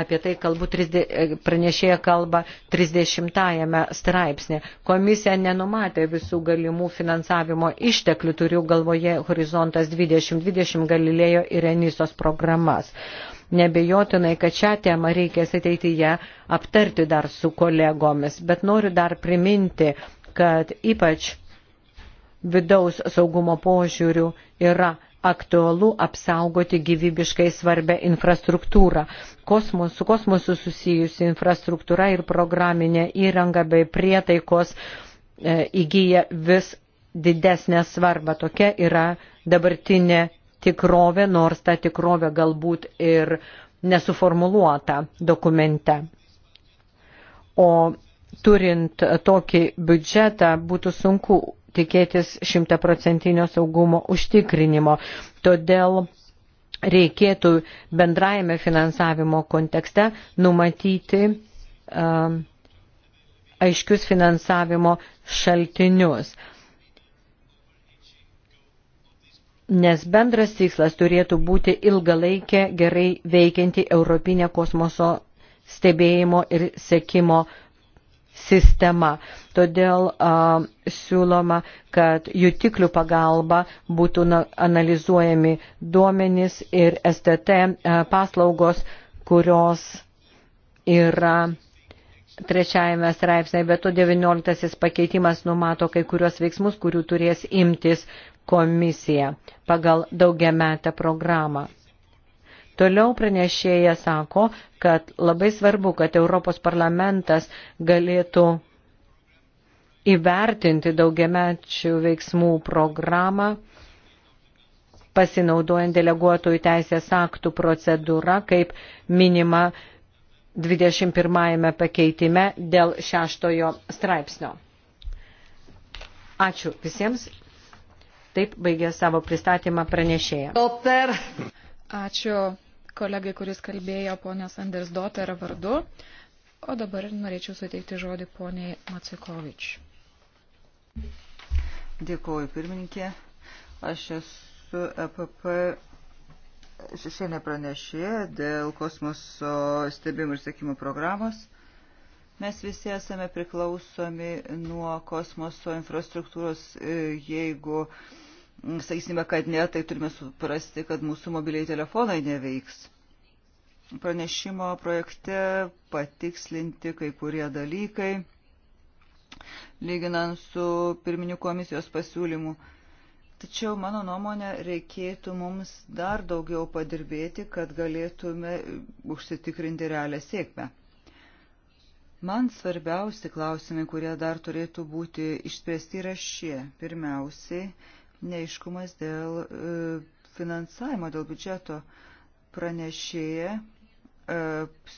Apie tai kalbu, pranešėja kalba 30 straipsnė. Komisija nenumatė visų galimų finansavimo išteklių, turiu galvoje Horizontas 2020 Galilėjo ir Enisos programas. Nebejotinai, kad šią temą reikės ateityje aptarti dar su kolegomis, bet noriu dar priminti, kad ypač vidaus saugumo požiūrių yra aktualu apsaugoti gyvybiškai svarbę infrastruktūrą. Kosmos, su kosmosu susijusi infrastruktūra ir programinė įranga bei prietaikos e, įgyja vis didesnę svarbą. Tokia yra dabartinė tikrovė, nors ta tikrovė galbūt ir nesuformuluota dokumente. O turint tokį biudžetą būtų sunku tikėtis šimtaprocentinio saugumo užtikrinimo. Todėl reikėtų bendrajame finansavimo kontekste numatyti um, aiškius finansavimo šaltinius. Nes bendras tikslas turėtų būti ilgalaikė gerai veikianti Europinė kosmoso stebėjimo ir sekimo sistema. Todėl a, siūloma, kad jutiklių pagalba būtų na, analizuojami duomenys ir STT a, paslaugos, kurios yra trečiajame straipsnėje, bet to 19 pakeitimas numato kai kurios veiksmus, kurių turės imtis komisija pagal daugiametę programą. Toliau pranešėja sako, kad labai svarbu, kad Europos parlamentas galėtų įvertinti daugiamečių veiksmų programą, pasinaudojant deleguotojų teisės aktų procedūrą, kaip minima 21 pakeitime dėl šeštojo straipsnio. Ačiū visiems. Taip baigė savo pristatymą pranešėja.
Ačiū kolegai, kuris kalbėjo ponios Anders Dotter vardu. O dabar norėčiau suteikti žodį poniai Macikovič.
Dėkuoju, pirmininkė. Aš esu EPP šešėlė pranešė dėl kosmoso stebimų ir sekimų programos. Mes visi esame priklausomi nuo kosmoso infrastruktūros, jeigu uh, Mm, sakysime, kad ne, tai turime suprasti, kad mūsų mobiliai telefonai neveiks. Pranešimo projekte patikslinti kai kurie dalykai, lyginant su pirminių komisijos pasiūlymu. Tačiau, mano nuomonė, reikėtų mums dar daugiau padirbėti, kad galėtume užsitikrinti realią sėkmę. Man svarbiausi klausimai, kurie dar turėtų būti išspręsti, yra šie. Pirmiausiai, neiškumas dėl e, finansavimo, dėl biudžeto pranešėja e,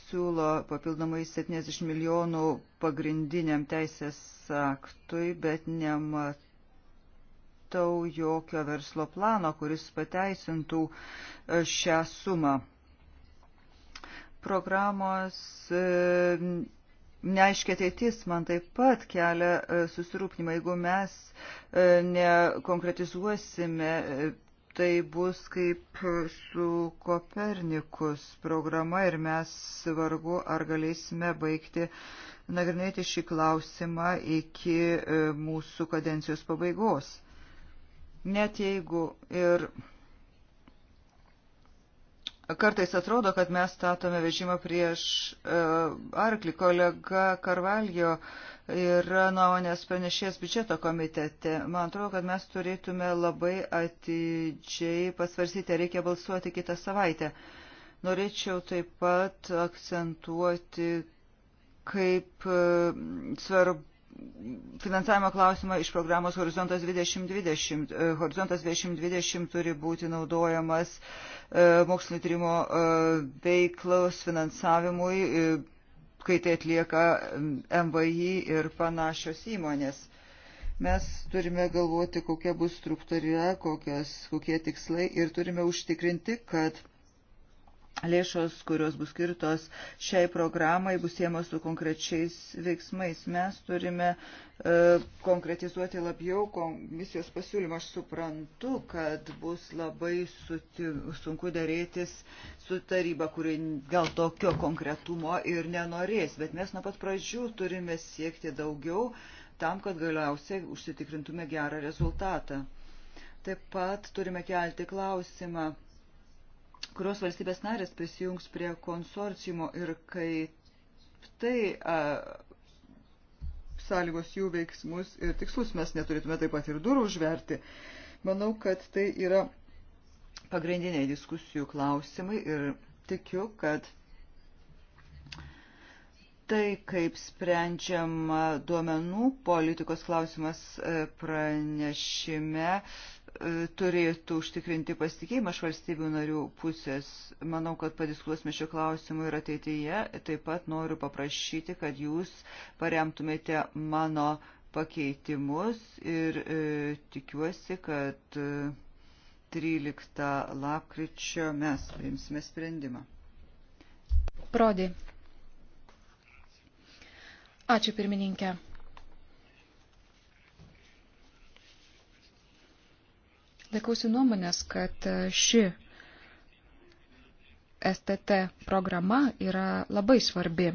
siūlo papildomai 70 milijonų pagrindiniam teisės aktui, bet nematau jokio verslo plano, kuris pateisintų e, šią sumą. Programos neaiškia ateitis man taip pat kelia e, susirūpinimą. Jeigu mes e, nekonkretizuosime, e, tai bus kaip su Kopernikus programa ir mes vargu ar galėsime baigti nagrinėti šį klausimą iki mūsų kadencijos pabaigos. Net jeigu ir Kartais atrodo, kad mes statome vežimą prieš uh, arklį. Kolega Karvaljo yra nuomonės pranešės biudžeto komitete. Man atrodo, kad mes turėtume labai atidžiai pasvarsyti, reikia balsuoti kitą savaitę. Norėčiau taip pat akcentuoti, kaip uh, svarbu finansavimo klausimą iš programos Horizontas 2020. E, Horizontas 2020 turi būti naudojamas e, mokslinio tyrimo e, veiklos finansavimui, kai tai atlieka MVI ir panašios įmonės. Mes turime galvoti, kokia bus struktūra, kokios, kokie tikslai ir turime užtikrinti, kad Lėšos, kurios bus skirtos šiai programai, bus siemos su konkrečiais veiksmais. Mes turime e, konkretizuoti labiau komisijos pasiūlymą. Aš suprantu, kad bus labai suti, sunku dėrėtis su taryba, kuri gal tokio konkretumo ir nenorės, bet mes nuo pat pradžių turime siekti daugiau tam, kad galiausiai užsitikrintume gerą rezultatą. Taip pat turime kelti klausimą kurios valstybės narės prisijungs prie konsorciumo ir kai tai a, sąlygos jų veiksmus ir tikslus mes neturėtume taip pat ir durų užverti. Manau, kad tai yra pagrindiniai diskusijų klausimai ir tikiu, kad tai, kaip sprendžiama duomenų politikos klausimas e, pranešime, E, turėtų užtikrinti pasitikėjimą iš valstybių narių pusės. Manau, kad padiskuosime šio klausimu ir ateityje. Taip pat noriu paprašyti, kad jūs paremtumėte mano pakeitimus ir e, tikiuosi, kad e, 13 lapkričio mes priimsime sprendimą.
Prodi. Ačiū pirmininkė. Laikausi nuomonės, kad e, ši STT programa yra labai svarbi,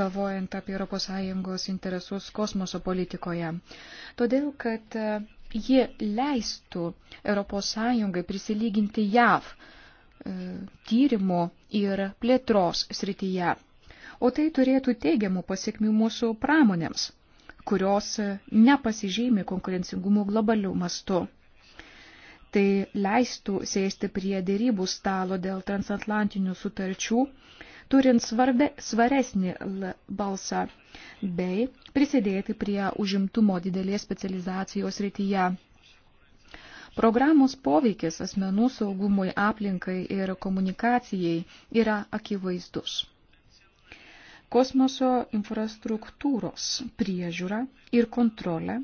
galvojant apie ES interesus kosmoso politikoje. Todėl, kad e, ji leistų ES prisilyginti JAV e, tyrimų ir plėtros srityje. O tai turėtų teigiamų pasiekmių mūsų pramonėms, kurios nepasižymi konkurencingumu globalių mastu tai leistų sėsti prie dėrybų stalo dėl transatlantinių sutarčių, turint svarbę, svaresnį balsą, bei prisidėti prie užimtumo didelės specializacijos rytyje. Programos poveikis asmenų saugumui aplinkai ir komunikacijai yra akivaizdus. Kosmoso infrastruktūros priežiūra ir kontrolė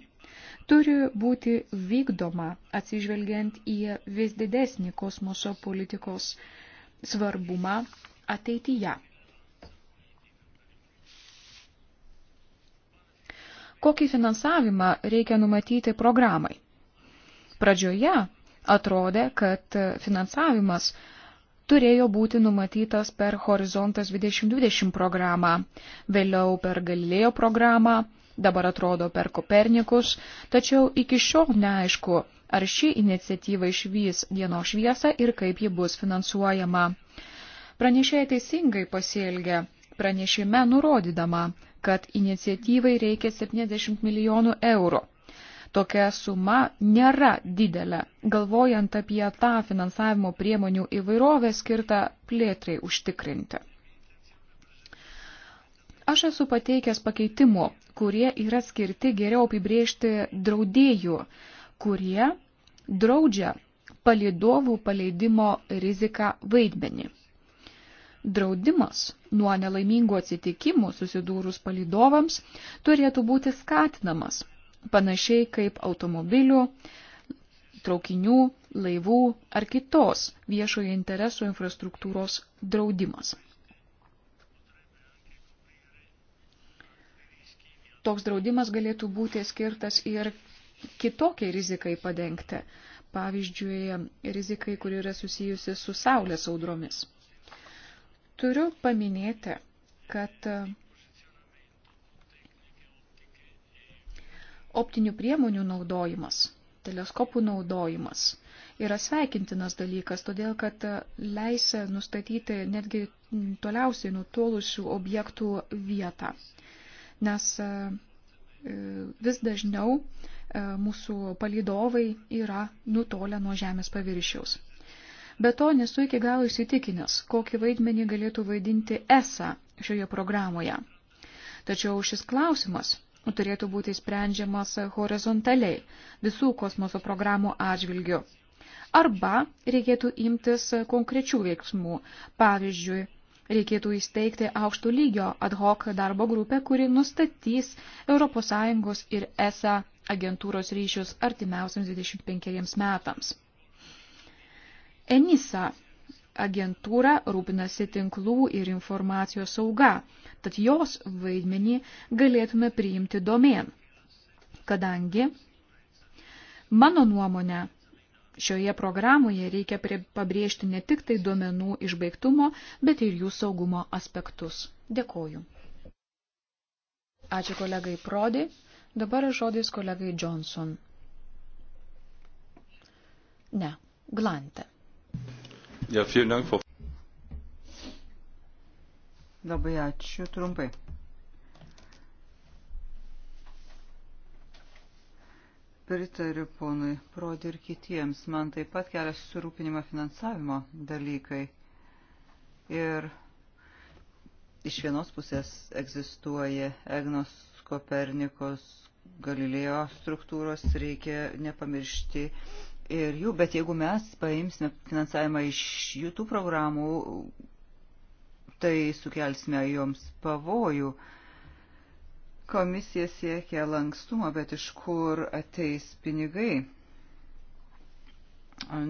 turi būti vykdoma atsižvelgiant į vis didesnį kosmoso politikos svarbumą ateityje. Kokį finansavimą reikia numatyti programai? Pradžioje atrodė, kad finansavimas turėjo būti numatytas per Horizontas 2020 programą, vėliau per Galilėjo programą, dabar atrodo per Kopernikus, tačiau iki šiol neaišku, ar ši iniciatyva išvys dienos šviesą ir kaip ji bus finansuojama. Pranešėja teisingai pasielgia pranešime nurodydama, kad iniciatyvai reikia 70 milijonų eurų. Tokia suma nėra didelė, galvojant apie tą finansavimo priemonių įvairovę skirtą plėtrai užtikrinti. Aš esu pateikęs pakeitimų, kurie yra skirti geriau apibriežti draudėjų, kurie draudžia palidovų paleidimo riziką vaidmenį. Draudimas nuo nelaimingų atsitikimų susidūrus palidovams turėtų būti skatinamas, panašiai kaip automobilių, traukinių, laivų ar kitos viešojo interesų infrastruktūros draudimas. toks draudimas galėtų būti skirtas ir kitokiai rizikai padengti. Pavyzdžiui, rizikai, kuri yra susijusi su saulės audromis. Turiu paminėti, kad optinių priemonių naudojimas, teleskopų naudojimas yra sveikintinas dalykas, todėl kad leis nustatyti netgi toliausiai nutolusių objektų vietą nes e, e, vis dažniau e, mūsų palydovai yra nutolę nuo Žemės paviršiaus. Be to nesu iki galo įsitikinęs, kokį vaidmenį galėtų vaidinti ESA šioje programoje. Tačiau šis klausimas turėtų būti sprendžiamas horizontaliai visų kosmoso programų atžvilgių. Arba reikėtų imtis konkrečių veiksmų, pavyzdžiui, Reikėtų įsteigti aukštų lygio ad hoc darbo grupę, kuri nustatys ES ir ESA agentūros ryšius artimiausiams 25 metams. ENISA agentūra rūpinasi tinklų ir informacijos sauga, tad jos vaidmenį galėtume priimti domėn. Kadangi, mano nuomonė, Šioje programoje reikia pabrėžti ne tik tai duomenų išbaigtumo, bet ir jų saugumo aspektus. Dėkoju. Ačiū kolegai Prodi. Dabar žodis kolegai Johnson. Ne, Glante.
Ja,
Labai ačiū trumpai. Pritariu ponui Prodi ir kitiems. Man taip pat kelia susirūpinimo finansavimo dalykai. Ir iš vienos pusės egzistuoja Egnos Kopernikos Galilėjo struktūros, reikia nepamiršti ir jų, bet jeigu mes paimsime finansavimą iš jų tų programų, tai sukelsime joms pavojų. Uh, Komisija siekia lankstumo, bet iš kur ateis pinigai?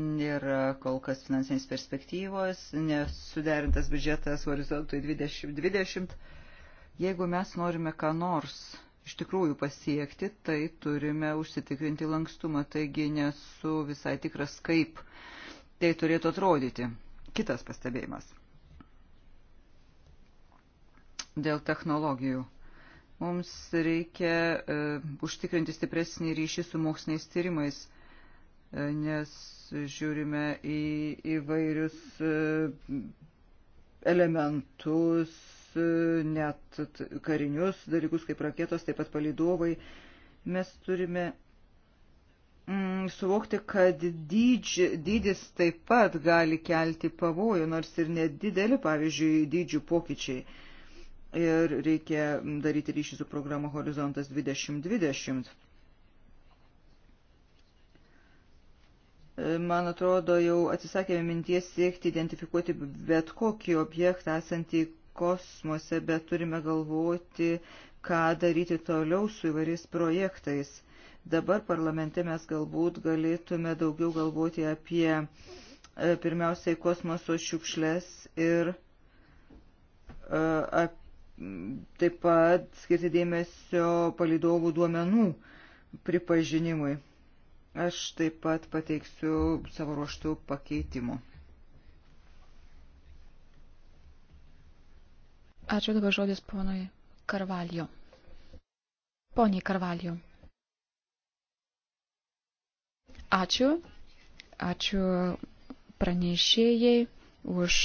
Nėra kol kas finansinės perspektyvos, nesuderintas biudžetas horizontui 2020. Jeigu mes norime ką nors iš tikrųjų pasiekti, tai turime užsitikrinti lankstumą, taigi nesu visai tikras, kaip tai turėtų atrodyti. Kitas pastebėjimas. Dėl technologijų Mums reikia e, užtikrinti stipresnį ryšį su moksliniais tyrimais, e, nes žiūrime į įvairius e, elementus, e, net karinius dalykus kaip raketos, taip pat palidovai. Mes turime mm, suvokti, kad dydž, dydis taip pat gali kelti pavojų, nors ir nedideli, pavyzdžiui, dydžių pokyčiai ir reikia daryti ryšį su programa Horizontas 2020. Man atrodo, jau atsisakėme minties siekti identifikuoti bet kokį objektą esantį kosmose, bet turime galvoti, ką daryti toliau su įvairiais projektais. Dabar parlamente mes galbūt galėtume daugiau galvoti apie e, pirmiausiai kosmoso šiukšlės ir e, apie taip pat skirti dėmesio palidovų duomenų pripažinimui. Aš taip pat pateiksiu savo ruoštų pakeitimų.
Ačiū dabar žodis ponui Karvalijo. Poniai Karvalijo. Ačiū. Ačiū pranešėjai už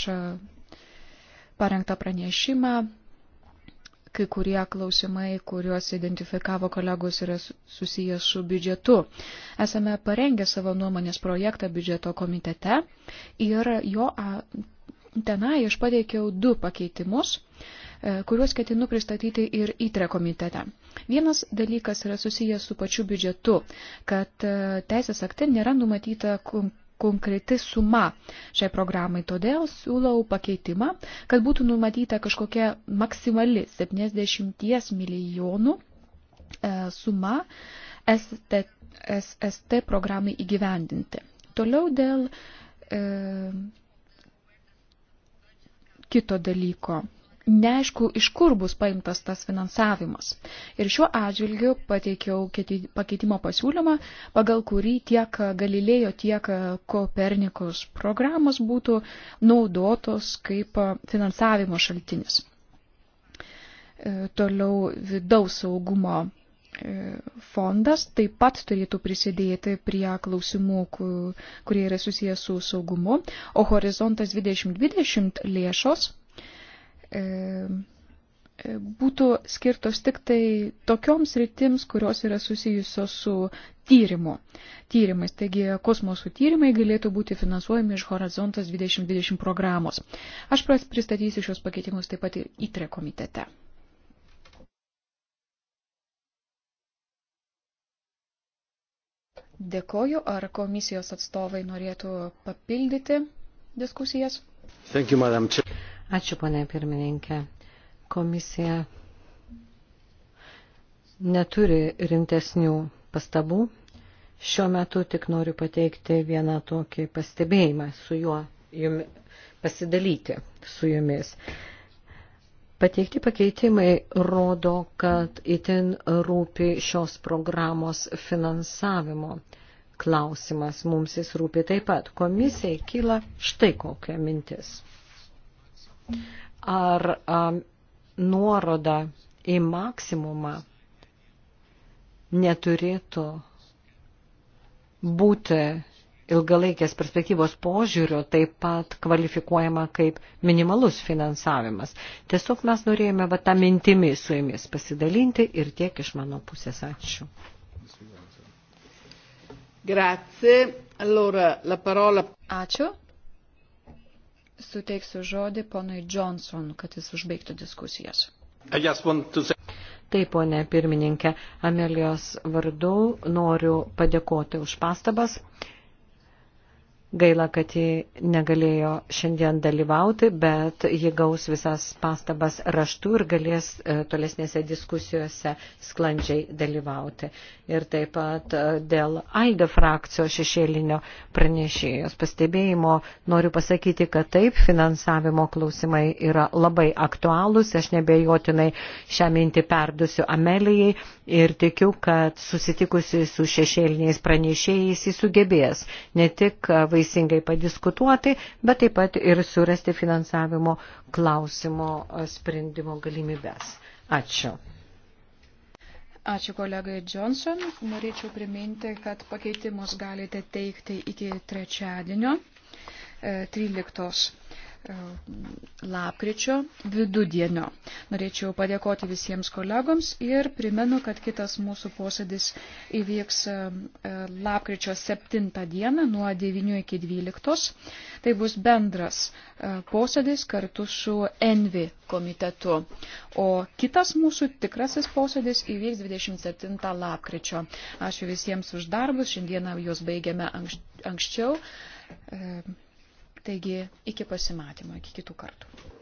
parengtą pranešimą kai kurie klausimai, kuriuos identifikavo kolegos, yra susijęs su biudžetu. Esame parengę savo nuomonės projektą biudžeto komitete ir jo tenai aš pateikiau du pakeitimus e, kuriuos ketinu pristatyti ir įtre komitete. Vienas dalykas yra susijęs su pačiu biudžetu, kad e, teisės akte nėra numatyta konkreti suma šiai programai. Todėl siūlau pakeitimą, kad būtų numatyta kažkokia maksimali 70 milijonų e, suma ST, SST programai įgyvendinti. Toliau dėl e, kito dalyko neaišku, iš kur bus paimtas tas finansavimas. Ir šiuo atžvilgiu pateikiau pakeitimo pasiūlymą, pagal kurį tiek Galilėjo, tiek Kopernikos programos būtų naudotos kaip finansavimo šaltinis. E, toliau vidaus saugumo e, fondas taip pat turėtų prisidėti prie klausimų, kurie yra susijęs su saugumu, o horizontas 2020 lėšos E, e, būtų skirtos tik tai tokioms rytims, kurios yra susijusios su tyrimu. Tyrimais, taigi kosmosų tyrimai galėtų būti finansuojami iš Horizontas 2020 programos. Aš pristatysiu šios pakeitimus taip pat ir ITRE komitete. Dėkoju, ar komisijos atstovai norėtų papildyti
diskusijas? Thank you, Madam Chair. Ačiū, ponė pirmininkė. Komisija neturi rimtesnių pastabų. Šiuo metu tik noriu pateikti vieną tokį pastebėjimą su juo, jumi, pasidalyti su jumis. Pateikti pakeitimai rodo, kad itin rūpi šios programos finansavimo klausimas. Mums jis rūpi taip pat. Komisijai kyla štai kokia mintis ar a, nuoroda į maksimumą neturėtų būti ilgalaikės perspektyvos požiūrio taip pat kvalifikuojama kaip minimalus finansavimas. Tiesiog mes norėjome va, tą mintimį su jumis pasidalinti ir tiek iš mano pusės ačiū.
Grazie. Allora, la parola... Ačiū suteiksiu žodį ponui Johnson, kad jis užbaigtų diskusijas.
Taip, ponė pirmininkė, Amelijos vardu noriu padėkoti už pastabas Gaila, kad ji negalėjo šiandien dalyvauti, bet ji gaus visas pastabas raštų ir galės e, tolesnėse diskusijose sklandžiai dalyvauti. Ir taip pat e, dėl ALDE frakcijos šešėlinio pranešėjos pastebėjimo noriu pasakyti, kad taip, finansavimo klausimai yra labai aktualūs. Aš nebejotinai šią mintį perdusiu Amelijai ir tikiu, kad susitikusi su šešėliniais pranešėjais jis sugebės ne tik vaisingai padiskutuoti, bet taip pat ir surasti finansavimo klausimo sprendimo galimybės. Ačiū.
Ačiū kolegai Johnson. Norėčiau priminti, kad pakeitimus galite teikti iki trečiadienio 13. E, E, lapkričio vidudienio. Norėčiau padėkoti visiems kolegoms ir primenu, kad kitas mūsų posėdis įvyks e, e, lapkričio 7 dieną nuo 9 iki 12. Tai bus bendras posėdis kartu su Envi komitetu. O kitas mūsų tikrasis posėdis įvyks 27 lapkričio. Ačiū visiems už darbus. Šiandieną juos baigiame anksčiau. Taigi, iki pasimatymo, iki kitų kartų.